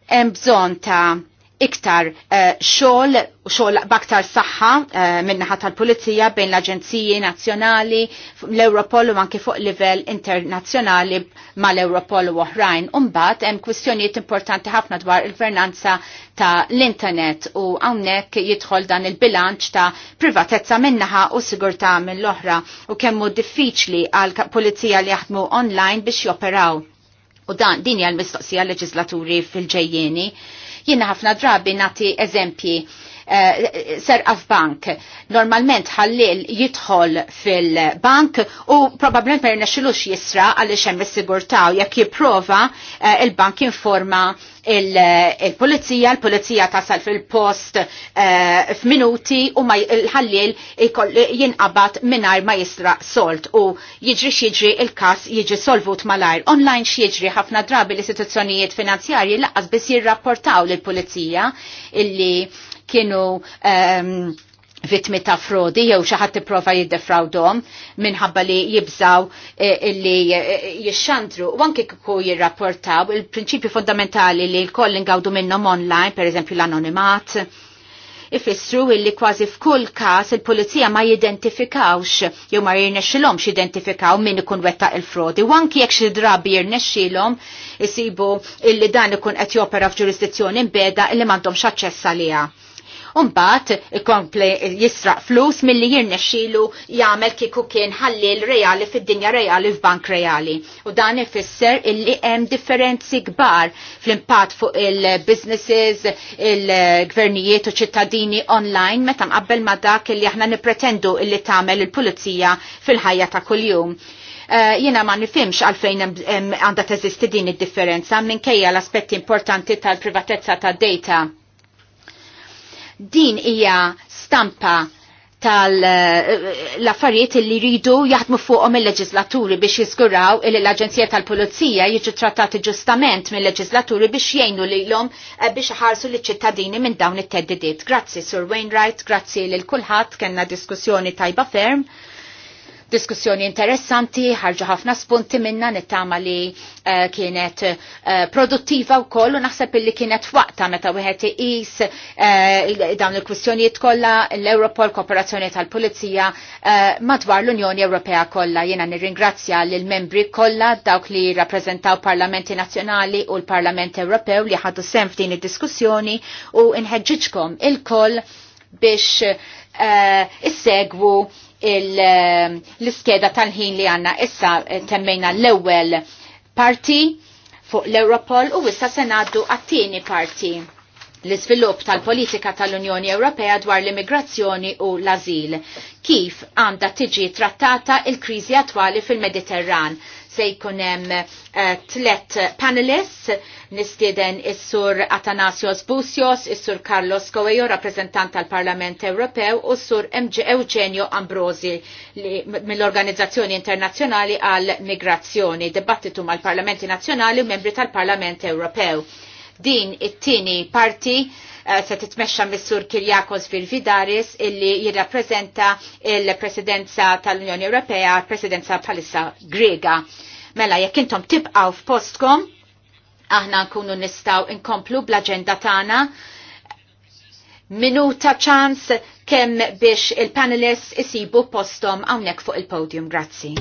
Hemm bżonn ta' iktar eh, xogħol u xol baktar saħħa uh, eh, naħa tal-Pulizija bejn l-Aġenziji Nazzjonali, l-Europol u anke fuq livell internazzjonali ma l-Europol u oħrajn. Umbat, hemm kwistjonijiet importanti ħafna dwar il-vernanza ta' l-internet u hawnhekk jidħol dan il-bilanċ ta' privatezza minnaħa u sigurtà mill-oħra u kemmu diffiċli għal pulizija li jaħdmu online biex joperaw. U dan din hija l-mistoqsija leġislaturi fil-ġejjeni Jiena ħafna drabi nagħti eżempji Eh, serqa f'bank. Normalment ħallil jidħol fil-bank u probabbilment ma jirnexxilux jisra għaliex hemm is-sigurtà u jekk jipprova eh, il-bank informa eh, il-pulizija, il-pulizija tasal fil-post f'minuti u ma l-ħallil jinqabad mingħajr ma jisra solt u jiġri x'jiġri il-każ jiġi solvut malajr. Online xieġri ħafna drabi l-istituzzjonijiet finanzjarji laqqas biss jirrapportaw lill-pulizija illi kienu um, ehm, vitmi ta' frodi jew xi ħadd tipprova jiddefrawdhom minħabba li jibżaw eh, illi eh, jixxantru. U anke kieku jirrapportaw il-prinċipju fondamentali li l-koll ingawdu minnhom online, pereżempju l-anonimat, ifissru illi kważi f'kull każ il-pulizija ma jidentifikawx jew ma jirnexxilhomx jidentifikaw min ikun wettaq il-frodi. U anke jekk xi drabi jirnexxilhom isibu illi dan ikun qed jopera f'ġurisdizzjoni mbeda illi m'għandhomx aċċess għaliha Umbat, ikompli jisraq flus mill-li jirnexxilu jagħmel kieku kien ħallil reali fid-dinja reali f'bank reali. U dan ifisser illi hemm differenzi kbar fl-impatt fuq il-businesses, il-gvernijiet u ċittadini online meta mqabbel ma dak illi aħna nippretendu illi tagħmel il-pulizija fil-ħajja ta' kuljum. Eh, jiena jena ma nifimx għalfejn għanda teżisti din id-differenza minkejja l-aspetti importanti tal-privatezza ta' data Din hija stampa tal-affarijiet eh, li rridu jaħdmu fuqhom il-leġislaturi biex jiżguraw li l-Aġenzija tal-Pulizija jiġu trattati ġustament mill-leġislaturi biex jgħinu lilhom eh, biex ħarsu l-ċittadini minn dawn it-teddidiet. Grazzi Sur Wainwright, grazzi lil kulħadd kellna diskussjoni tajba ferm Diskussjoni interessanti, ħarġu ħafna spunti minna nittama li uh, kienet uh, produttiva u koll u naħseb illi kienet waqta meta wieħed iqis uh, dawn il-kwistjonijiet kollha l-Europol Kooperazzjoni tal-Pulizija madwar l-Unjoni Ewropea kollha. Jiena nirringrazzja lil membri kollha dawk li rappreżentaw parlamenti nazzjonali u l-Parlament Ewropew li ħadu sem f'din id-diskussjoni u nħeġġiġkom il-koll biex uh, issegwu Ehm, l-iskeda tal-ħin li għanna issa eh, temmejna l-ewel parti fuq l-Europol u issa senaddu għattini parti l-izvilupp tal-politika tal-Unjoni Ewropea dwar l-immigrazzjoni u l-azil, kif għanda tiġi trattata il-kriżi attwali fil-Mediterran se jkunem eh, tlet panelists nistieden is-sur Atanasios Busios, is-sur Carlos Coelho, rappresentant tal-Parlament Ewropew, u s-sur Eugenio Ambrosi mill-Organizzazzjoni Internazzjonali għal Migrazzjoni, Debattitu mal-Parlamenti Nazzjonali u membri tal-Parlament Ewropew Din it-tieni parti eh, se titmexxa mis-sur Kirjakos Vilvidaris illi jirrappreżenta il-Presidenza tal-Unjoni Ewropea, Presidenza palissa Grega. Mela jekk intom tibqgħu f'postkom, aħna nkunu nistgħu inkomplu bl-aġenda tagħna minuta ċans kemm biex il-panelists isibu postom hawnhekk fuq il-podium. Grazzi.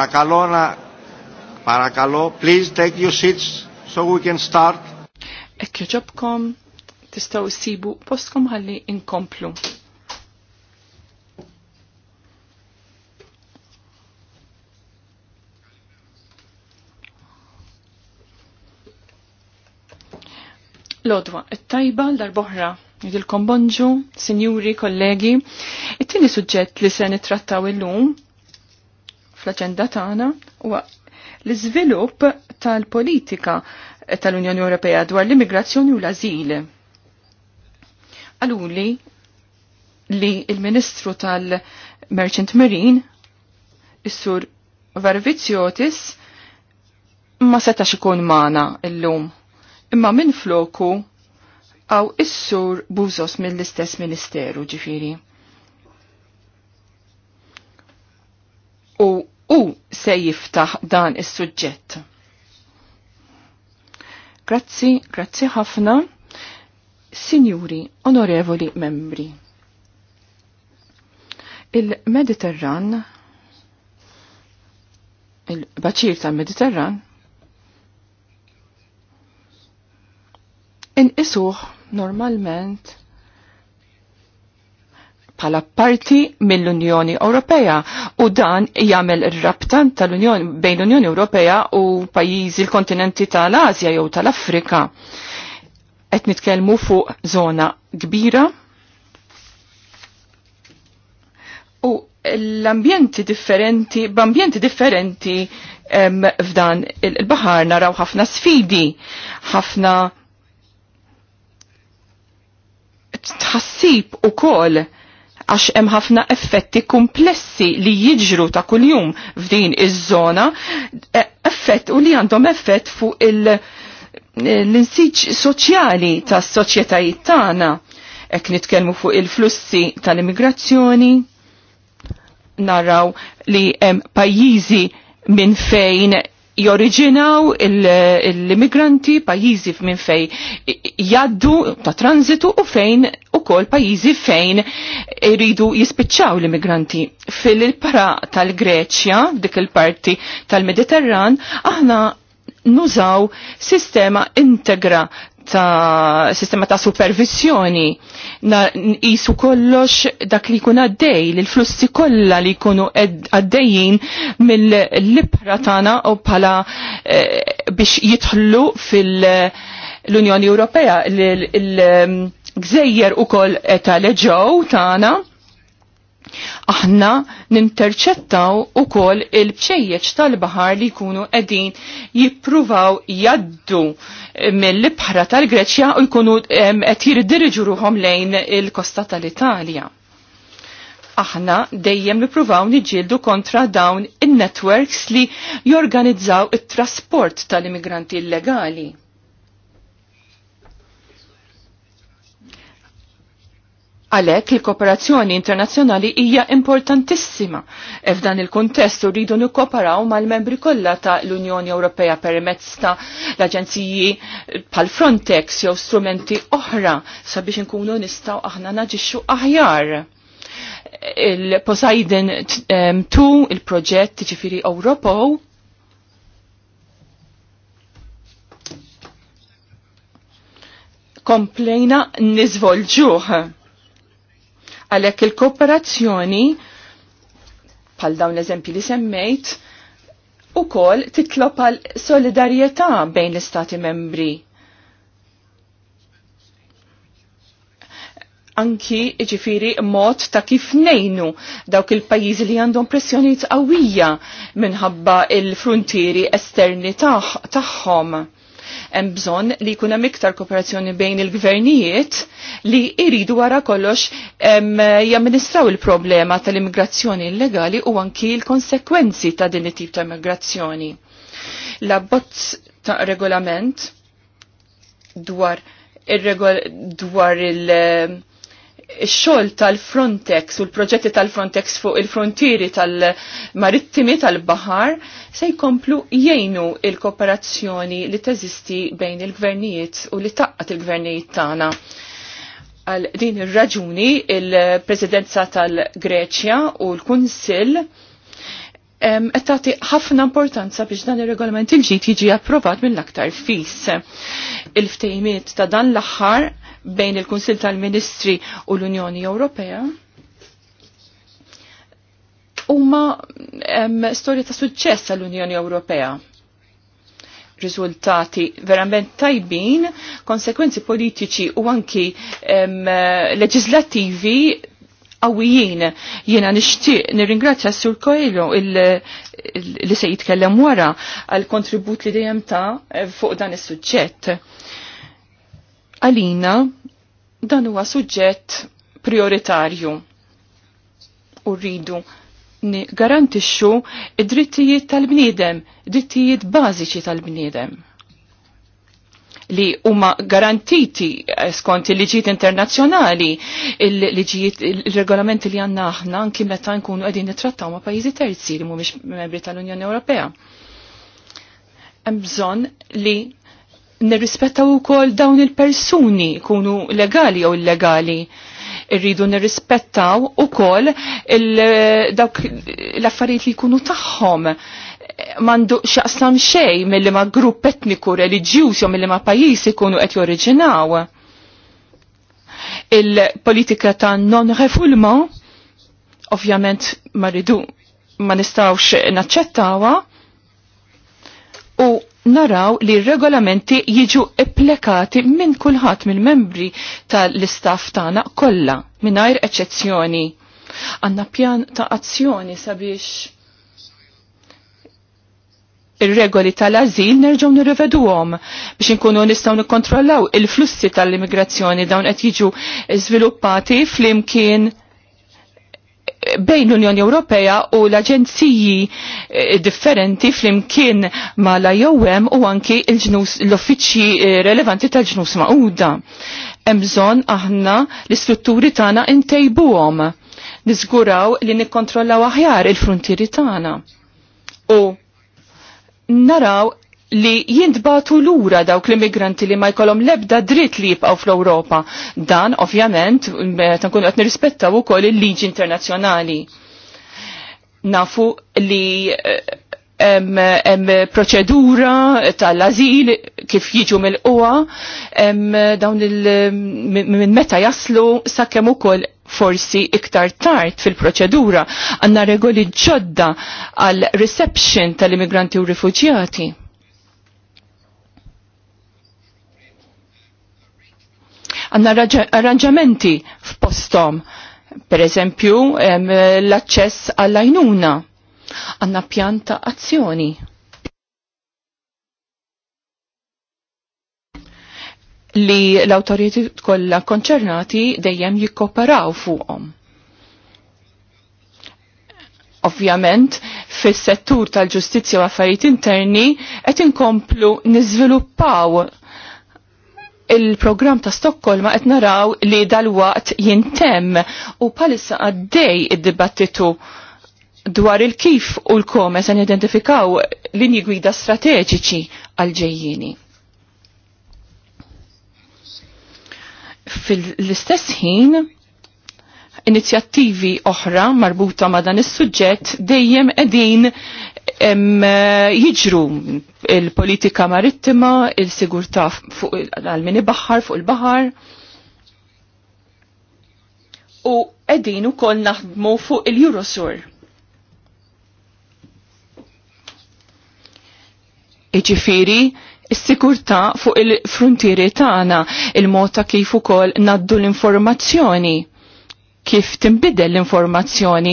Παρακαλώ να... Παρακαλώ, please take your seats so we can start. Ekkjoġobkom tistaw sibu postkom ħalli inkomplu. Lodwa, it-tajba l l-arboħra, id-il-kombonġu, sinjuri, kollegi. It-tini suġġett li se nitrattaw il-lum fl-aġenda tagħna huwa l-iżvilupp tal-politika tal-Unjoni Ewropea dwar l-immigrazzjoni u l-azil. Għaluli li il-Ministru tal-Merchant Marine, is-Sur Varviziotis, ma setax ikun mana illum. Imma minn floku għaw is-Sur Buzos mill-istess Ministeru ġifiri. U se jiftaħ dan is-suġġett. Grazzi, grazzi ħafna, sinjuri, onorevoli membri. Il-Mediterran, il-baċir tal-Mediterran, inqisuh normalment bħala parti mill-Unjoni Ewropea u dan jagħmel ir-rabtan tal-Unjoni bejn l-Unjoni Ewropea u pajjiżi l-kontinenti tal-Asja jew tal-Afrika. Qed nitkellmu fuq żona kbira u l-ambjenti differenti, b'ambjenti differenti f'dan il-baħar naraw ħafna sfidi, ħafna tħassib u koll għax hemm ħafna effetti komplessi li jiġru ta' kuljum f'din iż-żona, e, effett u li għandhom effett fuq e, l-insiġ soċjali tas soċjetajiet tagħna. Ek nitkellmu fuq il-flussi tal-immigrazzjoni, naraw li hemm pajjiżi minn fejn Joriġinaw l-immigranti pajjiżi minn fej jaddu ta' tranzitu u fejn u kol pajizi fejn iridu jispiċċaw l-immigranti. Fil-para tal-Greċja, dik il-parti tal-Mediterran, aħna nużaw sistema integra ta' sistema ta' supervizjoni jisu kollox dak li kun għaddej, li l-flussi kollha li jkunu għaddejjin mill-libra tagħna u bħala e, biex jidħlu fil-Unjoni Ewropea l-gżejjer ukoll ta' leġew tagħna aħna ninterċettaw u koll il-bċejjeċ tal-bahar li kunu edin jippruvaw jaddu mill-libħra tal-Greċja u jkunu qed jirdirġu ruhom lejn il-kosta tal-Italja. Aħna dejjem nippruvaw niġġieldu kontra dawn in networks li jorganizzaw it-trasport tal-immigranti illegali Għalek il-kooperazzjoni internazzjonali hija importantissima. E f'dan il kontestu rridu nikkoperaw mal-membri kollha ta' l-Unjoni Ewropea permezz ta' l-aġenziji bħal Frontex jew strumenti oħra sabiex inkunu nistgħu aħna naġixxu aħjar. Il-Poseidon 2, il-proġett ġifiri Ewropew, komplejna nizvolġuħ Għalhekk il-kooperazzjoni bħal dawn l-eżempju li semmejt ukoll titlob għal solidarjetà bejn l-istati membri. anki ġifiri mod ta' kif nejnu dawk il-pajizi li għandhom pressjoniet qawwija minħabba il-frontieri esterni tagħhom. Hemm bżonn li jkun hemm iktar kooperazzjoni bejn il-gvernijiet li jridu wara kollox jamministraw il-problema tal-immigrazzjoni illegali u anki l-konsekwenzi ta' din it-tip ta' immigrazzjoni. L-abbozz ta' regolament dwar il-regol dwar il- xol tal-Frontex u l-proġetti tal-Frontex fuq il-frontieri tal-marittimi tal-bahar se jkomplu jgħinu il-kooperazzjoni li teżisti bejn il-gvernijiet u li taqqat il-gvernijiet tagħna. Għal din ir-raġuni il-Presidenza tal-Greċja u l-Kunsill qed tagħti ħafna importanza biex dan ir-regolament il ġit jiġi approvat mill-aktar fis. Il-ftejmiet ta' dan l-aħħar bejn il-Kunsil tal-Ministri u l-Unjoni Ewropea huma storja ta' suċċess għall-Unjoni Ewropea. Riżultati verament tajbin, konsekwenzi politiċi u anki leġislattivi qawwijin. Jiena nixtieq nirringrazzja Sur Koelo li se jitkellem wara għal kontribut li dejjem ta' fuq dan is-suġġett Għalina dan huwa suġġett prioritarju u rridu garantixxu id-drittijiet tal-bniedem, drittijiet bażiċi tal-bniedem li huma garantiti skont il-liġijiet internazzjonali, il-liġijiet, il-regolamenti li għanna aħna anki meta nkunu qegħdin nittrattaw ma' pajjiżi terzi li mhumiex membri tal-Unjoni Ewropea. Hemm bżonn li nirrispettaw ukoll dawn il-persuni kunu legali jew illegali irridu nirrispettaw u kol dawk l-affarijiet li jkunu tagħhom mandu xaqslam xej mill ma grupp etniku reliġjuż jew mill ma pajjiż ikunu qed joriġinaw. Il-politika ta' non refulma ovvjament ma ridu ma nistawx naċċettawa u naraw li regolamenti jiġu applikati minn kulħadd mill-membri tal-istaff tagħna kollha mingħajr eċċezzjoni. Għanna pjan ta' azzjoni sabiex ir-regoli tal-azil nerġgħu nirriveduhom biex inkunu nistgħu nikkontrollaw il-flussi tal-immigrazzjoni dawn qed jiġu żviluppati flimkien bejn l-Unjoni Ewropea u l-aġenziji eh, differenti flimkien ma l-IOM u anki l-uffiċċji eh, relevanti tal-ġnus maquda. Emżon aħna l-istrutturi tagħna intejbuhom. Niżguraw li nikkontrollaw aħjar il-frontieri tagħna. U naraw li jintbatu lura dawk l-immigranti li ma jkollhom lebda dritt li jibqgħu fl-Ewropa. Dan ovvjament tankun qed nirrispettaw ukoll il-liġi internazzjonali. Nafu li hemm eh, proċedura tal-azil kif jiġu mill-qwa dawn minn meta jaslu sakemm ukoll forsi iktar tard fil-proċedura għanna regoli ġodda għal reception tal-immigranti u rifuġjati. għanna arranġamenti f'postom, per eżempju l-aċċess għall ajnuna għanna pjanta azzjoni. li l-autorieti kollha konċernati dejjem jikkoperaw fuqhom. Ovvjament, fis-settur tal-ġustizzja u affarijiet interni qed inkomplu niżviluppaw il-program ta' Stokkolma qed naraw li dal-waqt jintemm u palissa għaddej id-dibattitu dwar il-kif u l-kome se identifikaw linji gwida strateġiċi għal-ġejjini. Fil-istess ħin, inizjattivi oħra marbuta ma' dan is-suġġett dejjem qegħdin Eh, jiġru il-politika marittima, il-sigurta fuq għal almini baħar, fuq il-baħar. U edin u naħdmu fuq il-Eurosur. Iġifiri, il sigurta fuq il frontiri tagħna, il-mod ta' kif ukoll naddu l-informazzjoni kif timbidel l-informazzjoni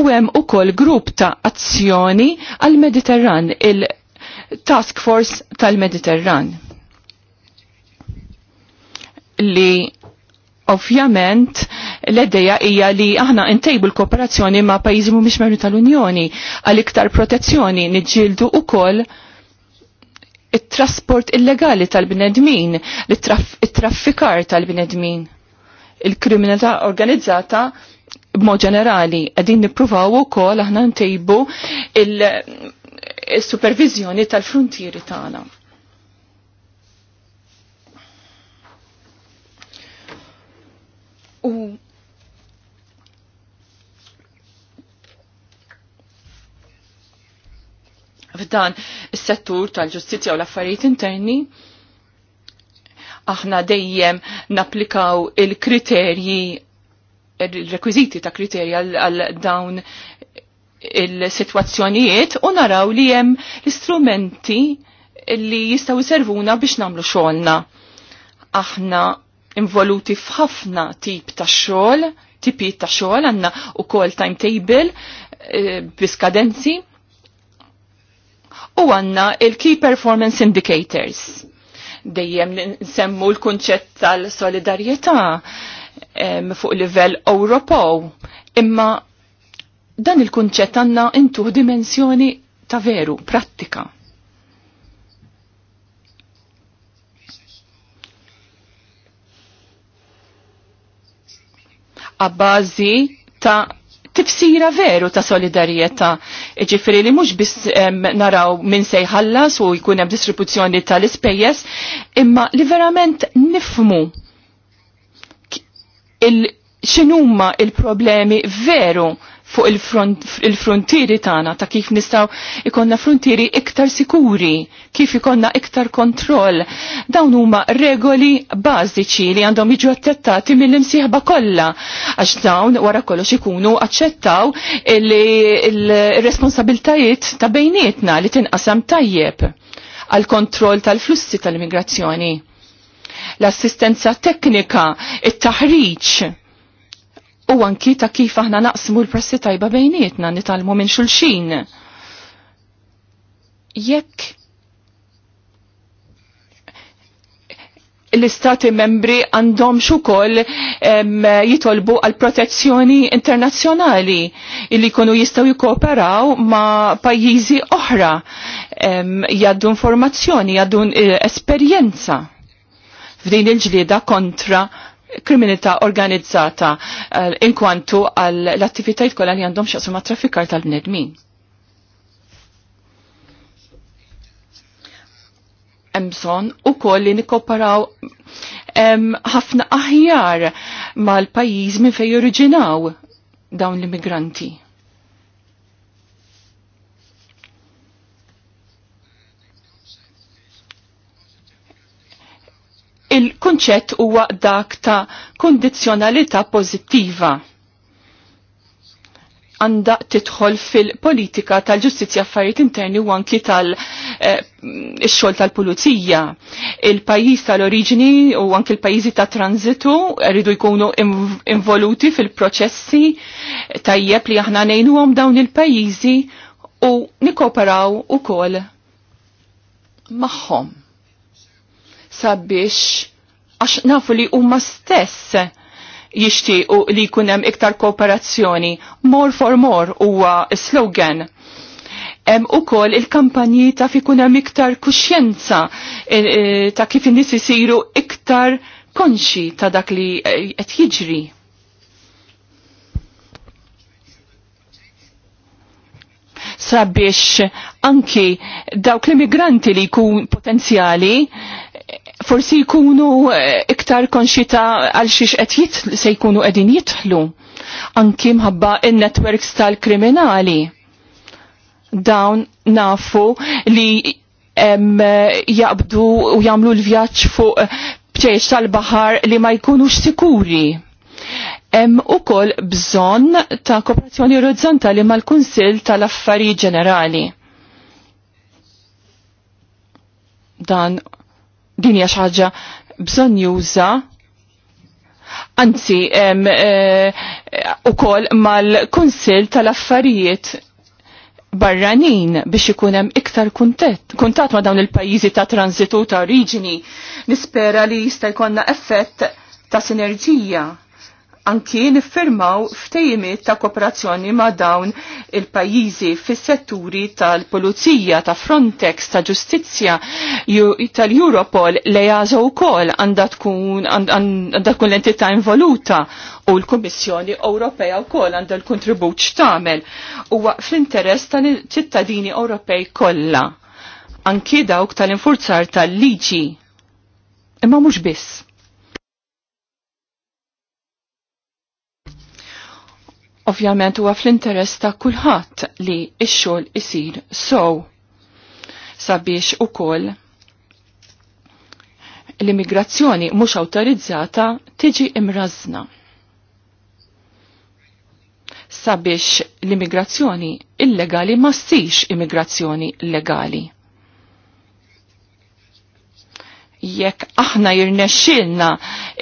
u hemm ukoll grupp ta' azzjoni għal-Mediterran, il-Task Force tal-Mediterran. Li ovvjament l-edeja hija li aħna ntejbu l-kooperazzjoni ma' pajjiżi mhumiex membri tal-Unjoni għal iktar protezzjoni niġġieldu ukoll it-trasport illegali tal-bnedmin, it-traffikar tal-bnedmin il-kriminalità organizzata b'mod ġenerali qegħdin nippruvaw ukoll aħna ntejbu il-supervizjoni tal-frontieri tagħna. U f'dan is-settur tal-ġustizzja u l-affarijiet interni aħna dejjem naplikaw il-kriterji, il-rekwiziti ta' kriterji għal dawn il-situazzjonijiet u naraw li jem l-istrumenti li jistaw servuna biex namlu xolna. Aħna involuti f'ħafna tip ta' xol, tipi ta' xol, għanna eh, u kol timetable, bis kadenzi u għanna il-Key Performance Indicators dejjem nsemmu l-kunċett tal-solidarjetà fuq livell Ewropew. Imma dan il-kunċett għandna intu dimensjoni ta' veru, prattika. għabbażi ta' tifsira veru ta' solidarjetà. Ġifiri li mhux biss naraw min se jħallas u jkun hemm distribuzzjoni tal-ispejjeż, imma li verament nifmu il x'inhuma il-problemi veru fuq il-frontieri tagħna ta' kif nistgħu ikonna frontieri iktar sikuri, kif ikonna iktar kontroll. Dawn huma regoli bażiċi li għandhom jiġu attettati mill-imsieħba kollha għax dawn wara kollox ikunu aċċettaw il-responsabiltajiet ta' bejnietna li tinqasam tajjeb għal kontroll tal-flussi tal-immigrazzjoni. L-assistenza teknika, it-taħriġ, u anki ta' kif aħna naqsmu l-prassi tajba bejnietna nitalmu minn xulxin. Jekk l-istati membri għandhom xukoll jitolbu għal protezzjoni internazzjonali illi kunu jistaw jikoperaw ma' pajjiżi oħra jaddu informazzjoni, jaddu eh, esperjenza f'din il-ġlieda kontra kriminalità organizzata eh, inkwantu għal l-attivitajt kollha li għandhom xaqsu ma' traffikar tal-bnedmin. Emson u koll li nikoparaw ħafna aħjar mal-pajjiż minn fej oriġinaw dawn l-immigranti. il-kunċett huwa dak ta' kondizjonalità pożittiva għanda titħol fil-politika tal-ġustizja affarijiet interni u anki tal-xol eh, tal-pulizija. Il-pajis tal-oriġini u anki l pajizi ta' tranzitu rridu jkunu involuti fil-proċessi tajjeb li aħna nejnu għom dawn il-pajizi u nikoperaw u kol maħħom sabiex għax nafu li huma stess jixtiequ li jkun hemm iktar kooperazzjoni. More for more huwa slogan. Hemm ukoll il-kampanji ta' fi hemm iktar kuxjenza e, e, ta' kif in-nies isiru iktar konxi ta' dak li e, qed jiġri. sabiex anki dawk l-immigranti li jkun potenzjali forsi jkunu eh, iktar konxita għal xiex qed se jkunu qegħdin jitħlu anki mħabba in-networks tal-kriminali. Dawn nafu li em, jaqbdu u jagħmlu l-vjaġġ fuq bċejx tal-baħar li ma jkunux sikuri. Hemm ukoll bżonn ta' kooperazzjoni orizzontali mal-Kunsill tal-Affarijiet Ġenerali. Dan din hija xi ħaġa bżonn juża anzi eh, ukoll mal-Kunsill tal-Affarijiet barranin biex ikun hemm iktar kuntett. kuntat ma' dawn il-pajjiżi ta' transitu ta' oriġini. Nispera li jista' jkollna effett ta' sinerġija anki niffirmaw ftejimiet ta' kooperazzjoni ma' dawn il-pajjiżi fis-setturi tal-Pulizija, ta' Frontex, ta' Ġustizzja, tal-Europol, l-EASO wkoll għandha tkun l-entità involuta u l-Kummissjoni Ewropea wkoll għandha l-kontribut x'tagħmel huwa fl-interess tal-ċittadini Ewropej kollha anki dawk tal-infurzar tal-liġi. Imma mhux biss Ovvjament huwa fl-interess ta' kulħadd li x-xogħol isir sow sabiex ukoll l-immigrazzjoni mhux awtorizzata tiġi imrażna. Sabiex l-immigrazzjoni illegali ma ssix immigrazzjoni legali. Jekk aħna jirnexxilna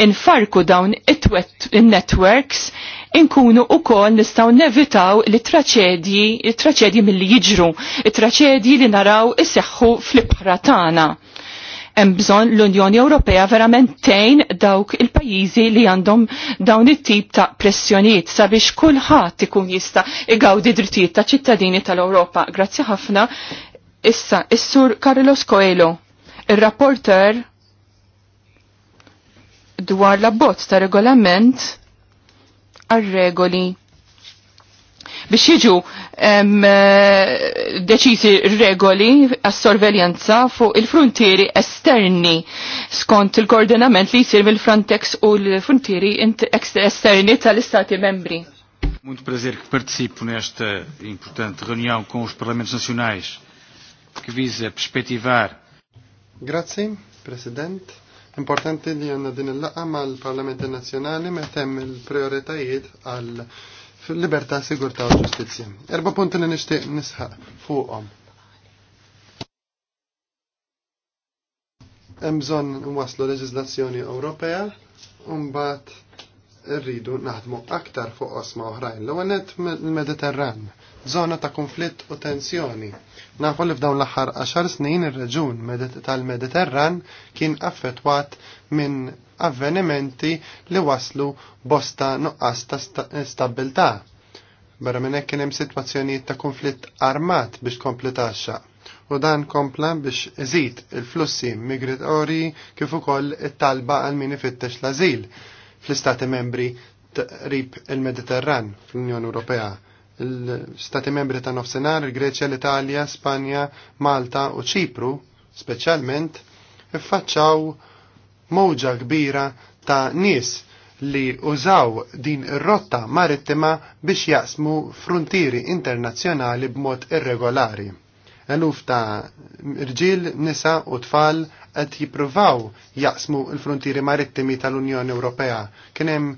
infarku dawn it-networks, inkunu u kol nistaw nevitaw li traċedji, traċedji mill-li jiġru, traċedji li naraw isseħħu fl-ibħra Embżon Hemm bżonn l-Unjoni Ewropea verament tejn dawk il-pajjiżi li għandhom dawn it-tip ta' pressjonijiet sabiex kulħadd ikun jista' igawdi drittijiet ta' ċittadini tal-Ewropa. Grazzi ħafna. Issa, is-Sur Carlos Coelho, ir-rapporter dwar l-abbozz ta' regolament għal-regoli biex jiġu eh, deċisi regoli għas-sorveljanza fuq il-frontieri esterni skont il-koordinament li jisir mill-Frontex u l-frontieri esterni tal-Istati membri. Munt prazer que participo nesta importanti reunjon com os parlamenti nazjonali que visa perspectivar. Grazie, President. Importanti li għanna din il-laqa mal-Parlamenti Nazjonali temm il-prioritajiet għal libertà, sigurtà u ġustizja. Erba punti li nishtiq nisħaq fuqhom. Hemm bżonn waslu leġiżlazzjoni Ewropea u mbagħad rridu naħdmu aktar fuq osma oħrajn. L-ewwel il-Mediterran zona ta' konflitt u tensjoni. Nafu li f'dawn l-aħħar 10 snin ir-reġun tal-Mediterran kien affettwat minn avvenimenti li waslu bosta nuqqas ta' stabilità. Barra minn hekk kien hemm sitwazzjonijiet ta' konflitt armat biex kompletaxxa u dan kompla biex iżid il-flussi migratorji kif ukoll it-talba għal min ifittex l ażil fl-istati membri tqrib il-Mediterran fl-Unjoni Ewropea l-Stati membri ta' nofsenar, il-Greċja, l-Italja, Spanja, Malta u Ċipru, speċjalment, iffaċċaw mowġa kbira ta' nies li użaw din ir-rotta marittima biex jaqsmu frontieri internazzjonali b'mod irregolari. Eluf ta' irġiel, nisa u tfal qed jippruvaw jaqsmu l-frontieri marittimi tal-Unjoni Ewropea. Kien hemm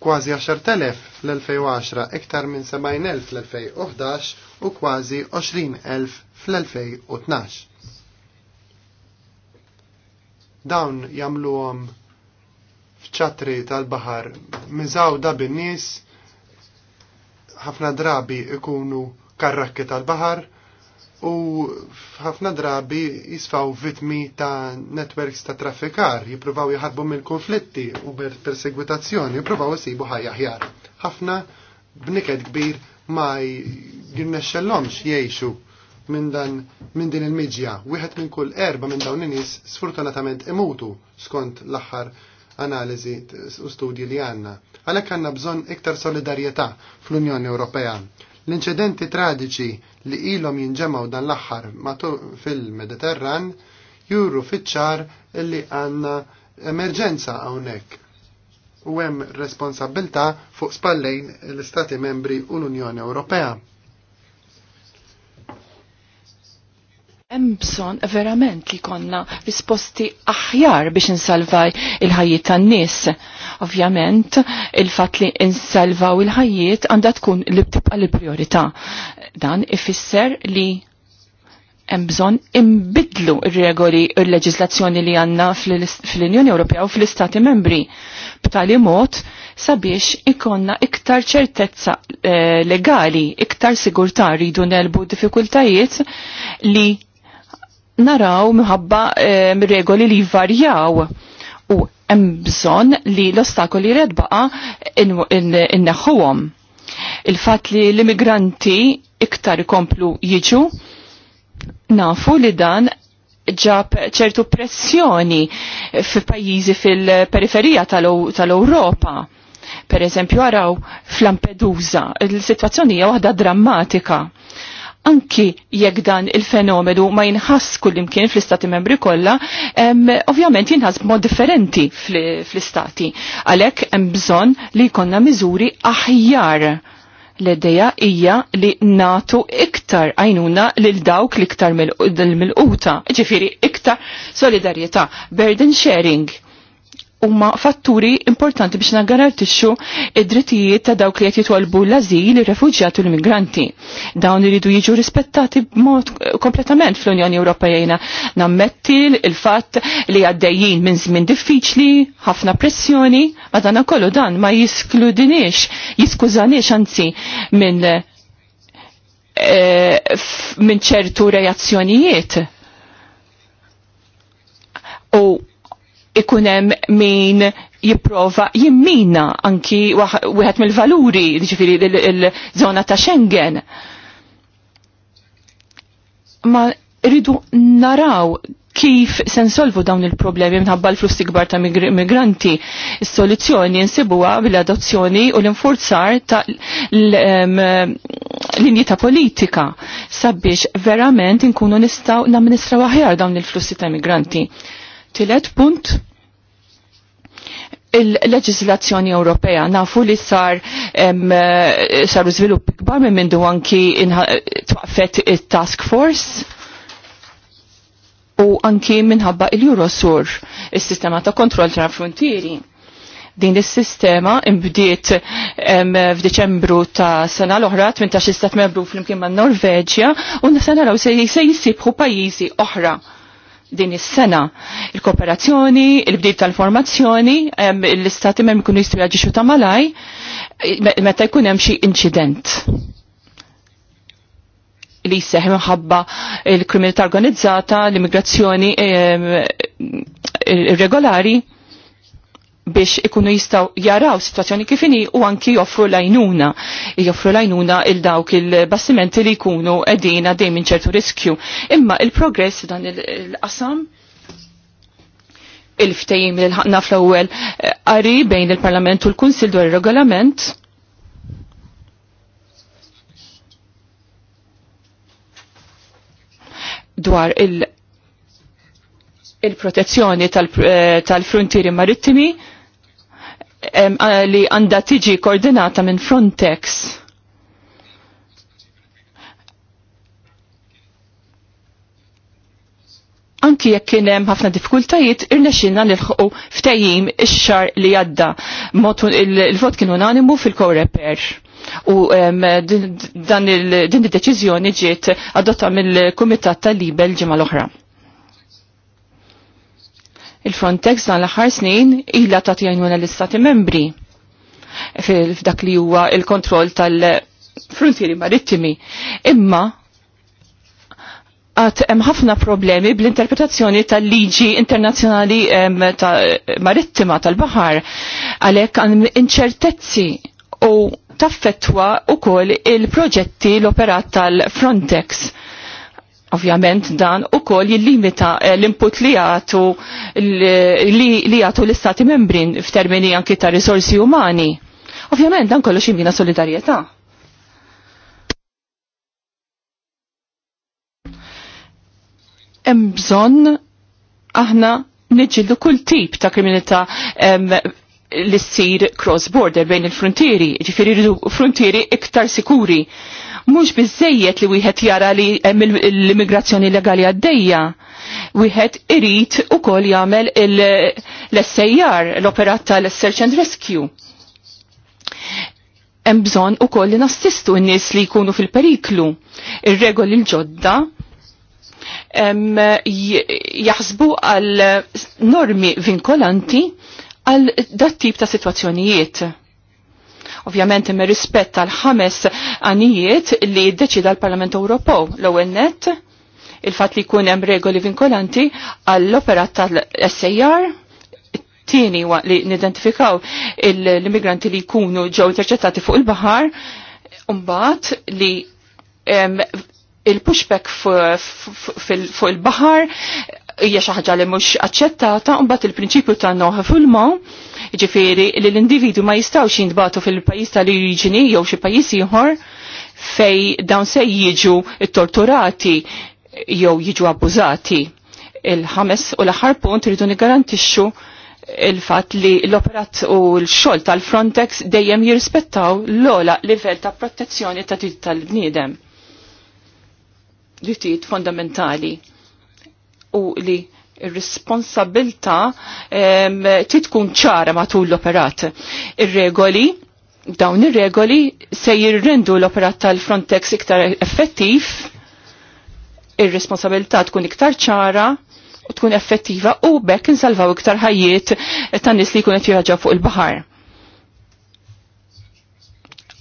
kważi 10.000 fl-2010, iktar minn 70.000 fl-2011 u kważi 20.000 fl-2012. Dawn jamluhom f'ċatri tal-bahar miżaw da bin-nies ħafna drabi ikunu karrakki tal-bahar u ħafna drabi jisfaw vitmi ta' networks ta' traffikar, jipruvaw jħarbu mill-konflitti u persegwitazzjoni, jipruvaw jisibu ħajja ħjar. ħafna bniket kbir ma jirnexxellhomx jgħixu minn dan minn din il-miġja. Wieħed minn kull erba minn dawn in-nies sfortunatament imutu skont l-aħħar analiżi u studji li għandna. Għalhekk għandna bżonn iktar solidarjetà fl-Unjoni Ewropea. L-inċidenti tragiċi li ilhom jinġemaw dan l-aħħar fil-Mediterran juru fiċ-ċar li għandna emerġenza hawnhekk u hemm responsabilità fuq spallejn l-Istati membri u l-Unjoni Ewropea. Hemm bżonn verament li konna risposti aħjar biex insalvaj il ħajiet tan-nies. Ovvjament, il-fatt li insalvaw il-ħajjiet għandha tkun li btibqa l-priorità. Dan ifisser li hemm bżonn imbidlu r-regoli u l li għandna fl-Unjoni Ewropea u fl-Istati Membri b'tali mod sabiex ikonna iktar ċertezza eh, legali, iktar sigurtà rridu nelbu diffikultajiet li naraw minħabba eh, regoli li jvarjaw u hemm bżonn li l-ostakoli redbaqa inneħħuhom. In, Il-fatt li l-immigranti iktar ikomplu jiġu, nafu li dan ġab ċertu pressjoni fi pajjiżi fil-periferija tal-Europa. per eżempju, għaraw fl-Lampedusa, il-situazzjoni hija waħda drammatika anki jekk dan il-fenomenu ma jinħass kullimkien fl-istati membri kollha, ovvjament jinħass b'mod differenti fl-istati. Għalhekk hemm bżonn li jkollna miżuri aħjar l-ideja hija li natu iktar għajnuna lil dawk l-iktar mill-quta, ġifiri iktar solidarjetà, burden sharing huma fatturi importanti biex nagarantixxu id-drittijiet ta' dawk li qed jitwalbu l-ażil, ir-refuġjati u l-immigranti. Dawn iridu jiġu rispettati b'mod kompletament fl-Unjoni Ewropejna nammetti il-fatt li għaddejjin minn żmien diffiċli, ħafna pressjoni, kollu dan ma jiskludinix, jiskużanix anzi minn eh, minn ċertu reazzjonijiet. U ikunem min jiprofa jimmina anki wieħed mill-valuri ġifiri il-żona ta' Schengen. Ma rridu naraw kif se nsolvu dawn il-problemi minħabba l-flussi kbar ta' migranti. Is-soluzzjoni nsibuha bil-adozzjoni u l-infurzar ta' linji ta' politika sabiex verament inkunu nistgħu namministraw aħjar dawn il-flussi ta' migranti. Tilet punt il-leġislazzjoni Ewropea nafu li sar saru żvilupp kbar minn mindu anki twaqfet it-task force u anki minħabba il-Eurosur, il-sistema ta' kontroll tra frontieri. Din is-sistema imbdiet f'Diċembru ta' sena l-oħra 18 istat membru fl-imkien ma' Norveġja u sena raw se jisibħu pajjiżi oħra din is-sena. Il-kooperazzjoni, il bdiet tal-formazzjoni, l-istati mem ikunu jistgħu jaġixu ta' malaj meta jkun hemm xi inċident li jisseħ minħabba il-kriminalità organizzata, l-immigrazzjoni irregolari. Eh, biex ikunu jistaw jaraw situazzjoni kifini u anki joffru lajnuna. Joffru lajnuna il-dawk il-bastimenti li jkunu edina dejjem ċertu riskju. Imma il-progress dan il-qasam il-ftejim li l-ħakna fl-ewwel eh, qari bejn il-Parlament u l-Kunsil dwar ir-regolament dwar il- protezzjoni eh, tal-frontieri marittimi li għanda tiġi koordinata minn Frontex. Anki jekk kien hemm ħafna diffikultajiet, irnexxinna nilħqu ftehim ix-xar li għadda. Il-vot kien unanimu fil-Koreper. U din id-deċiżjoni ġiet adotta mill-Kumitat tal-Libel ġimgħa l-oħra. Il-Frontex dan l-aħħar snin ilha ta' tjajnuna l-istati membri f'dak li huwa il-kontroll tal-frontieri marittimi. Imma għat hemm ħafna problemi bl-interpretazzjoni tal-liġi internazzjonali ta marittima tal-baħar għalhekk għan inċertezzi u taffetwa u koll il-proġetti l-operat tal-Frontex Ovvjament dan u kol jillimita eh, l-input li għatu li għatu l-istati membrin f'termini anki ta' risorsi umani. Ovvjament dan kollox jimina solidarieta. Hemm bżonn aħna niġġieldu kull tip ta' kriminalità li ssir cross border bejn il-frontieri, ġifieri frontieri iktar sikuri mhux biżejjed li wieħed jara li hemm l-immigrazzjoni legali għaddejja. Wieħed irid ukoll jagħmel l-SAR, l-operat tal-Search and Rescue. Hemm bżonn ukoll li nassistu n-nies li jkunu fil-periklu. Ir-regoli l-ġodda jaħsbu għal normi vinkolanti għal dat tip ta' situazzjonijiet ovvjament imma rispett tal-ħames għanijiet li deċida l-Parlament Ewropew l-ewwel net il-fat li jkun hemm regoli vinkolanti għall-opera tal-SAR tieni li nidentifikaw l-immigranti li jkunu ġew interċettati fuq il-baħar mbagħad li il-pushback fuq il-baħar hija xi ħaġa li mhux aċċettata mbagħad il-prinċipju ta' noħ fil-maw Ġifiri, li l-individu ma jistawx jintbatu fil-pajis tal-oriġini jew xi pajis ieħor fej dawn se jiġu torturati jew jiġu abbużati. Il-ħames u l-aħħar punt rridu nigarantixxu il fatt li l-operat u l-xol tal-Frontex dejjem jirrispettaw l-ola livell ta' protezzjoni ta' tit tal-bniedem. Drittijiet fondamentali u li ir-responsabilta trid tkun ċara matul l-operat. Ir-regoli dawn ir-regoli se jirrendu l-operat tal-Frontex iktar effettiv, ir responsabilta tkun iktar ċara u tkun effettiva u bekk insalvaw iktar ħajjiet tan nies li jkun qed fuq il-baħar.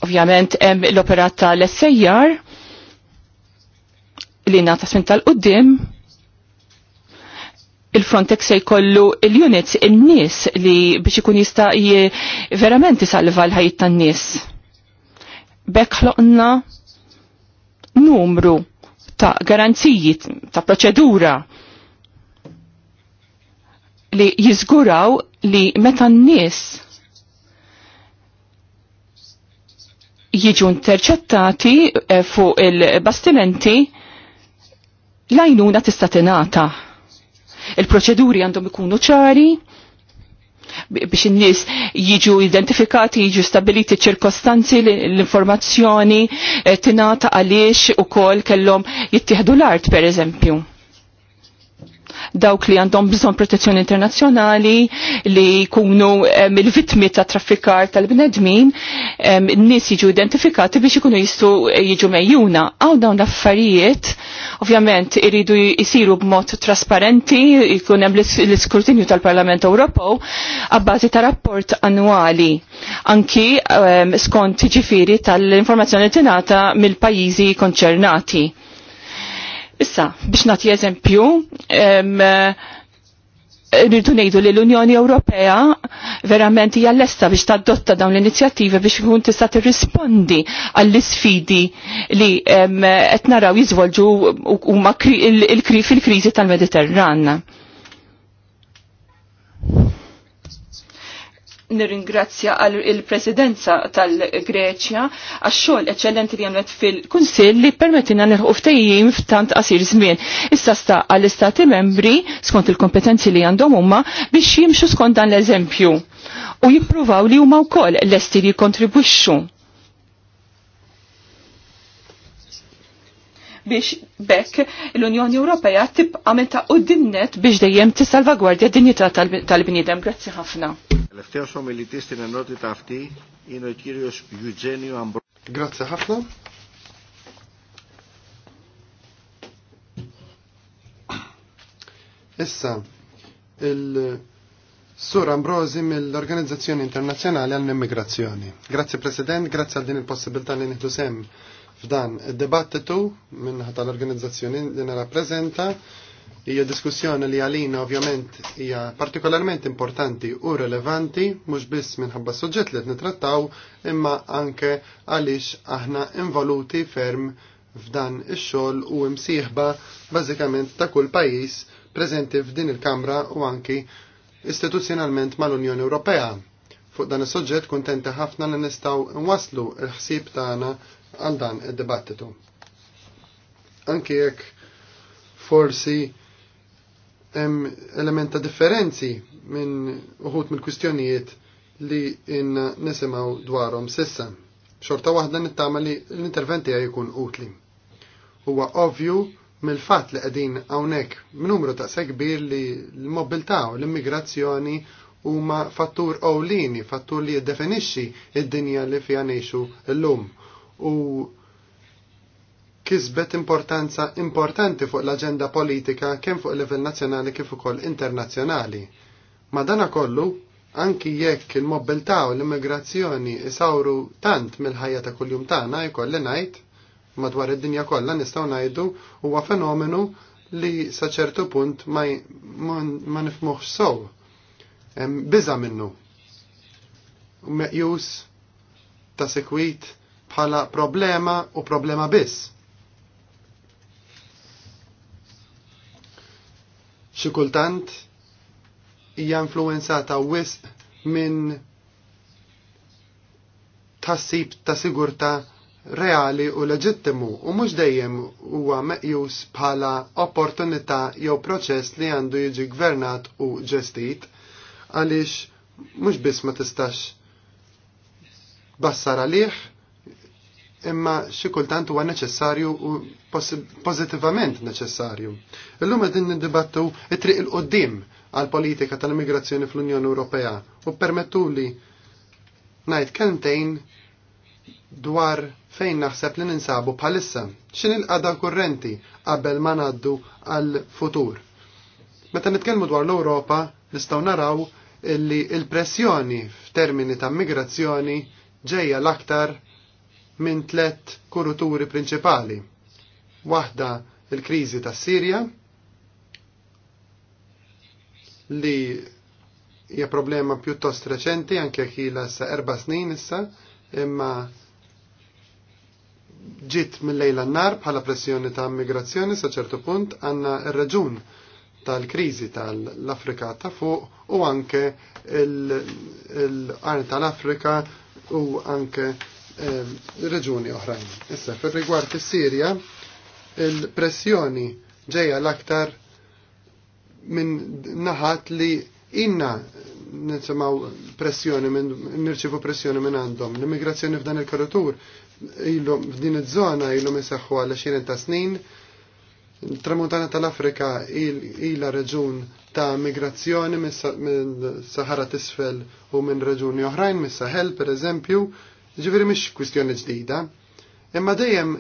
Ovvjament hemm l-operat tal-essejjar li nata smin tal-qudiem il-Frontex se jkollu il-units in-nies li biex ikun jista' verament isalva l-ħajt tan-nies. Bekk ħloqna numru ta' garanziji ta' proċedura li jizguraw li meta n-nies jiġu interċettati eh, fuq il-bastimenti lajnuna tista' tingħata Il-proċeduri għandhom ikunu ċari biex in-nies jiġu identifikati, jiġu stabiliti ċirkostanzi l-informazzjoni eh, tingħata għaliex ukoll kellhom jittieħdu l-art pereżempju dawk li għandhom bżon protezzjoni internazzjonali li jkunu il-vitmi ta' traffikar tal-bnedmin n-nis jiġu identifikati biex ikunu jistu eh, jiġu mejjuna. Għaw dawn l-affarijiet ovvjament iridu jisiru b'mod trasparenti, jkun hemm l-iskrutinju tal-Parlament Ewropew għabbażi ta' rapport annwali. Anki skont ġifiri tal-informazzjoni tingħata mill-pajjiżi konċernati Issa, biex nagħti eżempju, rridu ngħidu li l-Unjoni Ewropea verament hija lesta biex tadotta dawn l-inizjattivi biex ikun tista' tirrispondi għall-isfidi li qed naraw jiżvolġu huma il-kriżi tal-Mediterran nirringrazzja għal il-presidenza tal-Greċja għax xogħol eċċellenti li għamlet fil-Kunsill li permettina nirħu ftejjim f'tant qasir żmien. Issa sta għall-istati membri skont il-kompetenzi li għandhom huma biex jimxu skont dan l-eżempju u jippruvaw li huma wkoll lesti li jikkontribwixxu. biex bekk l-Unjoni Ewropea tibqa' meta qudimnet biex dejjem tissalvagwardja d-dinjità tal-bniedem. Grazzi ħafna. Τελευταίος ομιλητής στην ενότητα αυτή είναι ο κύριος Γιουτζένιο Αμπρό. Grazie ħafna. Issa, il-Sur Ambrosi mill-Organizzazzjoni Internazzjonali għall-Immigrazzjoni. Grazie President, grazie għal din il-possibilità li nieħdu sem f'dan id-debattitu minn tal-organizzazzjoni li nara Hija diskussjoni li għalina ovvjament hija partikolarment importanti u relevanti mhux biss minħabba suġġett li qed nitrattaw imma anke għaliex aħna involuti ferm f'dan ix-xogħol u msieħba bażikament ta' kull pajjiż preżenti f'din il-Kamra u anki istituzzjonalment mal-Unjoni Ewropea. Fuq dan is-soġġett kuntenti ħafna li nistgħu nwasslu l-ħsieb tagħna għal dan id-dibattitu. Anki jekk forsi hemm element ta' differenzi minn uħut mill-kwistjonijiet li in nisimaw dwarhom sissa. Xorta waħda nittama li l-interventi għaj jkun utli. Huwa ovvju mill-fat li qegħdin hawnhekk numru ta' kbir li l-mobilità u l-immigrazzjoni huma fattur ewlieni, fattur li jiddefinixxi id-dinja li fiha ngħixu llum. U kisbet importanza importanti fuq l-agenda politika kemm fuq il-livell nazzjonali kif ukoll internazzjonali. dana kollu, anki jekk il-mobilità u l-immigrazzjoni isawru tant mill-ħajja ta' kuljum tagħna jkolli ngħid madwar id-dinja kollha nistgħu ngħidu huwa fenomenu li sa ċertu punt ma, ma nifmuħx sow. Biża minnu. Meqjus ta' sekwit bħala problema u problema biss. xi kultant hija influenzata wisq minn tassib ta' sigurta reali u leġittimu u mhux dejjem huwa meqjus bħala opportunità jew proċess li għandu jiġi gvernat u ġestit għaliex mhux biss ma tistax bassar għalih imma xi kultant huwa neċessarju u pożittivament neċessarju. Illum din niddibattu it-triq il qoddim għal politika tal-immigrazzjoni fl-Unjoni Ewropea u permettu li ngħid kentejn dwar fejn naħseb li ninsabu bħalissa, xin il-qada kurrenti qabel ma ngħaddu għal-futur. Meta nitkellmu dwar l-Ewropa, nistgħu naraw li l-pressjoni f'termini ta' migrazzjoni ġejja l-aktar minn tlet kuruturi prinċipali. Waħda il-kriżi tas Sirja li hija problema pjuttost reċenti anke ħila sa erba snin issa, imma ġiet mill-lejla n-nar bħala pressjoni ta' migrazzjoni sa ċertu punt għandna r-raġun tal-kriżi tal-Afrika ta' fuq u anke l-qarn tal-Afrika u anke Ehm, reġuni oħrajn. Issa, fil rigward is sirja il-pressjoni ġeja l-aktar minn naħat li inna nisimaw pressjoni, nirċivu pressjoni minn għandhom. L-immigrazzjoni f'dan il-korritur, f'din iż-żona ilhom isaħħu għal 20 ta' snin, Tramontana tal-Afrika ila reġun ta' migrazzjoni minn Sahara tisfel u minn reġuni oħrajn, minn Sahel per eżempju, Ġifieri mish kwistjoni ġdida, imma dejjem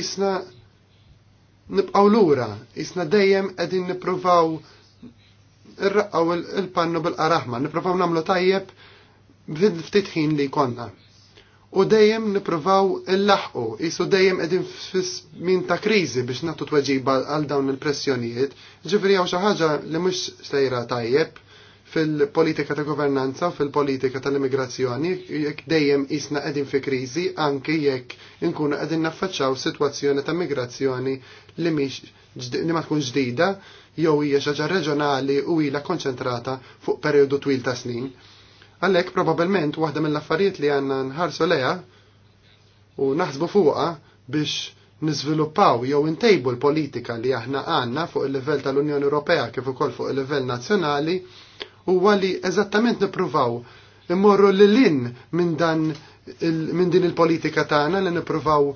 isna nibqgħu lura, jisna dejjem qegħdin nippruvaw irraqaw il-pannu bil-qaraħma, nippruvaw nagħmlu tajjeb ftit ħin li konna. U dejjem nippruvaw il-laħqu, isu dejjem qegħdin fis-min ta' kriżi biex nagħtu tweġiba għal dawn il-pressjonijiet, ġifiri għaw xi ħaġa li mhux sejra tajjeb fil-politika ta' governanza, fil-politika tal-immigrazzjoni, jekk dejjem isna qegħdin fi kriżi anke jekk inkunu qegħdin naffaċċaw sitwazzjoni ta' migrazzjoni li mhix li ma tkun ġdida jew hija xi ħaġa reġjonali u ilha konċentrata fuq perjodu twil ta' snin. Għalhekk probabbilment waħda mill-affarijiet li għandna nħarsu leha u naħsbu fuqha biex niżviluppaw jew intejbu l-politika li aħna għandna fuq il-livell tal-Unjoni Ewropea kif ukoll fuq il-livell nazzjonali huwa li eżattament nippruvaw immorru l lin minn dan minn din il-politika tagħna li nippruvaw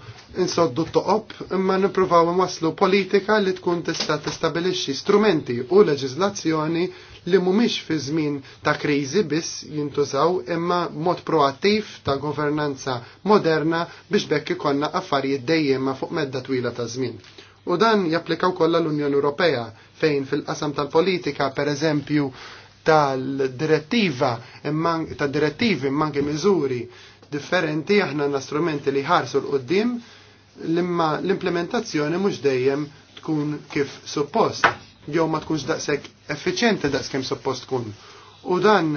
insoddu t-toqob imma nippruvaw waslu politika li tkun tista' tistabilixxi strumenti u leġiżlazzjoni li mhumiex fi żmien ta' kriżi biss jintużaw imma mod proattiv ta' governanza moderna biex bekk ikonna affarijiet ma fuq medda twila ta' żmien. U dan japplikaw kollha l-Unjoni Ewropea fejn fil-qasam tal-politika pereżempju tal-direttiva ta' direttivi manki miżuri differenti aħna l strumenti li ħarsu l-qoddim limma l-implementazzjoni mhux dejjem tkun kif suppost jew ma tkunx daqshekk effiċjenti daqskemm suppost tkun. U dan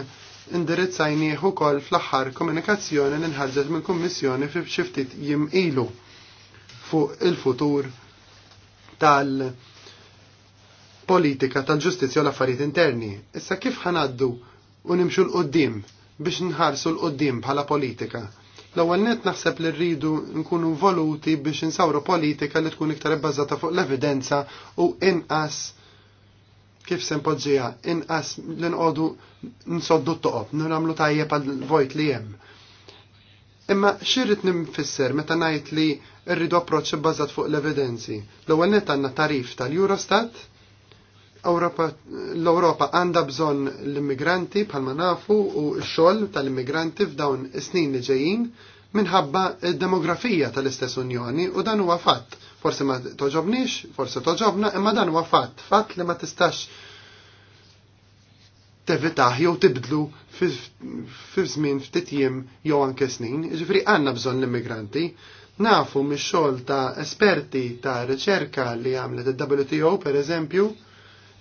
indirizzajni ukoll fl-aħħar komunikazzjoni li nħarġet mill-Kummissjoni fi ftit jim ilu fuq il-futur tal- politika tal-ġustizja u l-affarijiet interni. Issa kif ħanaddu u nimxu l-qoddim biex nħarsu l-qoddim bħala politika? L-ewwel net naħseb li rridu nkunu voluti biex insawru politika li tkun iktar bbażata fuq l-evidenza u inqas kif sempoġġija, inqas li nqogħdu nsoddu t-toqob, nagħmlu tajjeb għall vojt li hemm. Imma xirrit nimfisser meta ngħid li rridu approċċ bbażat fuq l-evidenzi. L-ewwel net għandna tarif tal-Eurostat, l-Europa għanda bżon l-immigranti bħalma nafu u x-xogħol tal-immigranti f'dawn is-snin li ġejjin minħabba demografija tal-istess Unjoni u dan huwa fatt. Forse ma toġobnix, forse toġobna, imma dan huwa fatt, fatt li ma tistax tevitaħ jew tibdlu fi żmien ftit jiem jew anke snin. Ġifri għandna bżonn l-immigranti. Nafu mix-xogħol ta' esperti ta' riċerka li għamlet il-WTO per eżempju,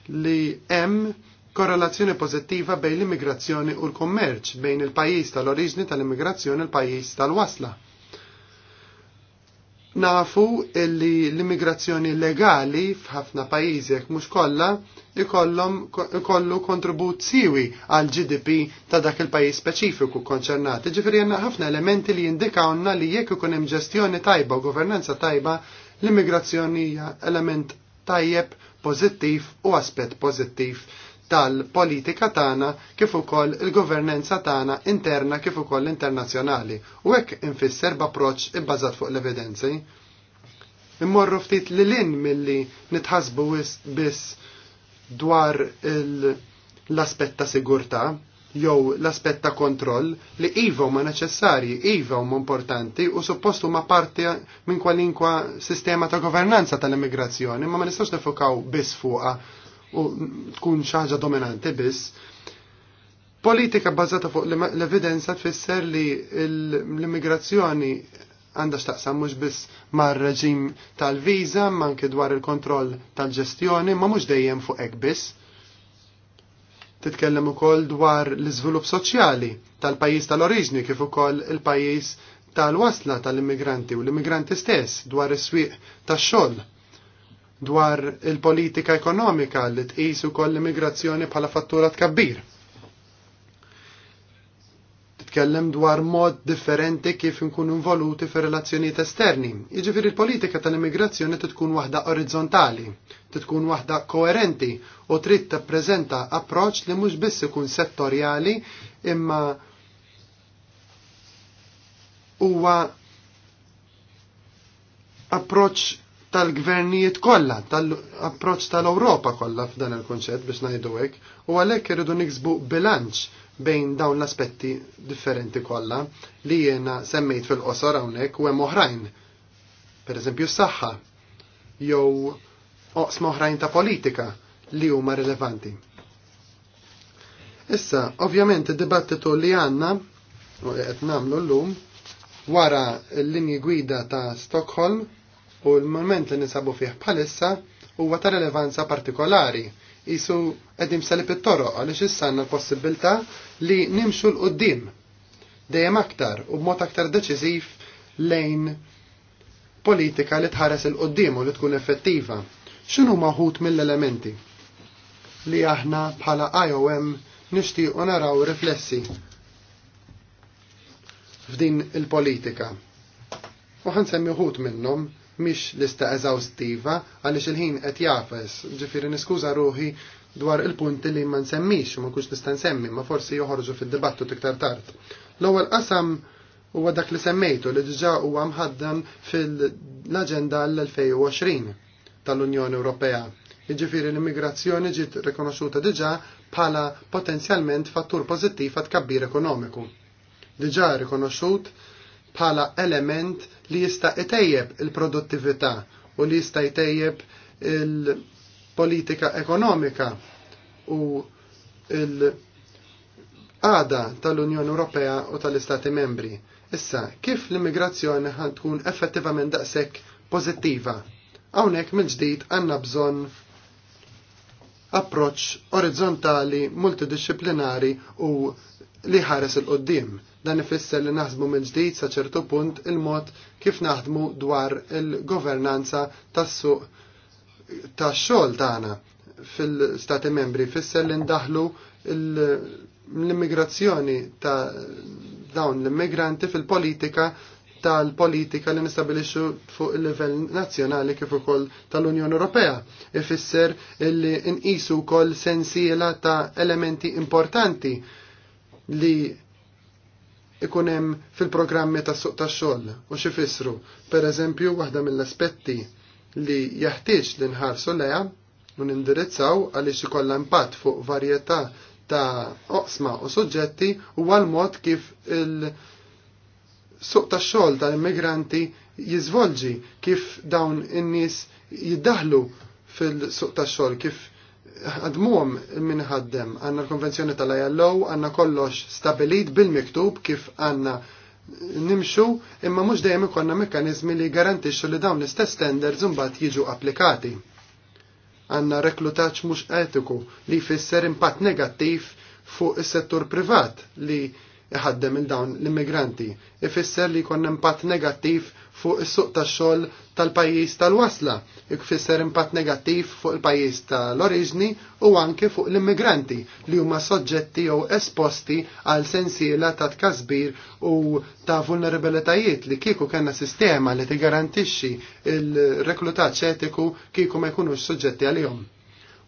li hemm korrelazzjoni pożittiva bejn l-immigrazzjoni u l-kummerċ bejn il-pajjiż tal-oriġni tal-immigrazzjoni u l-pajjiż tal-wasla. Nafu li l-immigrazzjoni legali f'ħafna pajjiżi jekk mhux kollha ikollu kontribut siwi għal GDP ta' dak il-pajjiż speċifiku konċernat. Ġifieri għandna ħafna elementi li jindikawna li jekk ikun hemm ġestjoni tajba u governanza tajba, l-immigrazzjoni hija element tajjeb pożittiv u aspett pożittiv tal-politika tagħna kif ukoll il-governanza tagħna interna kif ukoll internazzjonali u hekk infisser b'approċċ ibbażat fuq l-evidenzi. Immorru ftit li lin milli nitħasbu biss dwar l-aspett ta' sigurtà jew l-aspett ta' kontroll li iva huma neċessarji, iva huma importanti u suppost huma parti minn kwalinkwa sistema ta' governanza tal-immigrazzjoni, ma ma nistax nifokaw biss fuqha u tkun xi ħaġa dominanti biss. Politika bbażata fuq l-evidenza tfisser li l-immigrazzjoni għandha x'taqsam mhux biss mar-reġim tal-viża, ma anke dwar il-kontroll tal-ġestjoni, ma mhux dejjem fuq hekk biss titkellem ukoll dwar l-iżvilupp soċjali tal-pajjiż tal-oriġni kif ukoll il-pajjiż tal-wasla tal-immigranti u l-immigranti stess dwar is-swieq tax-xogħol dwar il-politika ekonomika li tqis ukoll l-immigrazzjoni bħala fattura tkabbir tkellem dwar mod differenti kif nkunu involuti fi relazzjonijiet esterni. Jiġifieri l-politika tal-immigrazzjoni tkun waħda orizzontali, tkun waħda koerenti u trid tippreżenta approċċ li mhux biss ikun settorjali imma huwa approċċ tal-gvernijiet kollha, tal-approċċ tal-Ewropa kollha f'dan il-kunċett biex ngħidu hekk, u għalhekk iridu niksbu bilanċ bejn dawn l-aspetti differenti kollha li jiena semmejt fil-qosor hawnhekk u hemm oħrajn. Pereżempju s-saħħa jew oqsma oħrajn ta' politika li huma rilevanti. Issa, ovvjament id-dibattitu li għandna u li qed nagħmlu llum wara l-linji gwida ta' Stockholm u l-moment li nisabu fih bħalissa huwa ta' rilevanza partikolari jisu qegħdim salib it-toroq għaliex issa l-possibilità li nimxu l qudiem dejjem aktar u b'mod aktar deċiżiv lejn politika li tħares il qudiem u li tkun effettiva. X'inhu maħut mill-elementi li aħna bħala IOM nixtiequ naraw riflessi f'din il-politika. U ħansemmi uħut minnhom mhix lista eżawstiva għaliex il-ħin qed jafes, ġifieri niskuża ruħi dwar il-punti li ma nsemmix u ma kunx nista' nsemmi, ma forsi joħorġu fid-dibattu tiktar tard. L-ewwel qasam huwa dak li semmejtu li diġà huwa mħaddam fil-aġenda l-2020 tal-Unjoni Ewropea. Jiġifieri l-immigrazzjoni ġiet rikonoxxuta diġà bħala potenzjalment fattur pożittiv għat kabbir ekonomiku. Diġà rikonoxxut bħala element li jista' itejjeb il-produttività u li jista' jtejjeb il-politika ekonomika u il- għada tal-Unjoni Ewropea u tal-Istati Membri. Issa, kif l-immigrazzjoni ħan tkun effettivament daqshekk pożittiva? Hawnhekk mill-ġdid għandna bżonn approċċ orizzontali, multidisciplinari u li ħares il-qoddim. Dan ifisser li naħsbu mill-ġdid sa ċertu punt il-mod kif naħdmu dwar il-governanza tas-suq tax-xogħol tagħna fil-Stati membri fisser li ndaħlu l-immigrazzjoni ta' dawn l-immigranti fil-politika tal-politika li nistabilixxu fuq il-livell nazzjonali kif ukoll tal-Unjoni Ewropea. Ifisser li nqisu wkoll sensiela ta' elementi importanti li ikun hemm fil-programmi ta' suq tax-xogħol u xifissru. Per Pereżempju, waħda mill-aspetti li jaħtieġ li nħarsu leja u nindirizzaw għaliex ikollha impatt fuq varjetà ta' oqsma u suġġetti huwa l-mod kif il-suq tax-xogħol tal-immigranti jiżvolġi kif dawn in-nies jiddaħlu fil-suq tax-xogħol kif għadmuhom minħaddem għanna l-konvenzjoni tal-ILO għanna kollox stabilit bil-miktub kif għanna nimxu imma mhux dejjem ikonna mekkaniżmi li garantixxu li dawn l-istess standards imbagħad jiġu applikati. Għanna reklutaġġ mhux etiku li jfisser impatt negattiv fuq is-settur privat li iħaddem il dawn l-immigranti. Ifisser li jkun impatt negattiv fuq is-suq tax-xogħol tal-pajjiż tal-wasla, jkfisser impatt negattiv fuq il-pajjiż tal-oriġni u anke fuq l-immigranti li huma soġġetti jew esposti għal sensiela ta' tkasbir u ta' vulnerabilitajiet li kieku kellna sistema li tigarantixxi il-reklutat ċetiku kieku ma jkunux soġġetti għalihom.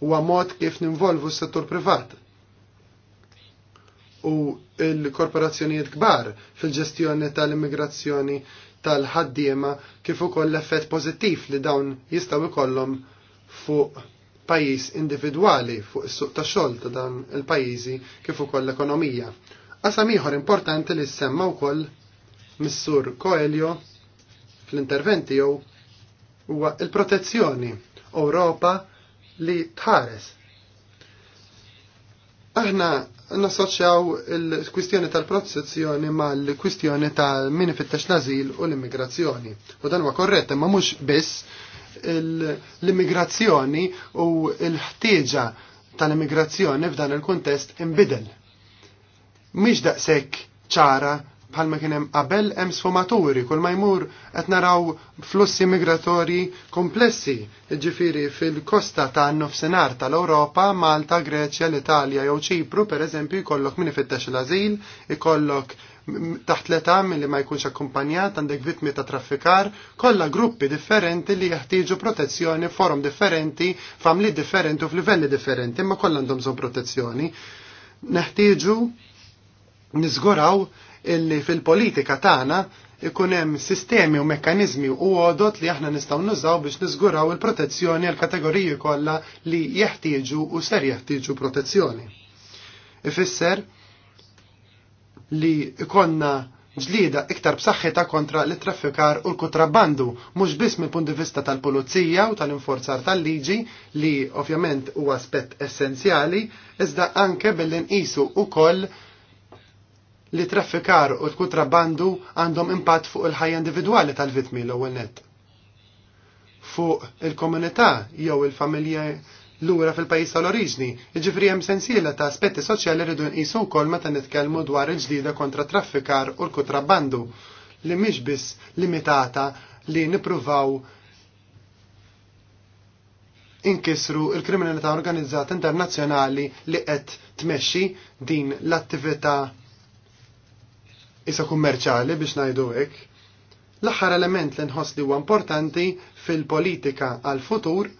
Huwa mod kif ninvolvu s-settur privat u l korporazzjonijiet kbar fil-ġestjoni tal-immigrazzjoni tal-ħaddiema kif ukoll l-effett pożittiv li dawn jistgħu jkollhom fuq pajjiż individwali fuq is-suq tax-xogħol ta' dan il-pajjiżi kif ukoll l-ekonomija. Qasam ieħor importanti li semma wkoll mis-sur Coelho fl-intervent tiegħu huwa l protezzjoni Ewropa li tħares. Aħna nassoċjaw il-kwistjoni tal-protezzjoni mal-kwistjoni tal-mini fittex l-azil u l-immigrazzjoni. U dan huwa korrett, imma mhux biss l-immigrazzjoni u l-ħtieġa tal-immigrazzjoni f'dan il-kuntest imbidel. Mhix daqshekk ċara bħalma kien hemm qabel hemm sfumaturi kull ma jmur qed naraw flussi migratorji komplessi, ġifieri fil-kosta ta' nofsinhar tal-Ewropa, Malta, Greċja, l-Italja jew Ċipru pereżempju jkollok min ifittex l-ażil, ikollok taħt l-età milli ma jkunx akkumpanjat għandek vittmi ta' traffikar, kollha gruppi differenti li jeħtieġu protezzjoni forum differenti, familji differenti u f'livelli differenti, imma kollha għandhom protezzjoni. Neħtieġu niżguraw illi fil-politika tagħna ikun hemm sistemi u mekkaniżmi u għodot li aħna nistgħu nużaw biex niżguraw il-protezzjoni għal kategoriji kollha li jeħtieġu u ser jeħtieġu protezzjoni. Ifisser li ikonna ġlida iktar b'saħħitha kontra l traffikar u l kutrabbandu mhux biss mill punt di vista tal-pulizija u tal-inforzar tal-liġi li ovvjament huwa aspett essenzjali, iżda anke billi nqisu wkoll li traffikar u l-kutrabandu għandhom impatt fuq il-ħajja individwali tal-vitmi l-ewwel net. Fuq il-komunità jew il-familja lura fil-pajjiż tal-oriġni, jiġifieri hemm sensiela ta' aspetti soċjali rridu nqisu wkoll meta nitkellmu dwar il-ġdida kontra traffikar u l-kutrabandu li mhix biss limitata li nippruvaw inkisru il-kriminalità organizzata internazzjonali li qed tmexxi din l-attività isa kummerċali biex ngħidu hekk. L-aħħar element li nħoss li huwa importanti fil-politika għal futur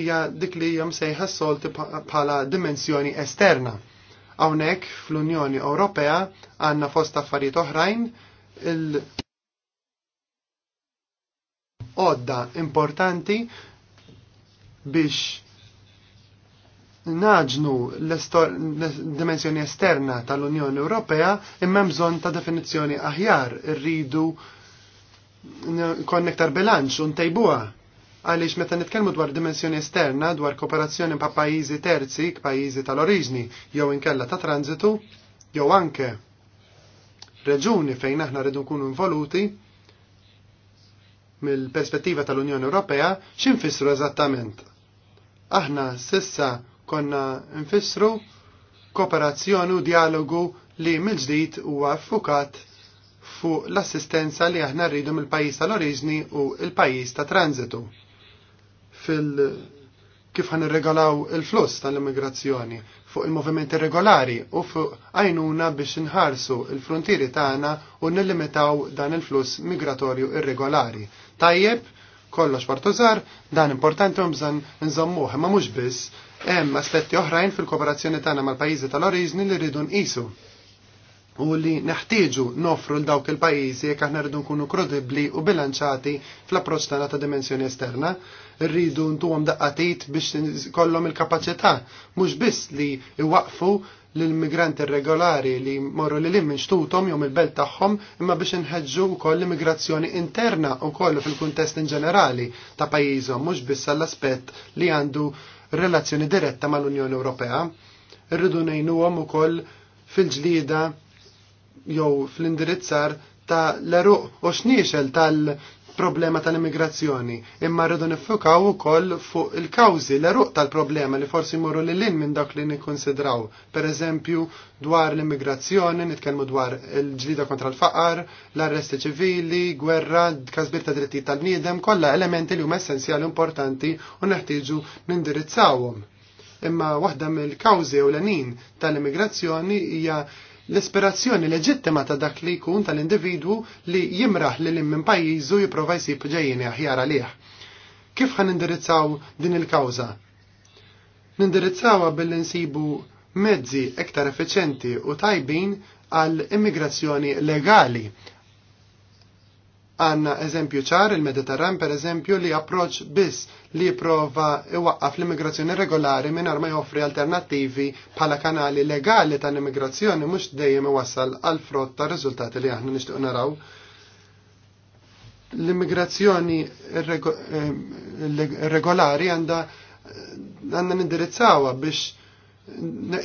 hija dik li jom sejħa solti bħala dimensjoni esterna. Hawnhekk fl-Unjoni Ewropea għandna fost affarijiet oħrajn il odda importanti biex naġnu l-dimensjoni esterna tal-Unjoni Ewropea imma bżonn ta' definizzjoni aħjar irridu konnektar bilanċ un tejbuha għaliex meta nitkellmu dwar dimensjoni esterna dwar kooperazzjoni pa' pajjiżi terzi, pajjiżi tal-oriġni jew inkella ta' tranzitu, jew anke reġuni fejn aħna rridu nkunu involuti mill-perspettiva tal-Unjoni Ewropea x'infissru eżattament. Aħna sissa konna nfissru kooperazzjoni u dialogu li mill-ġdid huwa fukat fuq l-assistenza li aħna rridu mill-pajjiż tal-oriġni u l-pajjiż ta' transitu fil kif ħan irregolaw il-fluss tal-immigrazzjoni fuq il-movimenti regolari u fuq għajnuna biex nħarsu il-frontieri tagħna u nillimitaw dan il-fluss migratorju irregolari. Tajjeb, kollox partużar, dan importanti u bżan nżommuħ, ma mhux biss Hemm aspetti oħrajn fil-kooperazzjoni tagħna mal-pajjiżi tal-oriġni li rridu nqisu u li neħtieġu nofru l dawk il-pajjiżi jekk aħna rridu nkunu kredibbli u bilanċati fl-approċċ tagħna ta' dimensjoni esterna, rridu ntuhom daqqatit biex kollhom il-kapaċità mhux biss li iwaqfu l-immigranti irregolari li morru li lim xtutom jom il-belt tagħhom imma biex inħeġġu wkoll l-immigrazzjoni interna u kollu fil-kuntest in ġenerali ta' pajjiżhom mhux biss għall-aspett li għandu relazzjoni diretta mal-Unjoni Ewropea, irridu ngħinuhom ukoll fil-ġlida jew fl-indirizzar ta' l-eruq u xniexel tal problema tal-immigrazzjoni, imma rridu nifukaw ukoll fuq il-kawżi l eruq tal-problema li forsi jmorru lil lin minn dak li nikkonsidraw. Per eżempju, dwar l-immigrazzjoni, nitkellmu dwar il-ġlida kontra l-faqar, l-arresti ċivili, gwerra, każbir ta' drittijiet tal-bniedem, kollha elementi li huma essenzjali importanti u neħtieġu nindirizzawhom. Imma waħda mill-kawżi ewlenin tal-immigrazzjoni hija l-ispirazzjoni leġittima ta' dak li jkun tal-individwu li jimraħ li minn pajizu jipprova jsib ġejjini aħjar għalih. Kif ħan indirizzaw din il-kawża? Nindirizzawa billi nsibu mezzi ektar effiċenti u tajbin għall immigrazzjoni legali Għanna eżempju ċar il-Mediterran per eżempju li approċ biss li prova iwaqqaf l-immigrazzjoni regolari minn ma joffri alternativi bħala kanali legali tal-immigrazzjoni mhux dejjem iwassal għal frott ta' riżultati li aħna nixtieq naraw. L-immigrazzjoni eh, regolari għandha għanna nindirizzawa biex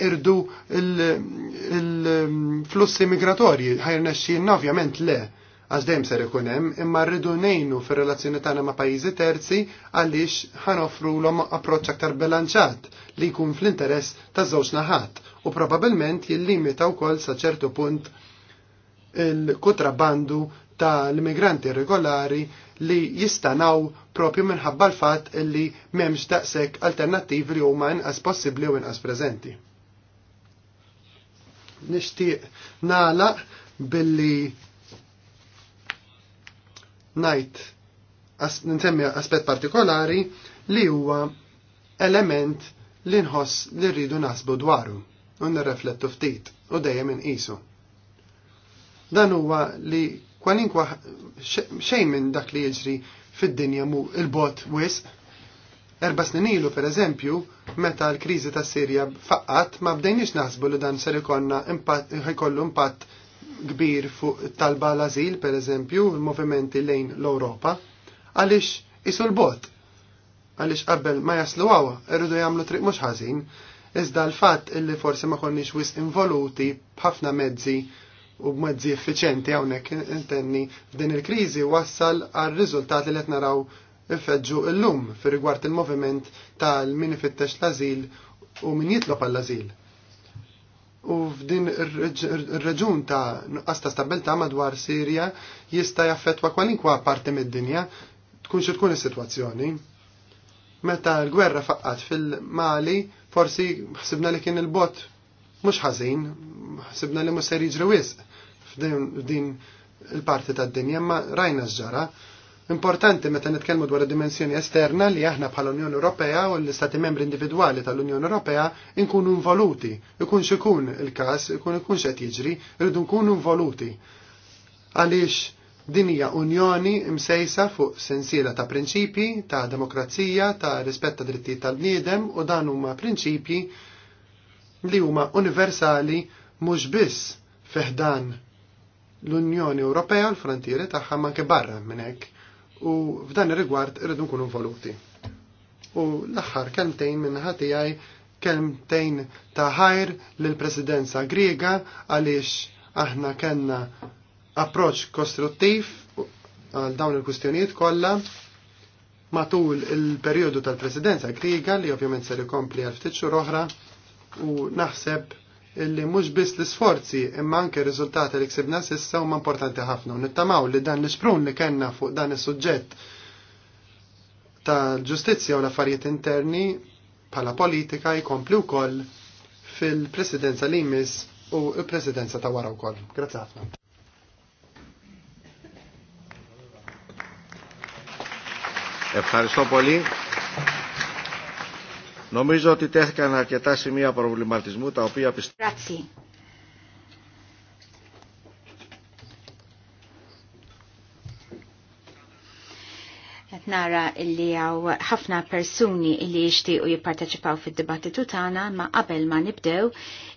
irdu il-flussi migratorji ħajrna xinna ovvjament le għax dejjem ser ikun hemm, imma rridu ngħinu fir-relazzjoni tagħna ma' pajjiżi terzi għaliex ħanofrulhom approċċ aktar bilanċat li jkun fl-interess ta' żewġ naħat u probabbilment jillimita wkoll sa ċertu punt il-kutrabandu ta' l-immigranti regolari li jistanaw propju minħabba l-fat li memx daqsek alternativ li huma inqas possibbli u inqas preżenti. Nixtieq nagħlaq billi najt as, ninsemmi aspet partikolari li huwa element li nħoss li rridu nasbu dwaru u nirreflettu ftit u dejjem inqisu. Dan huwa li kwalinkwa xejn minn dak li jiġri fid-dinja mu il-bot wisq Erba snin ilu per eżempju, meta l-kriżi ta' Sirja faqqat ma bdejniex naħsbu li dan ser ikonna impatt impatt kbir fuq talba l-azil, per eżempju, il-movimenti lejn l-Europa, għalix isu l-bot, għalix qabel ma jaslu għawa, irridu jamlu triq mux ħazin, iżda l-fat illi forse ma konniex wis involuti bħafna mezzi u b'mezzi effiċenti għawnek intenni f'din il-krizi wassal għal riżultati li qed naraw ifeġġu l-lum fir rigward il-moviment tal-min ifittex l-azil u min jitlob għall-azil u f'din ir-reġun ta' nuqqas ta' stabilta madwar Sirja jista' jaffettwa kwalinkwa parti mid-dinja tkun xi tkun is-sitwazzjoni. Meta l-gwerra faqqat fil-Mali forsi ħsibna li kien il-bot mhux ħażin, ħsibna li mhux se jiġri wisq f'din il-parti tad-dinja, ma rajna x'ġara Importanti meta nitkellmu dwar id-dimensjoni esterna li aħna bħala Unjoni Ewropea u l-Istati membri individwali tal-Unjoni Ewropea nkunu involuti. Ikun il-każ, ikun ikun qed jiġri, irridu nkunu involuti. Għaliex din hija Unjoni msejsa fuq sensiela ta' prinċipji, ta' demokrazija, ta' rispett ta' drittijiet tal-bniedem u dan huma prinċipji li huma universali mhux biss fi l-Unjoni Ewropea l-frontieri tagħha anke barra minn hekk u f'dan ir-rigward irridu nkunu involuti. U l-aħħar kelmtejn minn ħatijaj kelmtejn ta' ħajr lill-Presidenza Griega għaliex aħna kellna approċ kostruttiv għal dawn il-kustjonijiet kollha matul il-perjodu tal-Presidenza Griega li ovvjament se ikompli għal ftit xhur oħra u naħseb illi mhux biss l-isforzi imma anke r-riżultati li ksibna s'issa huma importanti ħafna nittamaw li dan l-isprun li kellna fuq dan is-suġġett tal-ġustizzja u l-affarijiet interni bħala politika jkomplu wkoll fil-presidenza li jmiss u l-presidenza ta' wara wkoll. Grazzi ħafna. Ευχαριστώ πολύ. Νομίζω ότι τέθηκαν αρκετά σημεία προβληματισμού τα οποία πιστεύω. nara illi għaw ħafna persuni illi jishti u jipparteċipaw fil-dibattitu tana ma qabel ma nibdew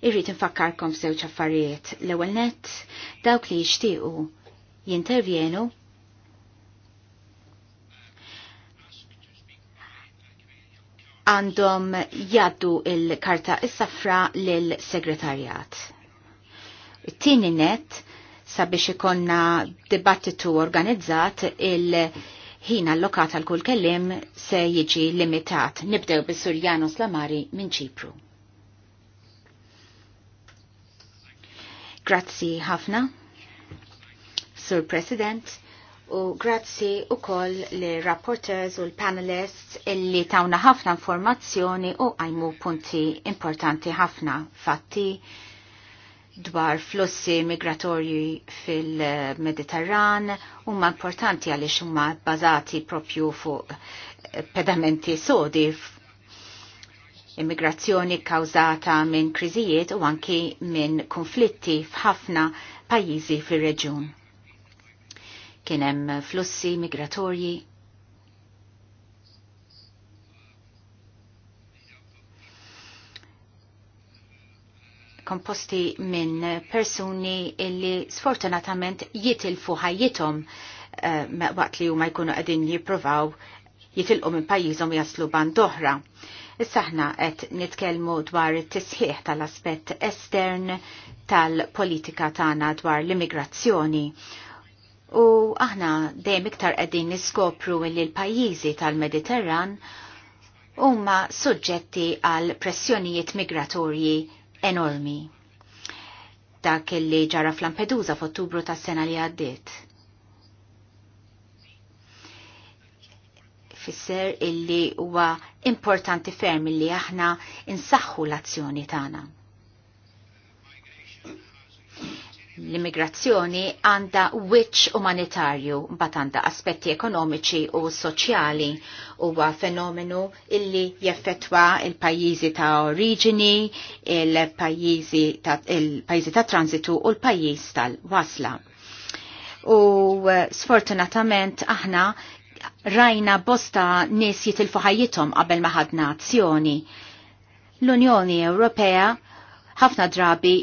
irrit nfakkarkom f'żewġ affarijiet. L-ewwel nett dawk li jixtiequ jintervjenu għandhom jaddu il-karta is-safra lill-segretarjat. Tini net, sabiex ikonna dibattitu organizzat il- ħina allokat għal kull kellim se jiġi limitat. Nibdew bis-Sur Janos Lamari minn Ċipru. Grazzi ħafna, Sur President u grazzi u koll li rapporters u l-panelists illi tawna ħafna informazzjoni u għajmu punti importanti ħafna fatti dwar flussi migratorji fil-Mediterran huma importanti għaliex huma bbażati propju fuq pedamenti sodi immigrazzjoni kawzata minn kriżijiet u anki minn konflitti f'ħafna pajjiżi fir-reġjun. Kien hemm flussi migratorji. Komposti minn persuni illi sfortunatament jitilfu ħajjithom uh, waqt li huma jkunu qegħdin jippruvaw jitilqu minn pajjiżhom jaslu band oħra. Issa ħna qed nitkellmu dwar it-tisħiħ tal-aspett estern tal-politika tagħna dwar l-immigrazzjoni U aħna dejjem iktar qegħdin niskopru li l-pajjiżi tal-Mediterran huma suġġetti għal pressjonijiet migratorji enormi. Dak li ġara fl-Lampedusa f'Ottubru tas-sena li għaddiet. Fisser illi huwa importanti ferm illi aħna insaħħu l-azzjoni tagħna. l-immigrazzjoni għanda wiċ umanitarju mbagħad għandha aspetti ekonomiċi u soċjali huwa fenomenu illi jeffettwa il-pajjiżi ta' oriġini, il-pajjiżi ta', il ta transitu u l-pajjiż tal-wasla. U eh, sfortunatament aħna rajna bosta nies jitilfu ħajjitom qabel ma ħadna azzjoni. L-Unjoni Ewropea ħafna drabi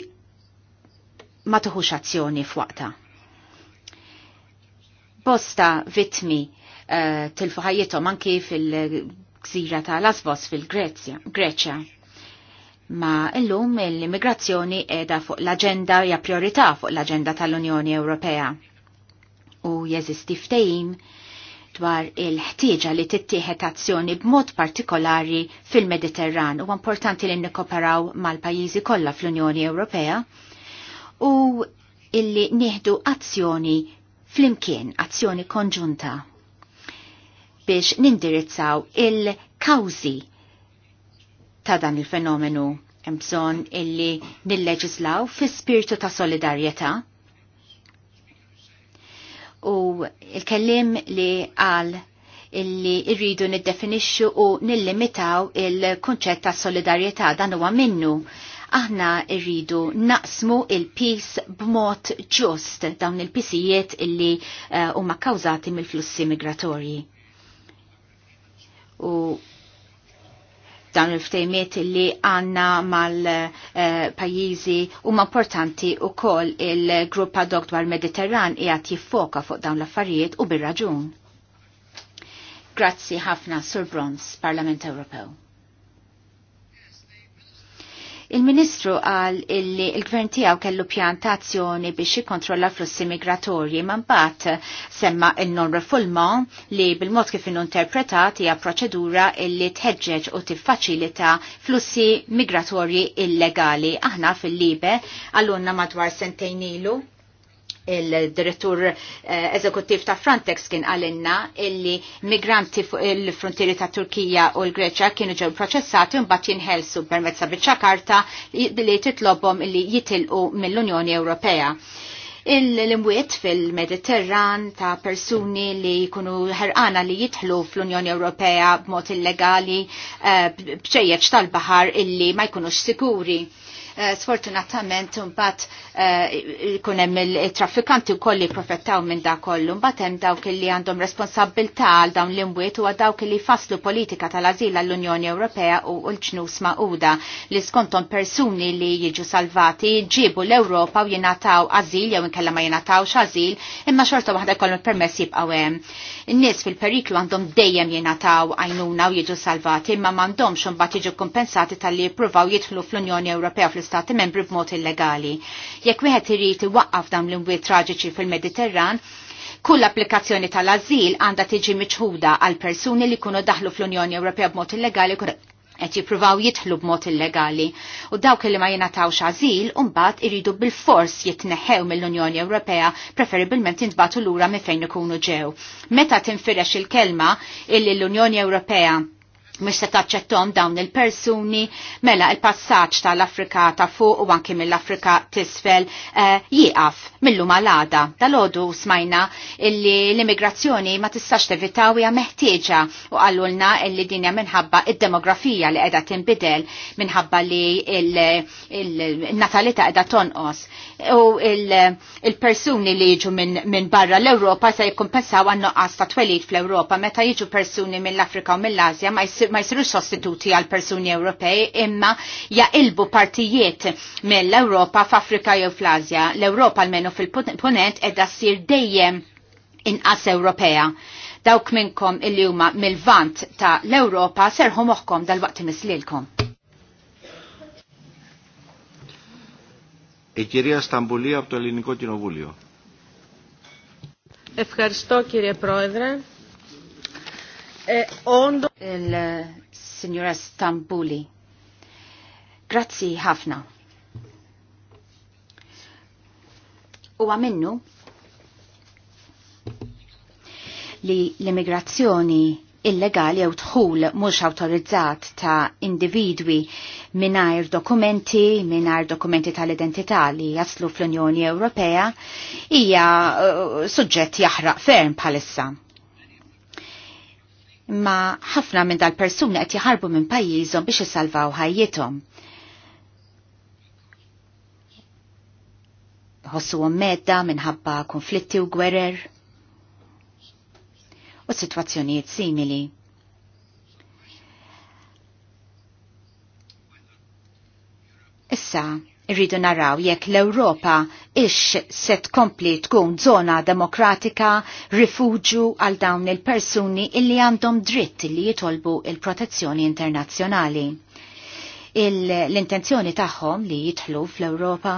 ma tuħux azzjoni f'waqta. Bosta vitmi uh, eh, tilfuħajietom anki fil-gżira ta' Lasbos fil-Greċja. Ma illum l-immigrazzjoni edha fuq l-agenda ja priorità fuq l-agenda tal-Unjoni Ewropea. U jeżisti ftehim dwar il-ħtieġa li tittieħed azzjoni b'mod partikolari fil-Mediterran u importanti li nikoperaw mal-pajjiżi kollha fl-Unjoni Ewropea u illi nieħdu azzjoni flimkien, azzjoni konġunta biex nindirizzaw il-kawzi ta' dan il-fenomenu hemm bżonn illi nilleġislaw fi spirtu ta' solidarjetà. U il-kellim li għal illi irridu niddefinixxu u nillimitaw il-kunċett ta' solidarjetà dan huwa minnu aħna irridu naqsmu il-pis b'mod ġust dawn il-pisijiet illi eh, huma uh, kawżati mill-flussi migratorji. U dawn il-ftejmiet li għanna mal-pajizi eh, uh, huma importanti u kol il-gruppa dok dwar mediterran jgħat jiffoka fuq dawn l-affarijiet u bir-raġun. Grazzi ħafna Sur Brons, Parlament Ewropew. Il-Ministru għal illi il-Gvern tiegħu kellu pjan ta' azzjoni biex jikkontrolla flussi migratorji ma mbagħad semma il-non refoulement li bil-mod kif interpretat hija proċedura illi tħeġġeġ u tiffaċilita flussi migratorji illegali. Aħna fil-Libe għallunna madwar sentejn ilu il-direttur eh, eżekuttiv ta' Frontex kien għalinna illi migranti fuq il-frontieri ta' Turkija u l-Greċja kienu ġew proċessati mbagħad jinħelsu permezz ta' biċċa karta li titlobhom illi jitilqu mill-Unjoni Ewropea il-imwiet fil-Mediterran ta' persuni li jkunu ħerqana li jitħlu fl-Unjoni Ewropea b'mod illegali eh, bċejjeċ tal-bahar illi ma jkunux sikuri Eh, sfortunatament mbagħad eh, ikun hemm il-traffikanti wkoll li profettaw minn da kollu, mbagħad hemm dawk li għandhom responsabbiltà għal dawn l-imwiet u għal dawk li faslu politika tal-azil għall-Unjoni Ewropea u l-ġnus ma'uda li skontom persuni li jiġu salvati ġibu l-Ewropa u jingħataw azil jew inkella ma jingħatawx azil imma xorta waħda jkollhom permess jibqgħu hemm. In-nies fil-periklu għandhom dejjem jingħataw għajnuna u jiġu salvati imma m'għandhomx imbagħad jiġu kompensati tal-li jippruvaw jidħlu fl-Unjoni Ewropea fl fl-istati membri b'mod illegali. Jekk wieħed irid iwaqqaf dawn l inwiet traġiċi fil-Mediterran, Kull applikazzjoni tal-azil għandha tiġi miċħuda għal persuni li kunu daħlu fl-Unjoni Ewropea b'mod illegali qed jippruvaw jidħlu b'mod illegali u dawk li ma jingħatawx għażil mbagħad iridu bil-fors jitneħħew mill-Unjoni Ewropea preferibilment jintbatu lura minn fejn ikunu ġew. Meta tinfirex il-kelma illi l-Unjoni Ewropea mux se taċċettom dawn il-persuni mela il-passaċ tal-Afrika ta' fuq u anki mill-Afrika tisfel uh, jieqaf millu malada. Dalodu smajna illi l-immigrazzjoni ma tistax tevitaw hija meħtieġa u għallulna illi dinja minħabba id-demografija li edha tinbidel minħabba li il-natalita edha tonqos u il-persuni li jiġu minn barra l-Europa se jikkumpensaw għannu ta' twelid fl-Europa meta jiġu persuni mill-Afrika u mill-Azja ma jisirux sostituti għal persuni Ewropej imma jaqilbu partijiet mill-Europa f'Afrika jew fl-Azja. L-Europa almenu fil-ponent edha sir dejjem inqas Ewropea. Dawk minnkom il huma mil vant ta' l-Ewropa serħu moħħkom dal-waqt mislilkom. Η κυρία Σταμπουλή από το Ελληνικό Κοινοβούλιο. Ευχαριστώ κύριε Πρόεδρε. Ε, όντο... Il signora Stambuli. Grazie ħafna. U għamennu li l-immigrazzjoni illegali jew dħul mhux awtorizzat ta' individwi mingħajr dokumenti, mingħajr dokumenti tal-identità li jaslu fl-Unjoni Ewropea hija uh, suġġett jaħraq ferm bħalissa. Ma ħafna minn dal-persuni qed jaħarbu minn pajjiżhom biex isalvaw ħajjithom ħossuhom medda minħabba konflitti u gwerer u situazzjonijiet simili. Issa, rridu naraw jekk l-Ewropa ix se tkompli tkun zona demokratika, rifugju għal dawn il-persuni illi għandhom dritt li jitolbu il-protezzjoni internazzjonali. l-intenzjoni tagħhom li jidħlu fl-Ewropa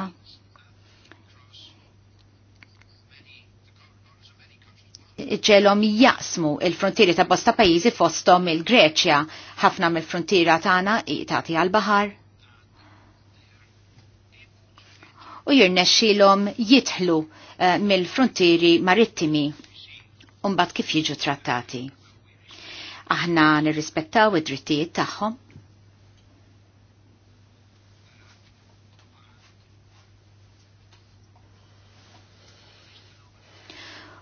ġelom jaqsmu il-frontieri ta' bosta pajizi fostom il-Greċja, ħafna mill-frontiera tagħna tagħti għal-baħar. U jirnexxilhom jitħlu eh, mill-frontieri marittimi u mbagħad kif jiġu trattati. Aħna nirrispettaw id-drittijiet tagħhom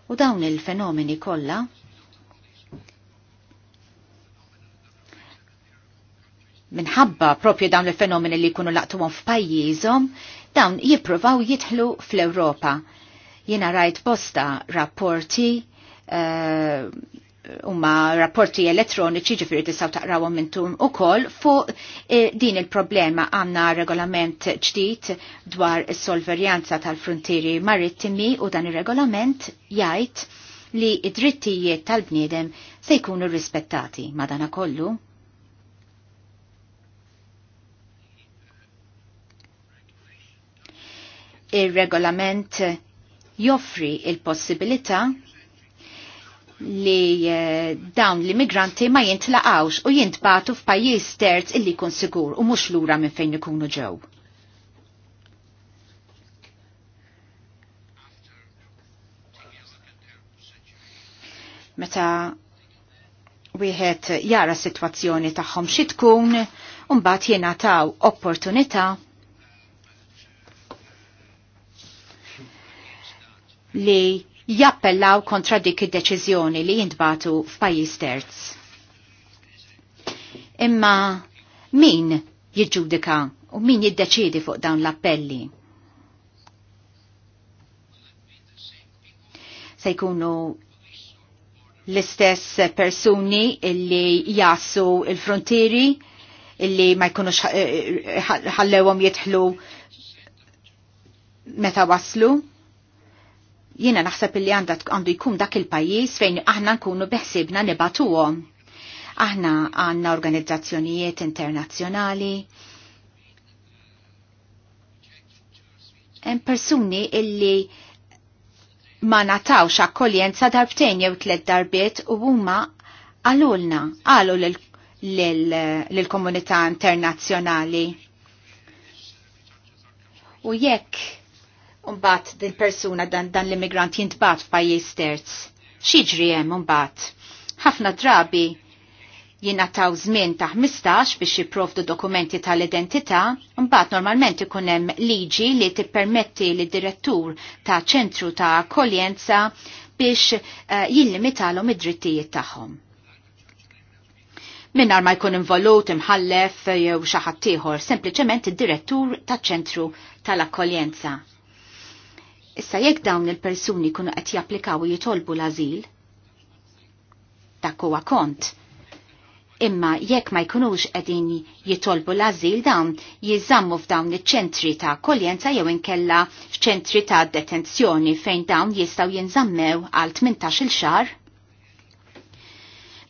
U dawn il-fenomeni kollha minħabba propju dawn il-fenomeni li jkunu laqtuhom f'pajjiżhom, dawn jippruvaw jidħlu fl-Ewropa. Jiena rajt bosta rapporti uh, umma rapporti elettroniċi ġifiri tistaw taqrawhom mintum ukoll fuq eh, din il-problema għanna regolament ġdid dwar is-solverjanza tal-frontieri marittimi u dan ir-regolament jgħid li id-drittijiet tal-bniedem se jkunu rispettati madana kollu. Ir-regolament joffri il-possibilità li eh, dawn l-immigranti ma jintlaqawx u jintbatu f'pajjiż terz illi jkun sigur u mhux lura minn fejn ikunu ġew. Meta wieħed jara s-sitwazzjoni tagħhom xi tkun, u mbagħad jingħataw opportunità li jappellaw kontra dik id-deċiżjoni li jintbatu f'pajjiż terz. Imma min jiġġudika u min jiddeċidi fuq dawn l-appelli? Se jkunu l-istess persuni illi jassu il-frontieri illi ma jkunux ħallewhom jidħlu meta waslu. Jiena naħseb li għandu jkun dak il-pajjiż fejn aħna nkunu beħsibna nibatuhom. Aħna għandna organizzazzjonijiet internazzjonali, hemm persuni illi ma natawx akkoljenza darbtejn jew tliet darbiet u huma għalulna, għalu lill-komunità internazzjonali. U jekk Umbat dil-persuna dan, dan l-immigrant jintbat f'pajjiż terz. Xiġri hemm umbat. Ħafna drabi jingħataw żmien ta' 15 biex jipprovdu dokumenti tal-identità, mbagħad normalment ikun hemm liġi li tippermetti li direttur ta' ċentru ta' akkoljenza biex uh, jillimitalhom id-drittijiet tagħhom. Minnar ma jkun involut, imħallef jew xi ħadd sempliċement id-direttur ta' ċentru tal-akkoljenza Issa jekk dawn il-persuni kunu qed japplikaw u jitolbu l-azil, dak huwa kont. Imma jekk ma jkunux qegħdin jitolbu l-azil dawn jiżammu f'dawn iċ-ċentri ta' koljenza jew inkella ċentri ta' detenzjoni fejn dawn jistgħu jinżammew għal 18-il xar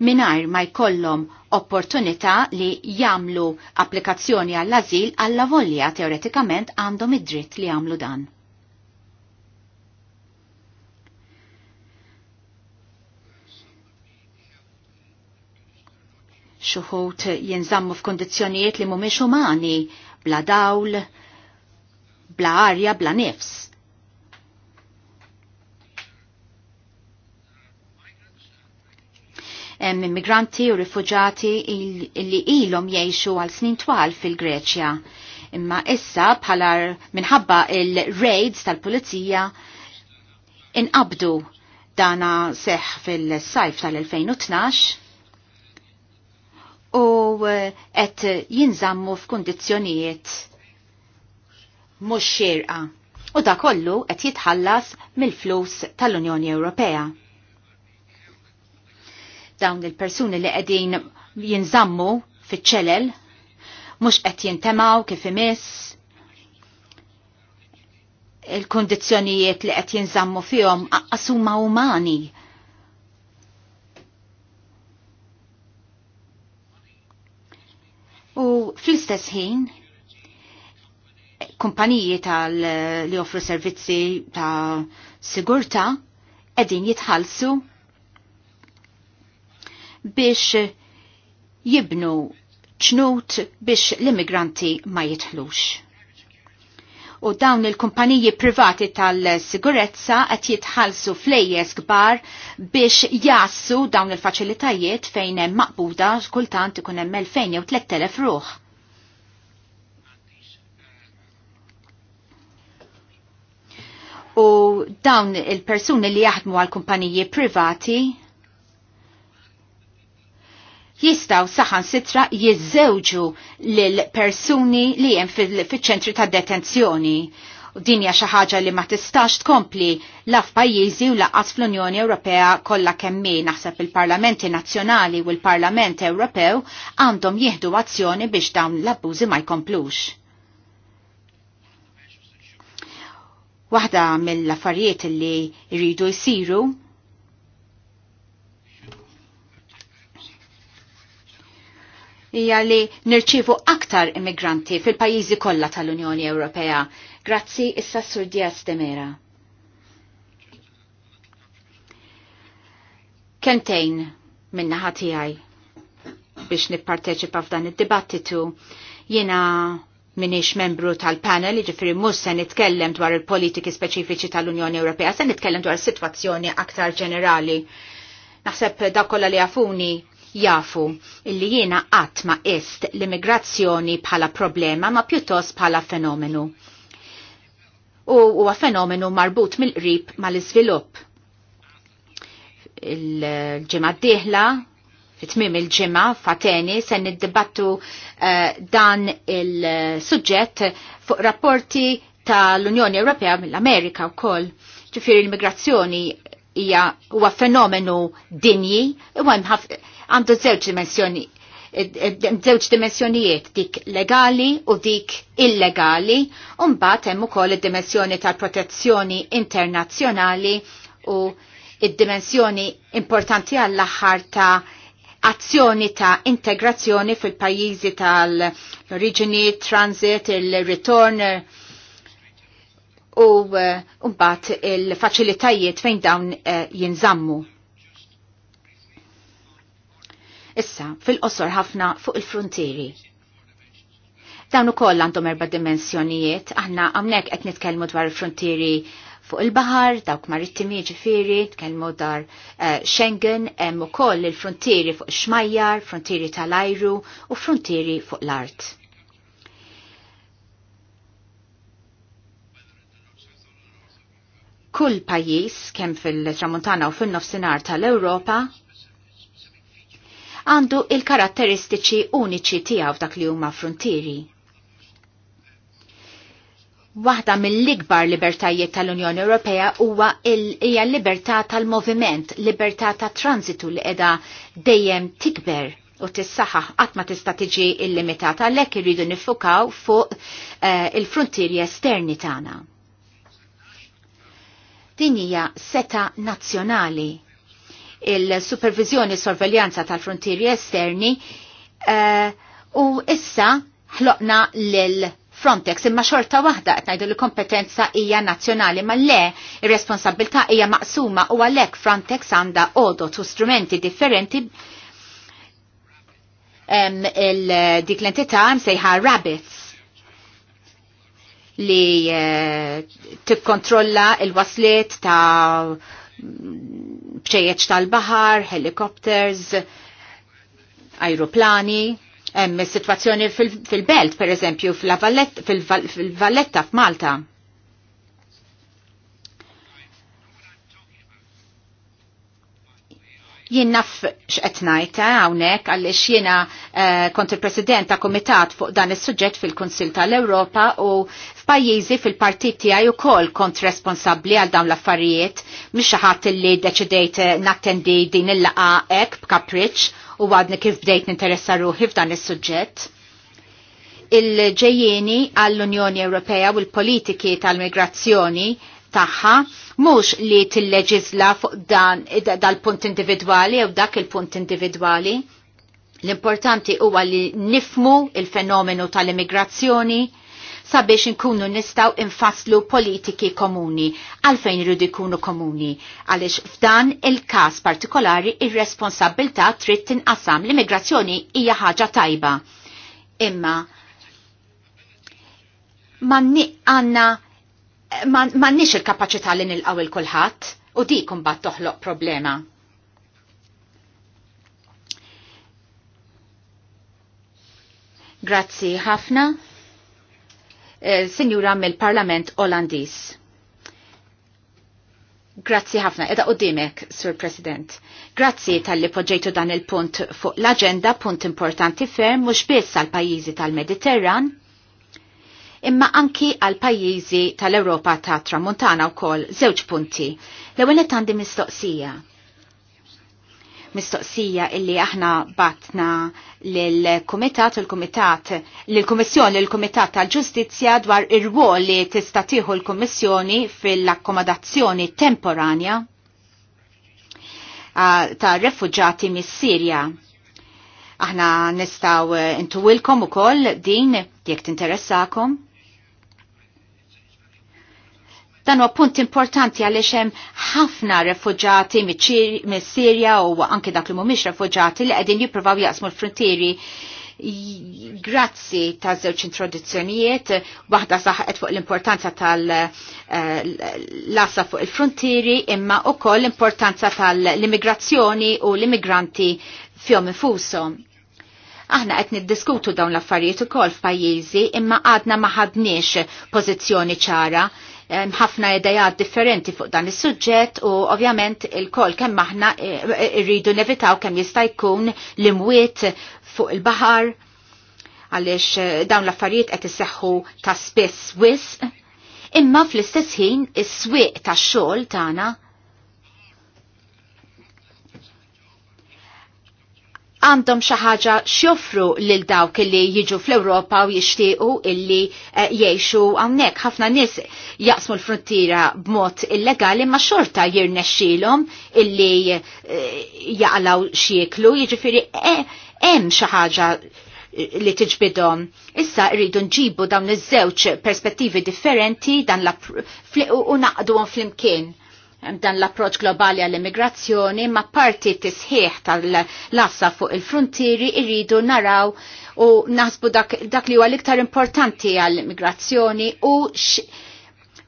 mingħajr ma jkollhom opportunità li jagħmlu applikazzjoni għall-azil għall volja teoretikament għandhom id-dritt li jagħmlu dan. xuħut jinżammu f'kondizjonijiet li mhumiex umani, bla dawl, bla arja, bla nifs. Em immigranti u rifugjati li ilom ilhom jgħixu għal snin twal fil-Greċja. Imma issa bħala minħabba il-raids tal-pulizija inqabdu dana seħ fil-sajf tal-2012 u qed eh, jinżammu f'kundizzjonijiet mhux xirqa' U da kollu qed jitħallas mill-flus tal-Unjoni Ewropea. Dawn il-persuni li qegħdin jinżammu fiċ-ċelel mhux qed jintemaw kif imiss il-kondizjonijiet li qed jinżammu fihom huma umani U fl-istess ħin, kumpaniji tal li offru servizzi ta' sigurta edin jitħalsu biex jibnu ċnut biex l-immigranti ma jitħlux u dawn il-kumpaniji privati tal-sigurezza qed jitħallsu flejjes kbar biex jassu dawn il-faċilitajiet fejn hemm maqbuda kultant ikun hemm 2000 jew 3000 ruħ. U dawn il-persuni li jaħdmu għal kumpaniji privati jistaw saħan sitra jizzewġu l-persuni li jem fil-ċentri ta' detenzjoni. U dinja xaħġa li ma tistax tkompli laf pajjiżi u laqqas fl-Unjoni Ewropea kollha kemmi naħseb il-Parlamenti Nazzjonali u l-Parlament Ewropew għandhom jieħdu azzjoni biex dawn l-abbużi ma jkomplux. Waħda mill-affarijiet li jridu jsiru hija li nirċivu aktar immigranti fil-pajjiżi kollha tal-Unjoni Ewropea. Grazzi issa Sur Diaz Mera. Kentejn minnaħa tiegħi biex nipparteċipa f'dan id-dibattitu jiena minix membru tal-panel, ġifiri mus se nitkellem dwar il-politiki speċifiċi tal-Unjoni Ewropea, se nitkellem dwar situazzjoni aktar ġenerali. Naħseb dakolla li għafuni jafu illi jiena qatt ma est l-immigrazzjoni bħala problema ma pjuttost bħala fenomenu. U huwa fenomenu marbut mill-qrib mal-iżvilupp. Il-ġimgħa d-dieħla fit-tmim il ġimgħa fateni se niddibattu eh, dan il-suġġett fuq rapporti tal-Unjoni Ewropea mill-Amerika wkoll. Ġifieri l-immigrazzjoni hija huwa fenomenu dinji, u għandu żewġ dimensjoni żewġ dimensjonijiet dik legali u dik illegali, u mbagħad hemm ukoll id-dimensjoni tal-protezzjoni internazzjonali u id-dimensjoni importanti għall-aħħar ta' azzjoni ta' integrazzjoni fil-pajjiżi tal origini transit, il-return u uh, mbagħad il-faċilitajiet fejn dawn uh, jinżammu. Issa, fil-qosor ħafna fuq il-frontieri. Dawn ukoll għandhom erba' dimensjonijiet, aħna hawnhekk qed nitkellmu dwar il-frontieri fuq il baħar dawk marittimi ġifiri, tkellmu dar eh, Schengen, hemm ukoll il-frontieri fuq xmajjar, frontieri tal-ajru u frontieri fuq l-art. Kull pajjiż kemm fil-tramuntana u fin-nofsinhar tal-Ewropa għandu il-karatteristiċi uniċi tiegħu dak li huma frontieri. Waħda mill-ikbar libertajiet tal-Unjoni Ewropea huwa hija l-libertà tal-moviment, libertà ta' transitu li qiegħda dejjem tikber u tissaħħaħ qatt ma tista' tiġi illimitata għalhekk irridu nifukaw fuq eh, il-frontieri esterni tagħna. Din hija seta nazzjonali il-supervizjoni sorveljanza tal-frontieri esterni eh, u issa ħloqna lil Frontex imma xorta waħda qed ngħidu li kompetenza hija nazzjonali ma le ir-responsabilità hija maqsuma u għalhekk Frontex għandha għodot u strumenti differenti dik l-entità msejħa rabbits li eh, tikkontrolla il-waslet ta' bċejjeċ tal-bahar, helikopters, aeroplani, hemm situazzjoni fil-belt, per eżempju, fil-Valletta f'Malta. Fil Jien naf x'qed ngħid eh, hawnhekk għaliex jiena eh, kont il-President ta' Kumitat fuq dan is-suġġett fil kunsil tal-Ewropa u f'pajjiżi fil-partit tiegħi wkoll kont responsabbli għal dawn l-affarijiet mhix xi ħadd illi deċidejt eh, nattendi din il-laqa hekk b'kapriċċ u għadni kif bdejt ninteressa ruħi f'dan is-suġġett il-ġejjeni għall-Unjoni Ewropea u l-politiki tal-migrazzjoni taħħa mhux li tilleġisla fuq dan dal-punt individwali jew dak il-punt individwali. L-importanti huwa li nifmu il-fenomenu tal-immigrazzjoni sabiex inkunu nistaw infaslu politiki komuni għalfejn rridu jkunu komuni għaliex f'dan il-każ partikolari ir-responsabilità trid tinqasam l-immigrazzjoni hija ħaġa tajba. Imma ma għanna Ma m'għandniex il-kapaċità li nilqgħu il kulħadd u dik imbagħad toħloq problema. Grazzi ħafna. Eh, Senjura mill-Parlament Olandis. Grazzi ħafna, edha dimek, Sur President. Grazzi tal-li poġġejtu dan il-punt fuq l-agenda, punt importanti ferm, mux biss għal pajizi tal-Mediterran, imma anki għal pajjiżi tal-Ewropa ta' tramuntana wkoll żewġ punti. L-ewwel għandi mistoqsija. Mistoqsija illi aħna batna lill-Kumitat l kumitat lill-Kummissjoni l-Kumitat tal-Ġustizzja dwar ir-rwol li tista' tieħu l-Kummissjoni fil-akkomodazzjoni temporanja ta' refugġati mis-Sirja aħna nistaw intuwilkom u koll din jek tinteressakom. Dan huwa punt importanti għaliex hemm ħafna refuġati mis-Sirja u anke dak li mhumiex refuġati li qegħdin jippruvaw jaqsmu l-frontieri grazzi ta' żewġ introduzzjonijiet, waħda saħqet fuq l-importanza tal-lasa eh, fuq il-frontieri, imma ukoll l-importanza tal-immigrazzjoni u l-immigranti fjom infushom. Aħna qed niddiskutu dawn l-affarijiet ukoll f'pajjiżi imma għadna ma ħadniex pożizzjoni ċara ħafna idejat differenti fuq dan is suġġett u ovvjament il-kol kemm aħna eh, eh, irridu nevitaw kemm jista' jkun l-imwiet fuq il-baħar għaliex eh, dawn l-affarijiet qed isseħħu ta' spiss wisq. Imma fl-istess ħin is-swieq tax-xogħol tagħna għandhom xi ħaġa xjoffru lil dawk li jiġu fl-Ewropa u jixtiequ illi eh, jgħixu hawnhekk. Ħafna nies jaqsmu l-frontiera b'mod illegali ma' xorta jirnexxielhom illi eh, jaqlaw xieklu, jiġifieri eh, hemm xi ħaġa li tiġbidhom. Issa rridu nġibu dawn iż-żewġ perspettivi differenti dan u naqduhom flimkien dan l-approċ globali għall-immigrazzjoni ma parti tisħiħ tal-lassa fuq il-frontieri irridu naraw u naħsbu dak, dak li huwa l-iktar importanti għall-immigrazzjoni u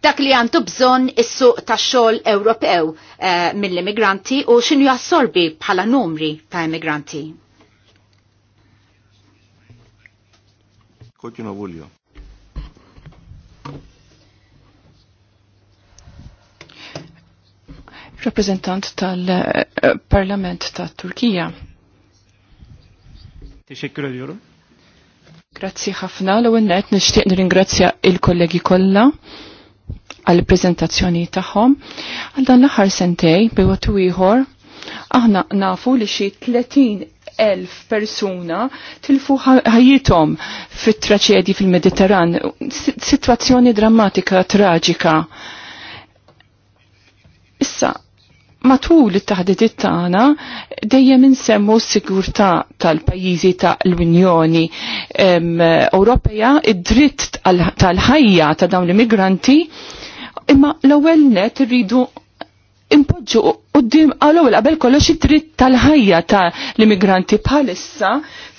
dak li għandu bżon is-suq tax-xogħol Ewropew eh, mill-immigranti u xin jassorbi bħala numri ta' immigranti. Kotjuna Vuljo. rappresentant tal-Parlament ta' Turkija. Grazzi ħafna l għennet nishtiq nir-ingrazzja il-kollegi kolla għal-prezentazzjoni tagħhom. Għal dan l-aħħar sentej biwatu ieħor aħna nafu li xi 30.000 elf persuna tilfu ħajjithom fit traċedi fil-Mediterran. Situazzjoni drammatika, traġika. matul it-taħdidiet tagħna dejjem insemmu s-sigurtà tal-pajjiżi tal unjoni Ewropea id-dritt tal-ħajja ta' dawn l-immigranti imma l-ewwel net irridu impoġġu qudiem għal-ewwel qabel kollox id-dritt tal-ħajja tal immigranti bħalissa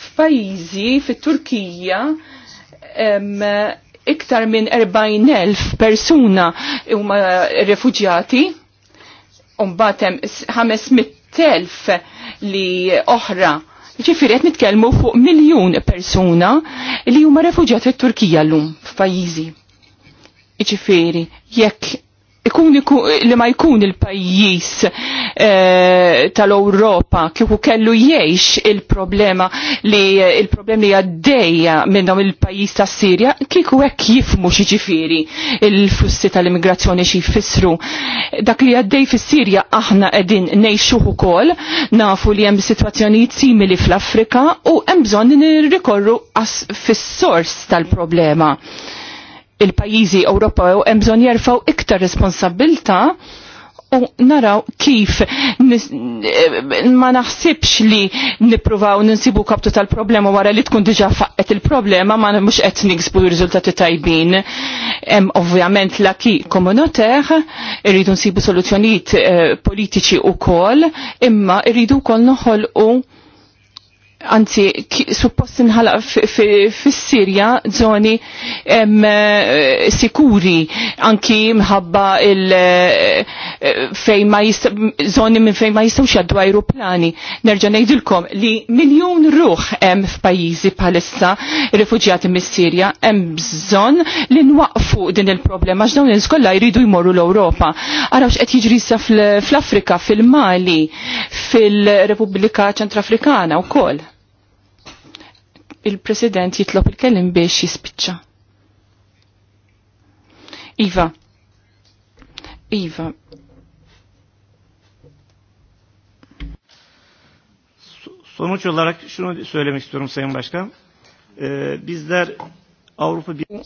f'pajjiżi fit-Turkija iktar minn 40,000 persuna huma refuġjati Umbatem 500.000 li oħra. Ġifiri, għet nitkelmu fuq miljon persuna li huma refugjati t-Turkija l-lum f'pajizi. Ġifiri, jekk ikun li ma jkun il-pajjiż e, tal-Ewropa kieku kellu jgħix il-problema li il-problema li għaddejja minnhom il-pajjiż tas-Sirja kieku hekk jifmu xi ġifieri il-flussi tal-immigrazzjoni xi jfissru. Dak li għaddej fis-Sirja aħna qegħdin ngħixuh ukoll, nafu li hemm sitwazzjonijiet simili fl-Afrika u hemm bżonn nirrikorru fis-sors tal-problema il-pajjiżi Ewropew hemm bżonn jerfgħu iktar responsabilta u naraw kif ma naħsibx li nipruvaw ninsibu kaptu tal-problema wara li tkun diġa faqqet il-problema ma mux qed niksbu riżultati tajbin. Hemm ovvjament laki komunoteħ irridu nsibu soluzzjonijiet eh, politiċi u kol, imma irridu kol u anzi suppost inħalaq fis-Sirja żoni eh, sikuri anki mħabba il eh, fejn ma minn fejn ma jistgħux jgħaddu ajruplani. Nerġa' ngħidilkom li miljun ruħ hemm f'pajjiżi bħalissa rifuġjati mis-Sirja hemm bżonn li nwaqfu din il-problema għax dawn kollha jridu jmorru l-Ewropa. Araw x'qed jiġri fl-Afrika, fil-Mali, fil-Repubblika Ċentrafrikana wkoll il-President jitlob il-kellim biex jispiċċa. Iva. Iva. Sonuç olarak şunu söylemek istiyorum Sayın Başkan. Ee, bizler Avrupa Birliği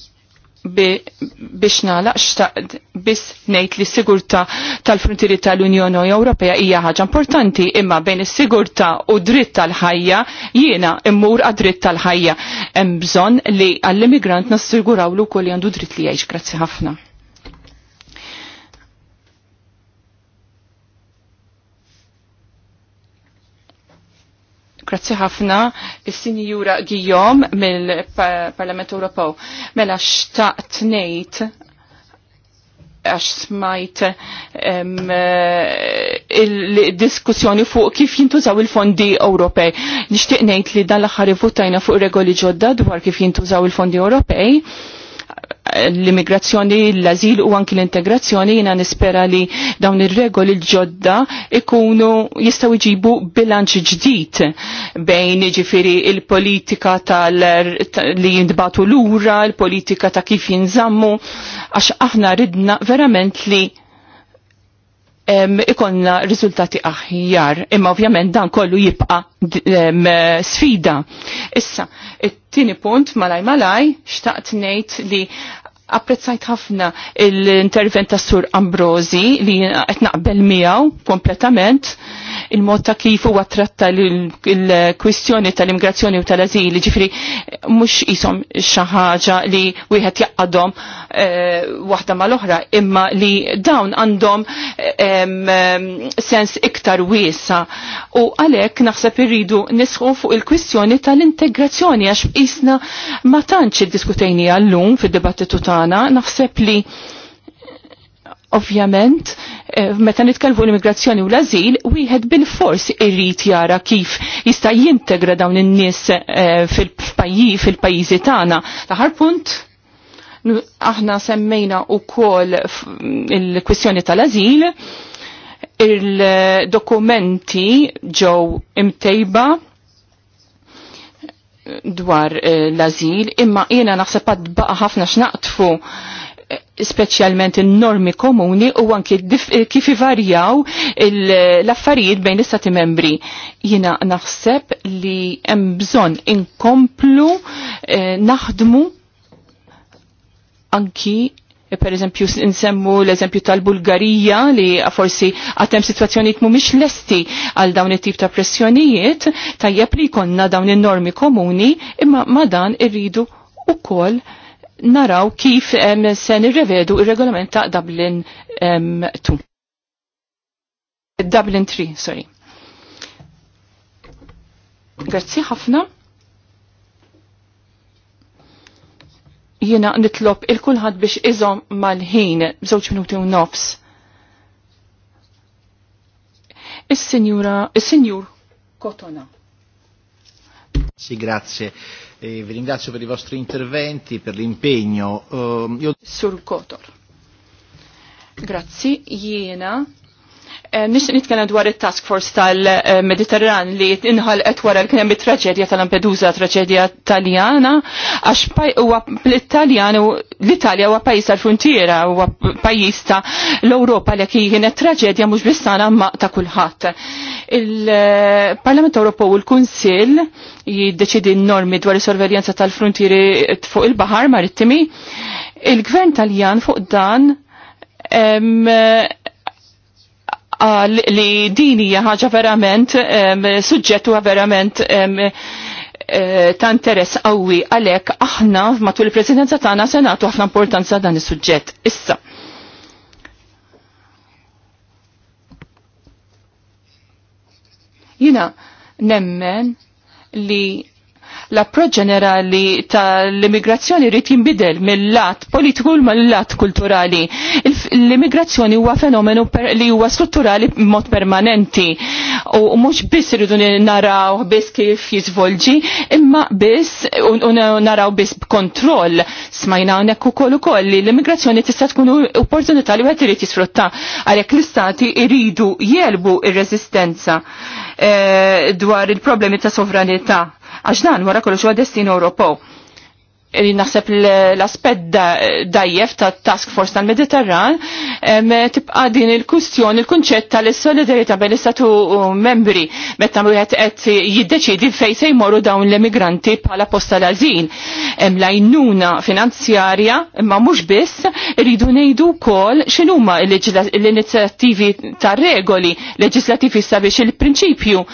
biex nalaq biss ngħid li s-sigurtà tal-frontieri tal-Unjoni Ewropea hija ħaġa importanti imma bejn is-sigurtà u dritt tal-ħajja jiena immur għad dritt tal-ħajja. Hemm bżonn li għall-immigrant nassiguraw lu li għandu dritt li jgħix. Grazzi ħafna. Grazzi ħafna, il-Sinjura Gijom mill-Parlament Ewropew. Mela xtaqt nejt għax smajt eh, il-diskussjoni fuq kif jintużaw il-fondi Ewropej. Nishtiq nejt li dan l tajna fuq regoli ġodda dwar kif jintużaw il-fondi Ewropej l-immigrazzjoni, l-azil u anki l-integrazzjoni jina nispera li dawn ir-regoli l-ġodda ikunu jistaw iġibu bilanċ ġdid bejn ġifiri il-politika tal li jindbatu l-ura, il-politika ta' kif jinżammu, għax aħna ridna verament li ikonna rizultati aħjar, imma ovvjament dan kollu jibqa sfida. Issa, it-tini punt malaj malaj, xtaqt nejt li apprezzajt ħafna l-intervent ta' Sur Ambrosi li qed naqbel miegħu kompletament il-mod ta' kif huwa tratta l kwistjoni tal-immigrazzjoni u tal-azili, ġifri mhux isom xi ħaġa li wieħed jaqadhom eh, waħda mal-oħra, imma li dawn għandhom sens iktar wiesa. U għalhekk naħseb irridu nisħu fuq il-kwistjoni tal-integrazzjoni għax isna ma tantx iddiskutejni għallum fid-dibattitu tagħna, naħseb li Ovvjament, eh, meta nitkellmu l-immigrazzjoni u l-azil, wieħed bil-fors irrid jara kif jista' jintegra dawn in-nies eh, fil pajjiżi tagħna. L-aħħar punt aħna semmejna wkoll il-kwistjoni tal-azil, il-dokumenti ġew imtejba dwar eh, l-azil, imma jiena naħseb baqa ħafna x'naqtfu specialment normi komuni u anki eh, kif ivarjaw l-affarijiet bejn l-istati membri. Jina naħseb li hemm bżonn inkomplu eh, naħdmu anki eh, per eżempju nsemmu l-eżempju tal-Bulgarija li forsi għatem situazzjoniet mumiex lesti għal dawn it-tip ta' pressjonijiet tajjeb li konna dawn in-normi komuni imma ma dan irridu u koll naraw kif se nirrevedu il-regolament ta' Dublin 2. Dublin 3, sorry. Grazzi ħafna. Jiena nitlob il-kulħadd biex iżom mal-ħin b'żewġ minuti u nofs. Is-sinjura, is-sinjur Kotona. Si, grazie e vi ringrazio per i vostri interventi, per l'impegno. Uh, io... Sul Kotor. Grazie, Iena. Eh, nixtieq nitkellem dwar it-task force tal-Mediterran li inħal wara li kien hemm it-traġedja tal-Lampedusa, traġedja Taljana, għax l-Italjan l-Italja huwa pajjiż tal funtira huwa pajjiż ta' l-Ewropa li kienet traġedja mhux biss ma ta' kulħadd. Il-Parlament Ewropew u l-Kunsill jiddeċidi n-normi dwar is-sorveljanza tal-fruntieri fuq il-baħar marittimi. Il-Gvern Taljan fuq dan qal ah, li din hija ħaġa verament suġġett huwa verament eh, ta' interess qawwi għalhekk aħna matul il-Presidenza tagħna se nagħtu ħafna importanza dan is-suġġett. Issa. Jina nemmen li l-approċ ġenerali tal-immigrazzjoni rrit jimbidel mill-lat politiku mill-lat kulturali. L-immigrazzjoni huwa fenomenu li huwa strutturali mod permanenti u mhux biss rridu naraw biss kif jizvolġi imma biss naraw biss b'kontroll. Smajna hawnhekk ukoll ukoll li l-immigrazzjoni tista' tkun opportunità li għet irid jisfrutta għalhekk l-istati iridu jelbu ir resistenza eh, dwar il-problemi ta' sovranità għax dan wara kollox huwa destin Ewropew li naħseb l-aspet dajjef ta' task force tal-Mediterran, tibqa din il-kustjoni, il-kunċett tal solidarita bejn l-istatu membri, metta mwiet qed jiddeċidi fej se jmorru dawn l-emigranti bħala posta l-azin. lajnuna finanzjarja, imma mhux biss, iridu ngħidu wkoll x'inhuma l-inizjattivi ta' regoli leġislativi sabiex il-prinċipju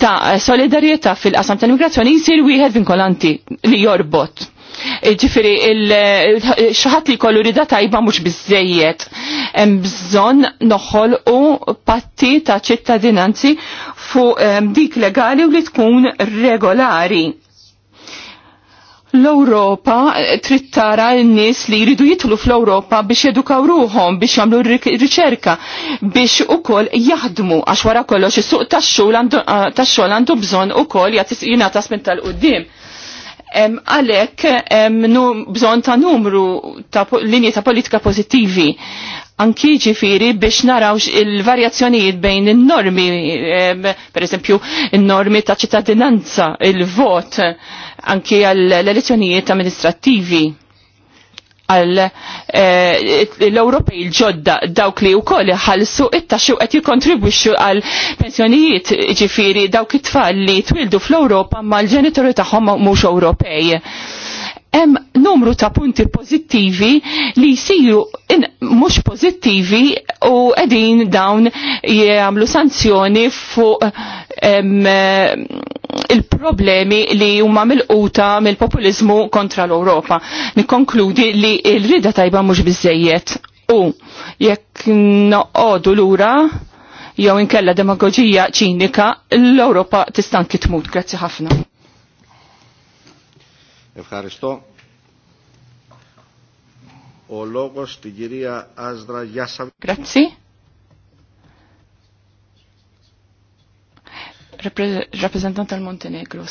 ta' solidarieta fil-qasam tal-immigrazzjoni jsir wieħed vinkolanti li jorbot Eh, ġifiri, eh, xaħat li kollu rida tajba mux bizzejiet. Mbżon noħol u patti ta' ċittadinanzi fu eh, dik legali u li tkun regolari. L-Europa trid tara n-nies li jridu jitlu fl-Europa biex edukaw ruhom, biex jagħmlu riċerka, biex ukoll jaħdmu għax wara kollox is-suq tax-xogħol għandu bżonn ukoll jingħata spinta tal qudiem Għalek, bżon ta' numru ta' linji ta' politika pozittivi anki ġifiri biex narawx il-varjazzjonijiet bejn il-normi, per eżempju, il-normi ta' ċittadinanza, il-vot, anki għall-elezzjonijiet amministrativi għal eh, l-Ewropej ġodda dawk li u koll ħalsu itta taxxu qed jikontribwixxu għal pensjonijiet ġifiri dawk it-tfal li twildu fl-Ewropa ma l-ġenitori tagħhom mhux Ewropej. Hemm numru ta' punti pożittivi li jsiru in mhux pozittivi u qegħdin dawn jagħmlu sanzjoni fuq il-problemi li huma mill-quta mill-populiżmu kontra l-Ewropa. Nikkonkludi li l-rida tajba mhux biżejjed u jekk noqogħdu lura jew inkella demagogija ċinika, l-Europa tistanki tmut. Grazzi ħafna. Ευχαριστώ. Ο λόγος στην κυρία Άσδρα Γιάσα. Grazie. Rappresentante al Montenegro.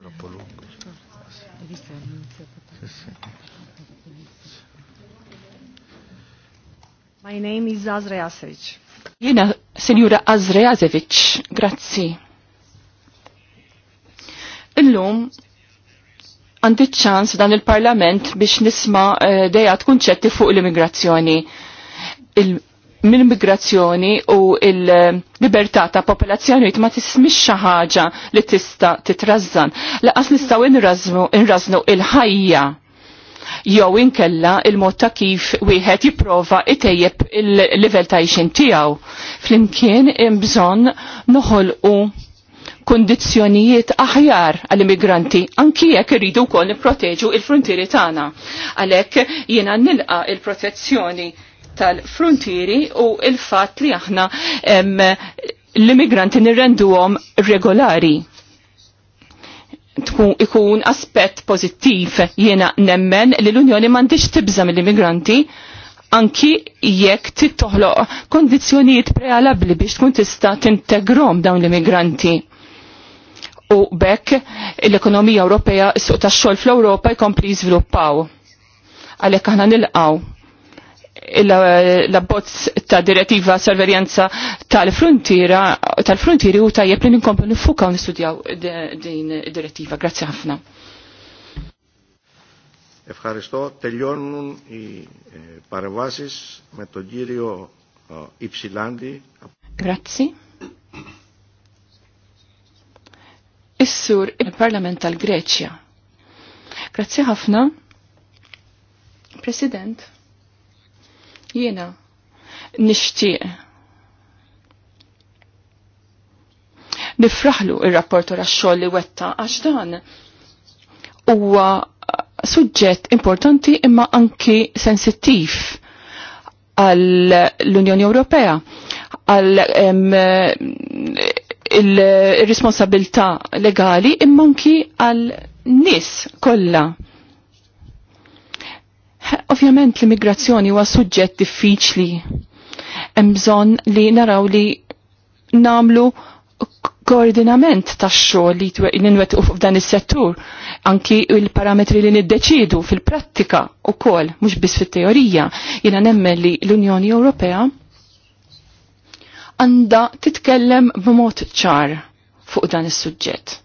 Troppo lungo. My name is Azra Jasevic. Jena, Senjura Azra Jasevic, grazie. Illum għandi ċans dan il-parlament biex nisma eh, dejat kunċetti fuq l-immigrazzjoni. L-immigrazzjoni u l-libertà ta' popolazzjoni ma tismix xi ħaġa li tista' titrażżan. Laqas nistgħu inrażnu il-ħajja jew inkella il-mod ta' kif wieħed jipprova itejjeb il-livell ta' ixin tiegħu. Flimkien hemm bżonn noħolqu kondizjonijiet aħjar għall-immigranti, anki jekk irridu wkoll nipproteġu il-frontieri tagħna. Għalhekk jiena nilqa' il-protezzjoni tal-frontieri u il-fatt li aħna l-immigranti nirrenduhom regolari tkun ikun aspett pożittiv jiena nemmen li l-Unjoni m'għandix tibża mill-immigranti anki jekk tittoħloq kondizzjonijiet prealabbli biex tkun tista' tintegrom dawn l-immigranti u bekk l-ekonomija Ewropea suq tax-xogħol fl-Ewropa jkompli jiżviluppaw. Għalhekk aħna nilqgħu l-abbozz ta' direttiva sorverjenza tal-frontiera tal-frontieri u tajjeb li ninkomplu nifukaw nistudjaw din id-direttiva. Grazzi ħafna. Ευχαριστώ. Τελειώνουν οι παρεμβάσεις με τον κύριο Υψηλάντη. Grazie. Is-sur il-Parlament tal-Greċja. Grazzi ħafna. President, jiena nixtieq nifraħlu il rapport għax-xogħol li wetta għax dan huwa suġġett importanti imma anki sensittiv għall-Unjoni Ewropea il-responsabilta legali immanki għal nis kolla. Ovvjament l-immigrazzjoni huwa suġġett diffiċli. Hemm bżonn li naraw li namlu koordinament tax xogħol li ninwet f'dan is-settur, anki il-parametri li niddeċidu fil-prattika kol, mhux biss fit-teorija, jiena nemmen li l-Unjoni Ewropea għanda titkellem b'mod ċar fuq dan is-suġġett.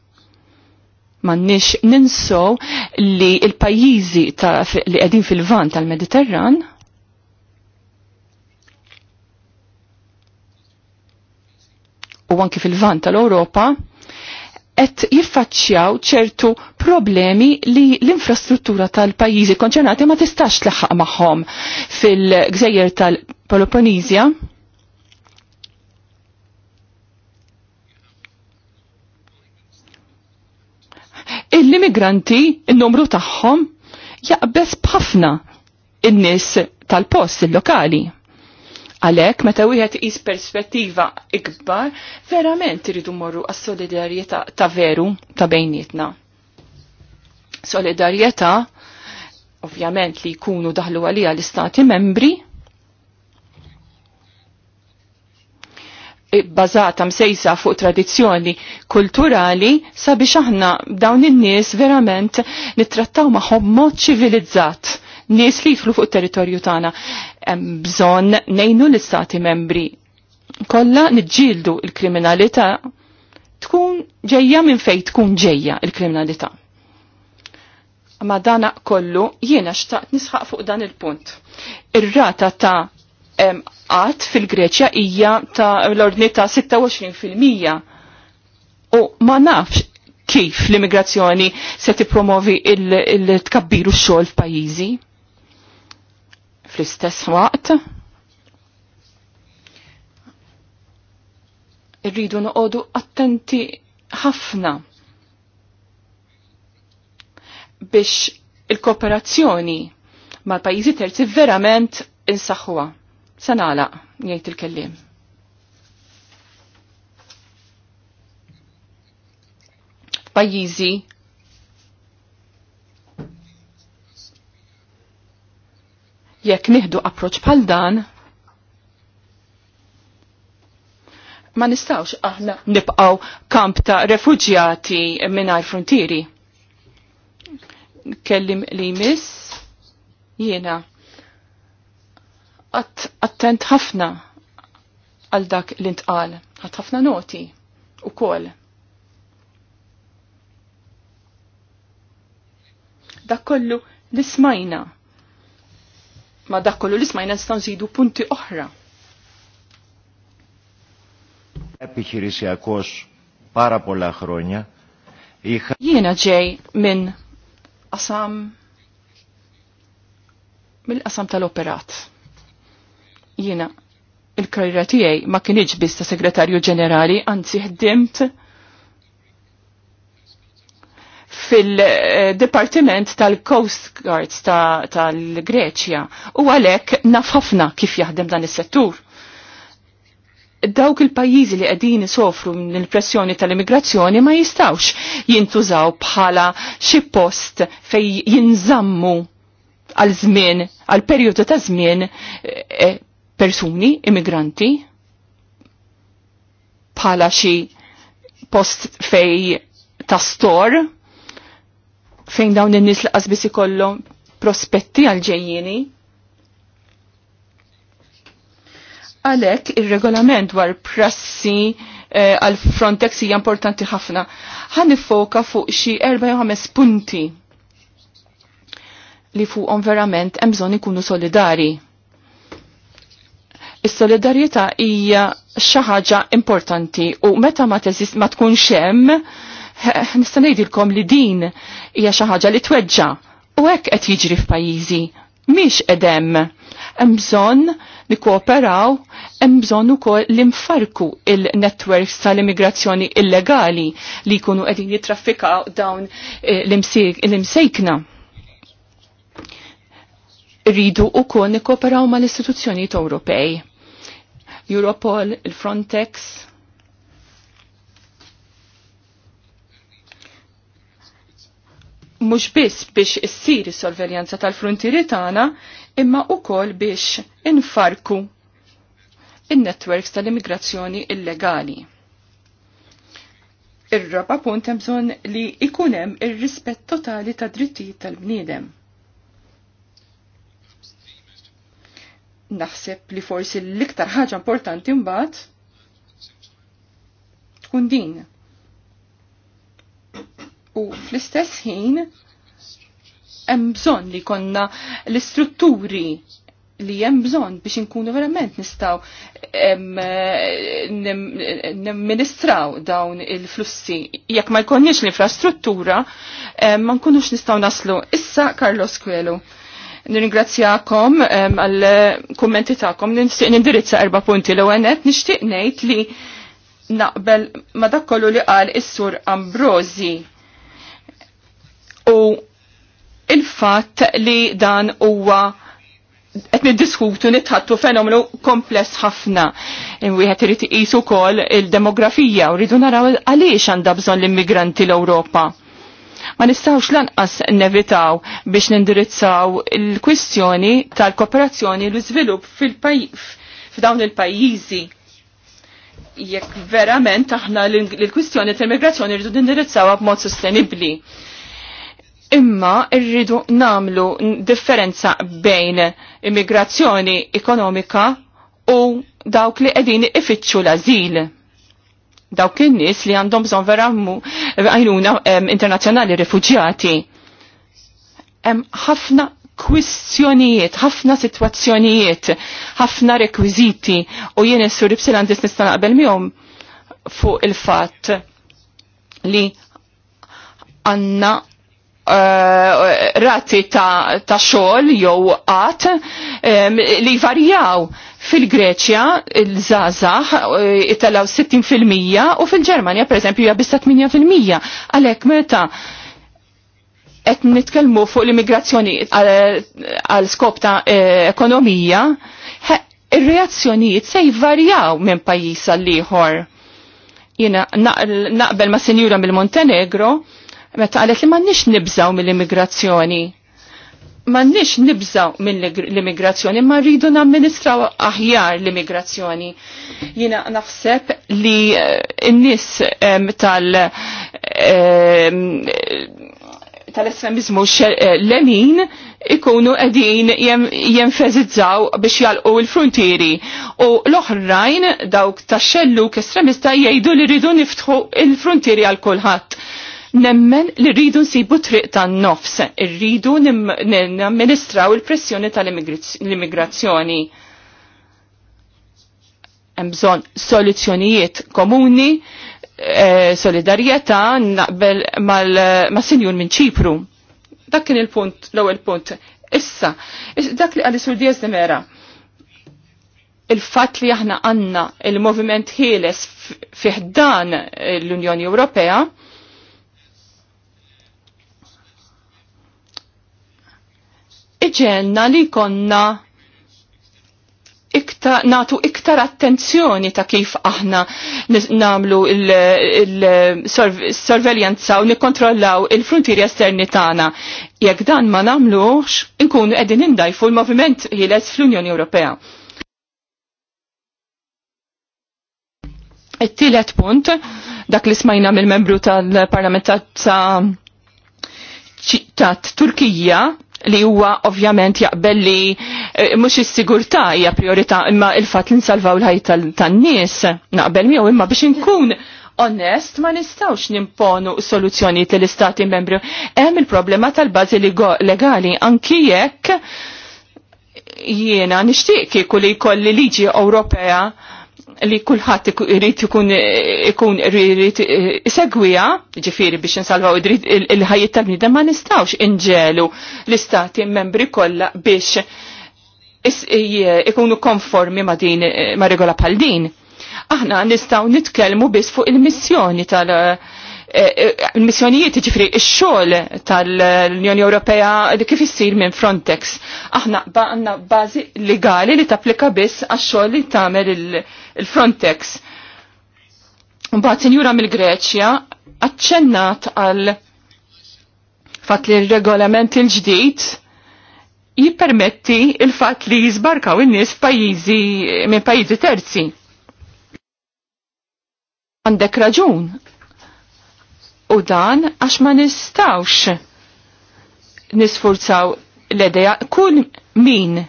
Mannix ninsow li il-pajjiżi li qegħdin fil-van tal-Mediterran u anki fil-van tal-Ewropa qed jiffaċċjaw ċertu problemi li l-infrastruttura tal-pajjiżi konċernati ma tistax tlaħħaq magħhom fil-gżejjer tal-Peloponizja l-immigranti, il-numru tagħhom jaqbess b'ħafna in-nies tal-post il-lokali. Għalek, meta wieħed is perspettiva ikbar, verament iridu morru għas solidarjetà ta' veru ta' bejnietna. Solidarjetà, ovvjament li jkunu daħlu għalija l-istati membri, bbażata msejsa fuq tradizzjoni kulturali sabiex aħna dawn in-nies verament nittrattaw magħhom mod ċivilizzat nies li jidħlu fuq territorju tagħna hemm bżonn ngħinu l-istati membri kollha niġġieldu l-kriminalità tkun ġejja minn fejn tkun ġejja l-kriminalità. Ma dana kollu jiena xtaqt nisħaq fuq dan il-punt. Ir-rata ta' għat fil-Greċja hija ta' l-ordni ta' 26%. U ma nafx kif l-immigrazzjoni se tippromovi il-tkabbir u xogħol f'pajjiżi. Fl-istess waqt, irridu noqogħdu attenti ħafna biex il-kooperazzjoni mal-pajjiżi terzi verament insaħħuha Sanala, jgħid il-kellim. Pajjiżi jekk nieħdu approċ bħal dan, ma nistawx aħna nibqaw kamp ta' refugjati mingħajr frontieri. Kellim li miss jiena attent ħafna għal dak li ntqal, ħat ħafna noti u kol. Dak kollu l-ismajna. Ma dak kollu l-ismajna nistaw nżidu punti oħra. Επιχειρησιακός πάρα para pola ħronja. Jiena ġej minn qasam mill-qasam tal-operat Jiena il-karriera tiegħi ma kienx biss ta' segretarju ġenerali, anzi ħdimt fil-Departiment tal-Coast Guards tal-Greċja u għalhekk naf ħafna kif jaħdem dan is-settur. Dawk il-pajjiżi li qegħdin isofru il pressjoni tal-immigrazzjoni ma jistawx jintużaw bħala xi post fej jinżammu għal żmien, għal perjodu ta' żmien eh, persuni, immigranti, bħala xi post fej ta' stor, fejn dawn in-nies laqas biss ikollhom prospetti għal ġejjieni. Għalhekk ir-regolament dwar prassi eh, għal eh, Frontex hija importanti ħafna. Ħan nifoka fuq xi erba' jew ħames punti li fuqhom verament hemm bżonn ikunu solidari Is-solidarjetà hija xi ħaġa importanti u meta ma teżist ma tkunx hemm nista' ngħidilkom li din hija xi ħaġa li tweġġa u hekk qed jiġri f'pajjiżi mhix qed Hemm bżonn nikkooperaw, hemm bżonn ukoll li nfarku il-networks tal-immigrazzjoni illegali li jkunu qegħdin jitraffikaw dawn eh, l-imsejkna. Ridu ukoll nikkooperaw mal-istituzzjonijiet Ewropej Europol, il-Frontex. Mhux biss biex issir is-sorveljanza tal frontiri tagħna, imma wkoll biex infarku in-networks tal-immigrazzjoni illegali. Ir-raba punt hemm bżonn li ikun hemm ir-rispett totali tad drittijiet tal-bniedem. naħseb li forsi l-iktar ħaġa importanti mbagħad tkun din. U fl-istess ħin hemm bżonn li konna l-istrutturi li hemm bżonn biex inkunu verament nistgħu nimministraw dawn il-flussi. Jekk ma jkollniex l-infrastruttura, ma nkunux nistgħu naslu. Issa Carlos Kwelu. Nirringrazzjakom għal kummenti tagħkom ninstiq nindirizza erba punti l-ewwel net nixtieq ngħid li naqbel ma dak kollu li qal is-sur Ambrosi. U il-fatt li dan huwa qed niddiskutu nitħattu fenomenu kompless ħafna. Wieħed irid iqisu wkoll il-demografija u rridu naraw għaliex għandha bżonn l-immigranti l-Ewropa Ma nistawx lanqas nevitaw biex nindirizzaw il-kwistjoni tal-kooperazzjoni l iżvilupp f'dawn il-pajjiżi. Jekk verament aħna l-kwistjoni tal immigrazzjoni rridu nindirizzawha b'mod sostenibbli. Imma rridu namlu differenza bejn immigrazzjoni ekonomika u dawk li qegħdin ifittxu l-azil dawk in-nies li għandhom bżonn vera għajnuna internazzjonali rifuġjati. Hemm ħafna kwistjonijiet, ħafna sitwazzjonijiet, ħafna rekwiżiti u jien issu sur għandis nista' naqbel miegħu fuq il-fatt li għanna eh, rati ta', xogħol jew qatt li varjaw Fil-Greċja il-żazax eh, italaw 60% u fil-Ġermanja per hija bista 8%. Għalhekk meta qed nitkellmu fuq l-immigrazzjoni għal skop ta' eh, ekonomija, ir-reazzjonijiet se jvarjaw minn pajjiż għal ieħor. Jiena naqbel ma' senjura mill-Montenegro meta qalet li m'għandniex nibżaw mill-immigrazzjoni mannix nibżaw minn l-immigrazzjoni, ma rridu namministraw aħjar l-immigrazzjoni. Jina naħseb li eh, n-nis tal- tal-estremizmu eh, l-emin ikunu edin jenfezizzaw biex jalqu il-frontieri u l-oħrajn dawk ta' xelluk estremista jgħidu li rridu niftħu il-frontieri għal kulħadd Nemmen li rridu nsibu triq tan-nofs, irridu amministraw il-pressjoni tal-immigrazzjoni. Hemm bżonn soluzzjonijiet komuni, solidarieta eh, solidarjetà naqbel ma' sinjur minn Ċipru. Dak kien il-punt, l-ewwel punt. Issa, dak li għal-Sur Diaz il-fat li aħna għanna il-moviment ħieles fiħdan l-Unjoni Ewropea, iġenna li konna iktar, natu iktar attenzjoni ta' kif aħna namlu il-sorveljanza il, il, u nikontrollaw il-frontieri esterni tagħna. Jekk dan ma namlux, inkunu qegħdin indajfu l-moviment ħieles fl-Unjoni Ewropea. It-tielet punt, dak li smajna mill-membru tal-Parlament ta' ċittat Turkija, li huwa ovvjament jaqbel li eh, mhux is-sigurtà hija priorità imma il-fatt li nsalvaw l ħajt tan-nies naqbel miegħu imma biex inkun onest ma nistawx nimponu soluzzjoni tal-istati membri. Hemm il-problema tal-bażi legali anki jekk jiena nixtieq kieku li jkolli liġi Ewropea li kullħat irid ikun ikun irid eh, isegwija, ġifieri biex insalvaw il-ħajjiet tal-bniedem ma nistgħux inġelu l-istati membri kollha biex ikunu konformi ma din ma regola bħal din. Aħna nistgħu nitkellmu biss fuq il-missjoni tal- uh, il-missjonijiet ġifri il-xol tal-Unjoni Ewropea kif jissir minn Frontex. Aħna għanna bazi legali li tapplika biss għax-xol li tamer il-Frontex. Mbagħad sinjura mill-Greċja aċċennat għal fatt li l-regolament il-ġdid jippermetti il-fatt li jizbarkaw in-nies f'pajjiżi minn pajjiżi terzi. Għandek raġun, U dan għax ma nistawx nisfurzaw l-edeja kull min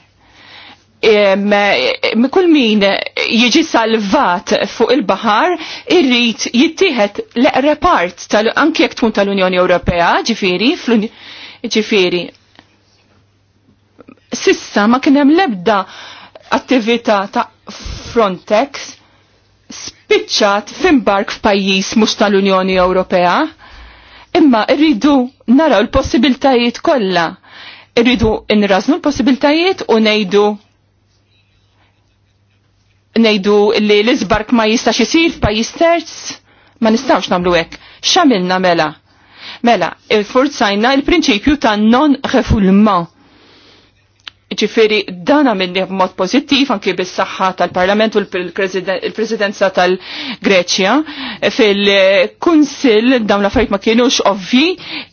kull min jiġi salvat fuq il-bahar irrit jittieħed l part tal anke jekk tkun tal-Unjoni Ewropea, ġifieri, ġifieri. Sissa ma kien hemm l-ebda attività ta' Frontex spiċċat f'imbark f'pajjiż mhux tal-Unjoni Ewropea. Imma rridu naraw l-possibiltajiet kollha. Irridu nraznu l-possibiltajiet u ngħidu ngħidu li l-isbark ma jistax isir f'pajjiż terz ma nistgħux nagħmlu hekk. X'għamilna mela? Mela, il-forzajna il-prinċipju ta' non-refoulement ġifiri dana minni b'mod pozittiv anki bis-saħħa tal-Parlament u l-Presidenza tal-Greċja fil-Kunsil dawn l-affarijiet ma kienux ovvi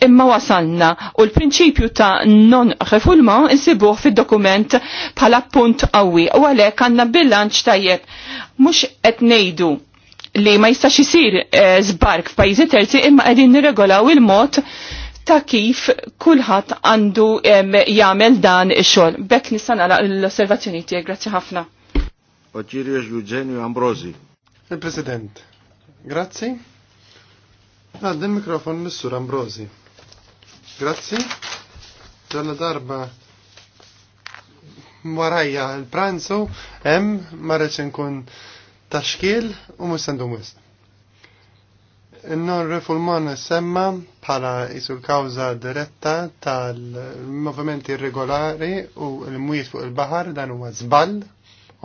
imma wasalna u l-prinċipju ta' non refulma insibuh fid-dokument bħala punt qawwi u għalhekk għandna bilanċ tajjeb mhux qed ngħidu li ma jistax isir eh, zbark f'pajjiżi terzi imma qegħdin nirregolaw il-mod ta' kif kulħadd għandu jagħmel dan ix-xogħol. Bekk nista' nara l-osservazzjoni tiegħek, grazzi ħafna. Oġirjex Eugenio Ambrosi. Il-President, grazzi. Għaddi il-mikrofon mis Ambrosi. Grazzi. Ġalla darba warajja l-pranzo, hemm ma kun taxkil u mhux sandum wisq. Non refulmana semma bħala jisu l-kawza diretta tal-movimenti irregolari u l-mwiet fuq il-bahar dan huwa żball,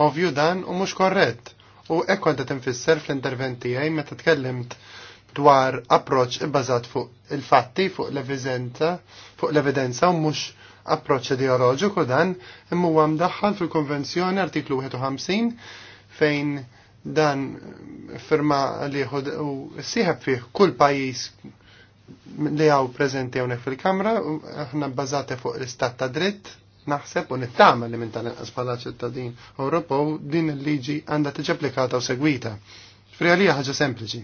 ovju dan u mhux korrett. U ekk għanta tinfisser fl interventi tiegħi meta tkellimt dwar approċ ibbażat fuq il-fatti, fuq l-evidenza, fuq l-evidenza u mhux approċ ideoloġiku dan imma huwa mdaħħal fil-konvenzjoni artiklu 51 fejn dan firma li u siħab fih kull pajjiż li għaw prezenti għonek fil-kamra, aħna bbażati fuq l-istat ta' dritt, naħseb u nittama li minn tal-inqas bħala ċittadin Ewropew din il-liġi għandha tiġi applikata u segwita. Frijalija ħaġa sempliċi.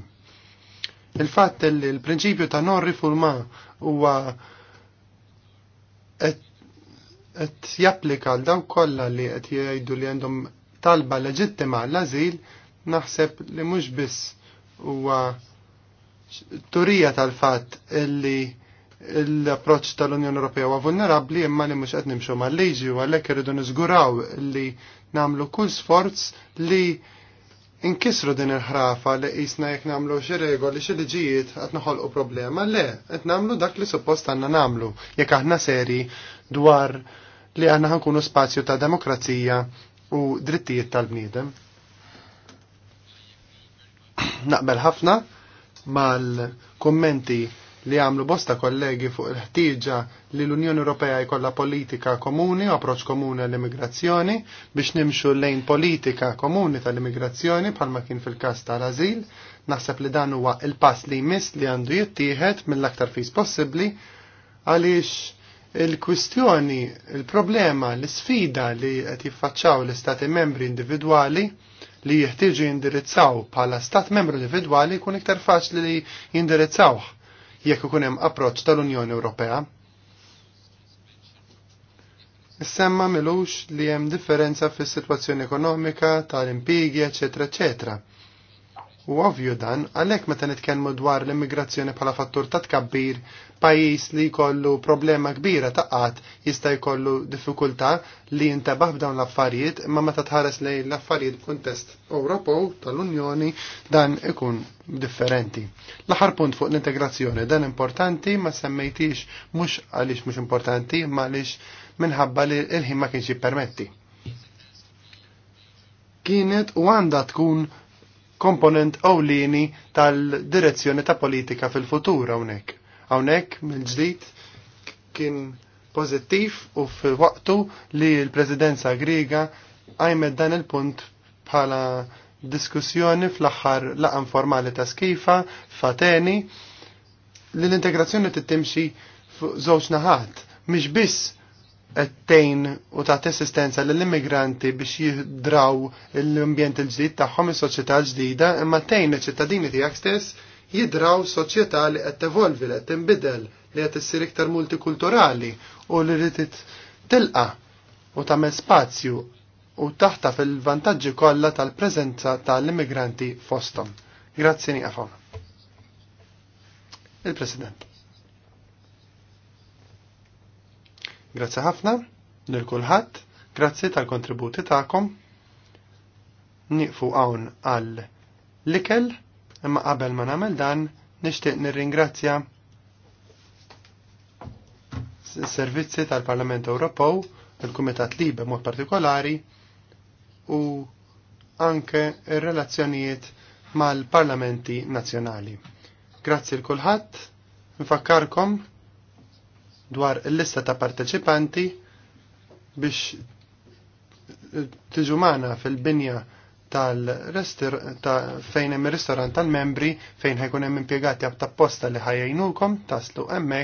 Il-fatt li l-prinċipju ta' non rifulma huwa qed japplika l dawk kollha li qed jgħidu li għandhom talba leġittima għall azil naħseb li mhux biss huwa turija tal-fatt illi l-approċ tal-Unjoni Ewropea huwa vulnerabbli imma li mhux qed nimxu mal-liġi u għalhekk irridu niżguraw li nagħmlu kull sforz li inkisru din il-ħrafa li qisna jekk nagħmlu xi regoli xi liġijiet qed noħolqu problema. Le, qed nagħmlu dak li suppost għandna nagħmlu jekk aħna seri dwar li aħna ħankunu spazju ta' demokrazija u drittijiet tal-bniedem. Naqbel ħafna mal-kommenti li għamlu bosta kollegi fuq il-ħtieġa li l-Unjoni Ewropea jkollha politika komuni u approċ komuni għall-immigrazzjoni biex nimxu lejn politika komuni tal-immigrazzjoni bħalma kien fil-każ tal ażil naħseb li dan huwa il-pass li jmiss li għandu jittieħed mill-aktar fis possibbli għaliex il-kwistjoni, il-problema, l-sfida li qed jiffaċċaw l-istati membri individwali li jihtiġu jindirizzaw bħala stat membru individwali jkun iktar faċli li jindirizzawh jekk ikun hemm approċċ tal-Unjoni Ewropea. Issemma milux li hemm differenza fis-sitwazzjoni ekonomika, tal-impigi, eċetera, eċetera. U ovvju dan, għalhekk meta nitkellmu dwar l-immigrazzjoni bħala fattur ta' tkabbir, pajjiż li jkollu problema kbira ta' qatt jista' jkollu diffikultà li jintabaħ b'dawn l-affarijiet, imma meta tħares lejn l-affarijiet f'kuntest Ewropew tal-Unjoni dan ikun differenti. L-aħħar punt fuq l-integrazzjoni dan importanti ma semmejtix mhux għaliex mhux importanti, ma għaliex minħabba li l-ħin ma kienx jippermetti kienet u għanda tkun komponent ewlieni tal-direzzjoni ta' politika fil-futur hawnhekk. Hawnhekk mill-ġdid kien pożittiv u f'waqtu li l-Presidenza Griega għajmet dan il-punt bħala diskussjoni fl-aħħar laqan formali ta' skifa fateni li l-integrazzjoni tittimxi timxi żewġ naħat, mhix biss tejn u ta' assistenza l-immigranti biex jidraw l-ambjent il-ġdid tagħhom is-soċjetà ġdida, imma tejn iċ-ċittadini tiegħek stess jidraw soċjetà li qed evolvi, li qed tinbidel, li qed issir iktar multikulturali u li rritit tilqa u tagħmel spazju u taħta fil-vantaġġi kollha tal-preżenza tal-immigranti fosthom. Grazzi nieqafhom. Il-President. Grazzi ħafna lil kulħadd, grazzi tal-kontributi tagħkom. Nieqfu hawn għal l-ikel, imma qabel ma nagħmel dan nixtieq nirringrazzja s-servizzi tal-Parlament Ewropew, il-Kumitat Libe mod partikolari u anke ir-relazzjonijiet mal-parlamenti nazzjonali. Grazzi l-kulħadd, nfakkarkom dwar il-lista ta' parteċipanti biex tiġumana fil-binja tal-restir ta' fejn hemm ir-ristorant tal-membri fejn ħajkun hemm impjegati posta li ħajjejnukom taslu hemmhekk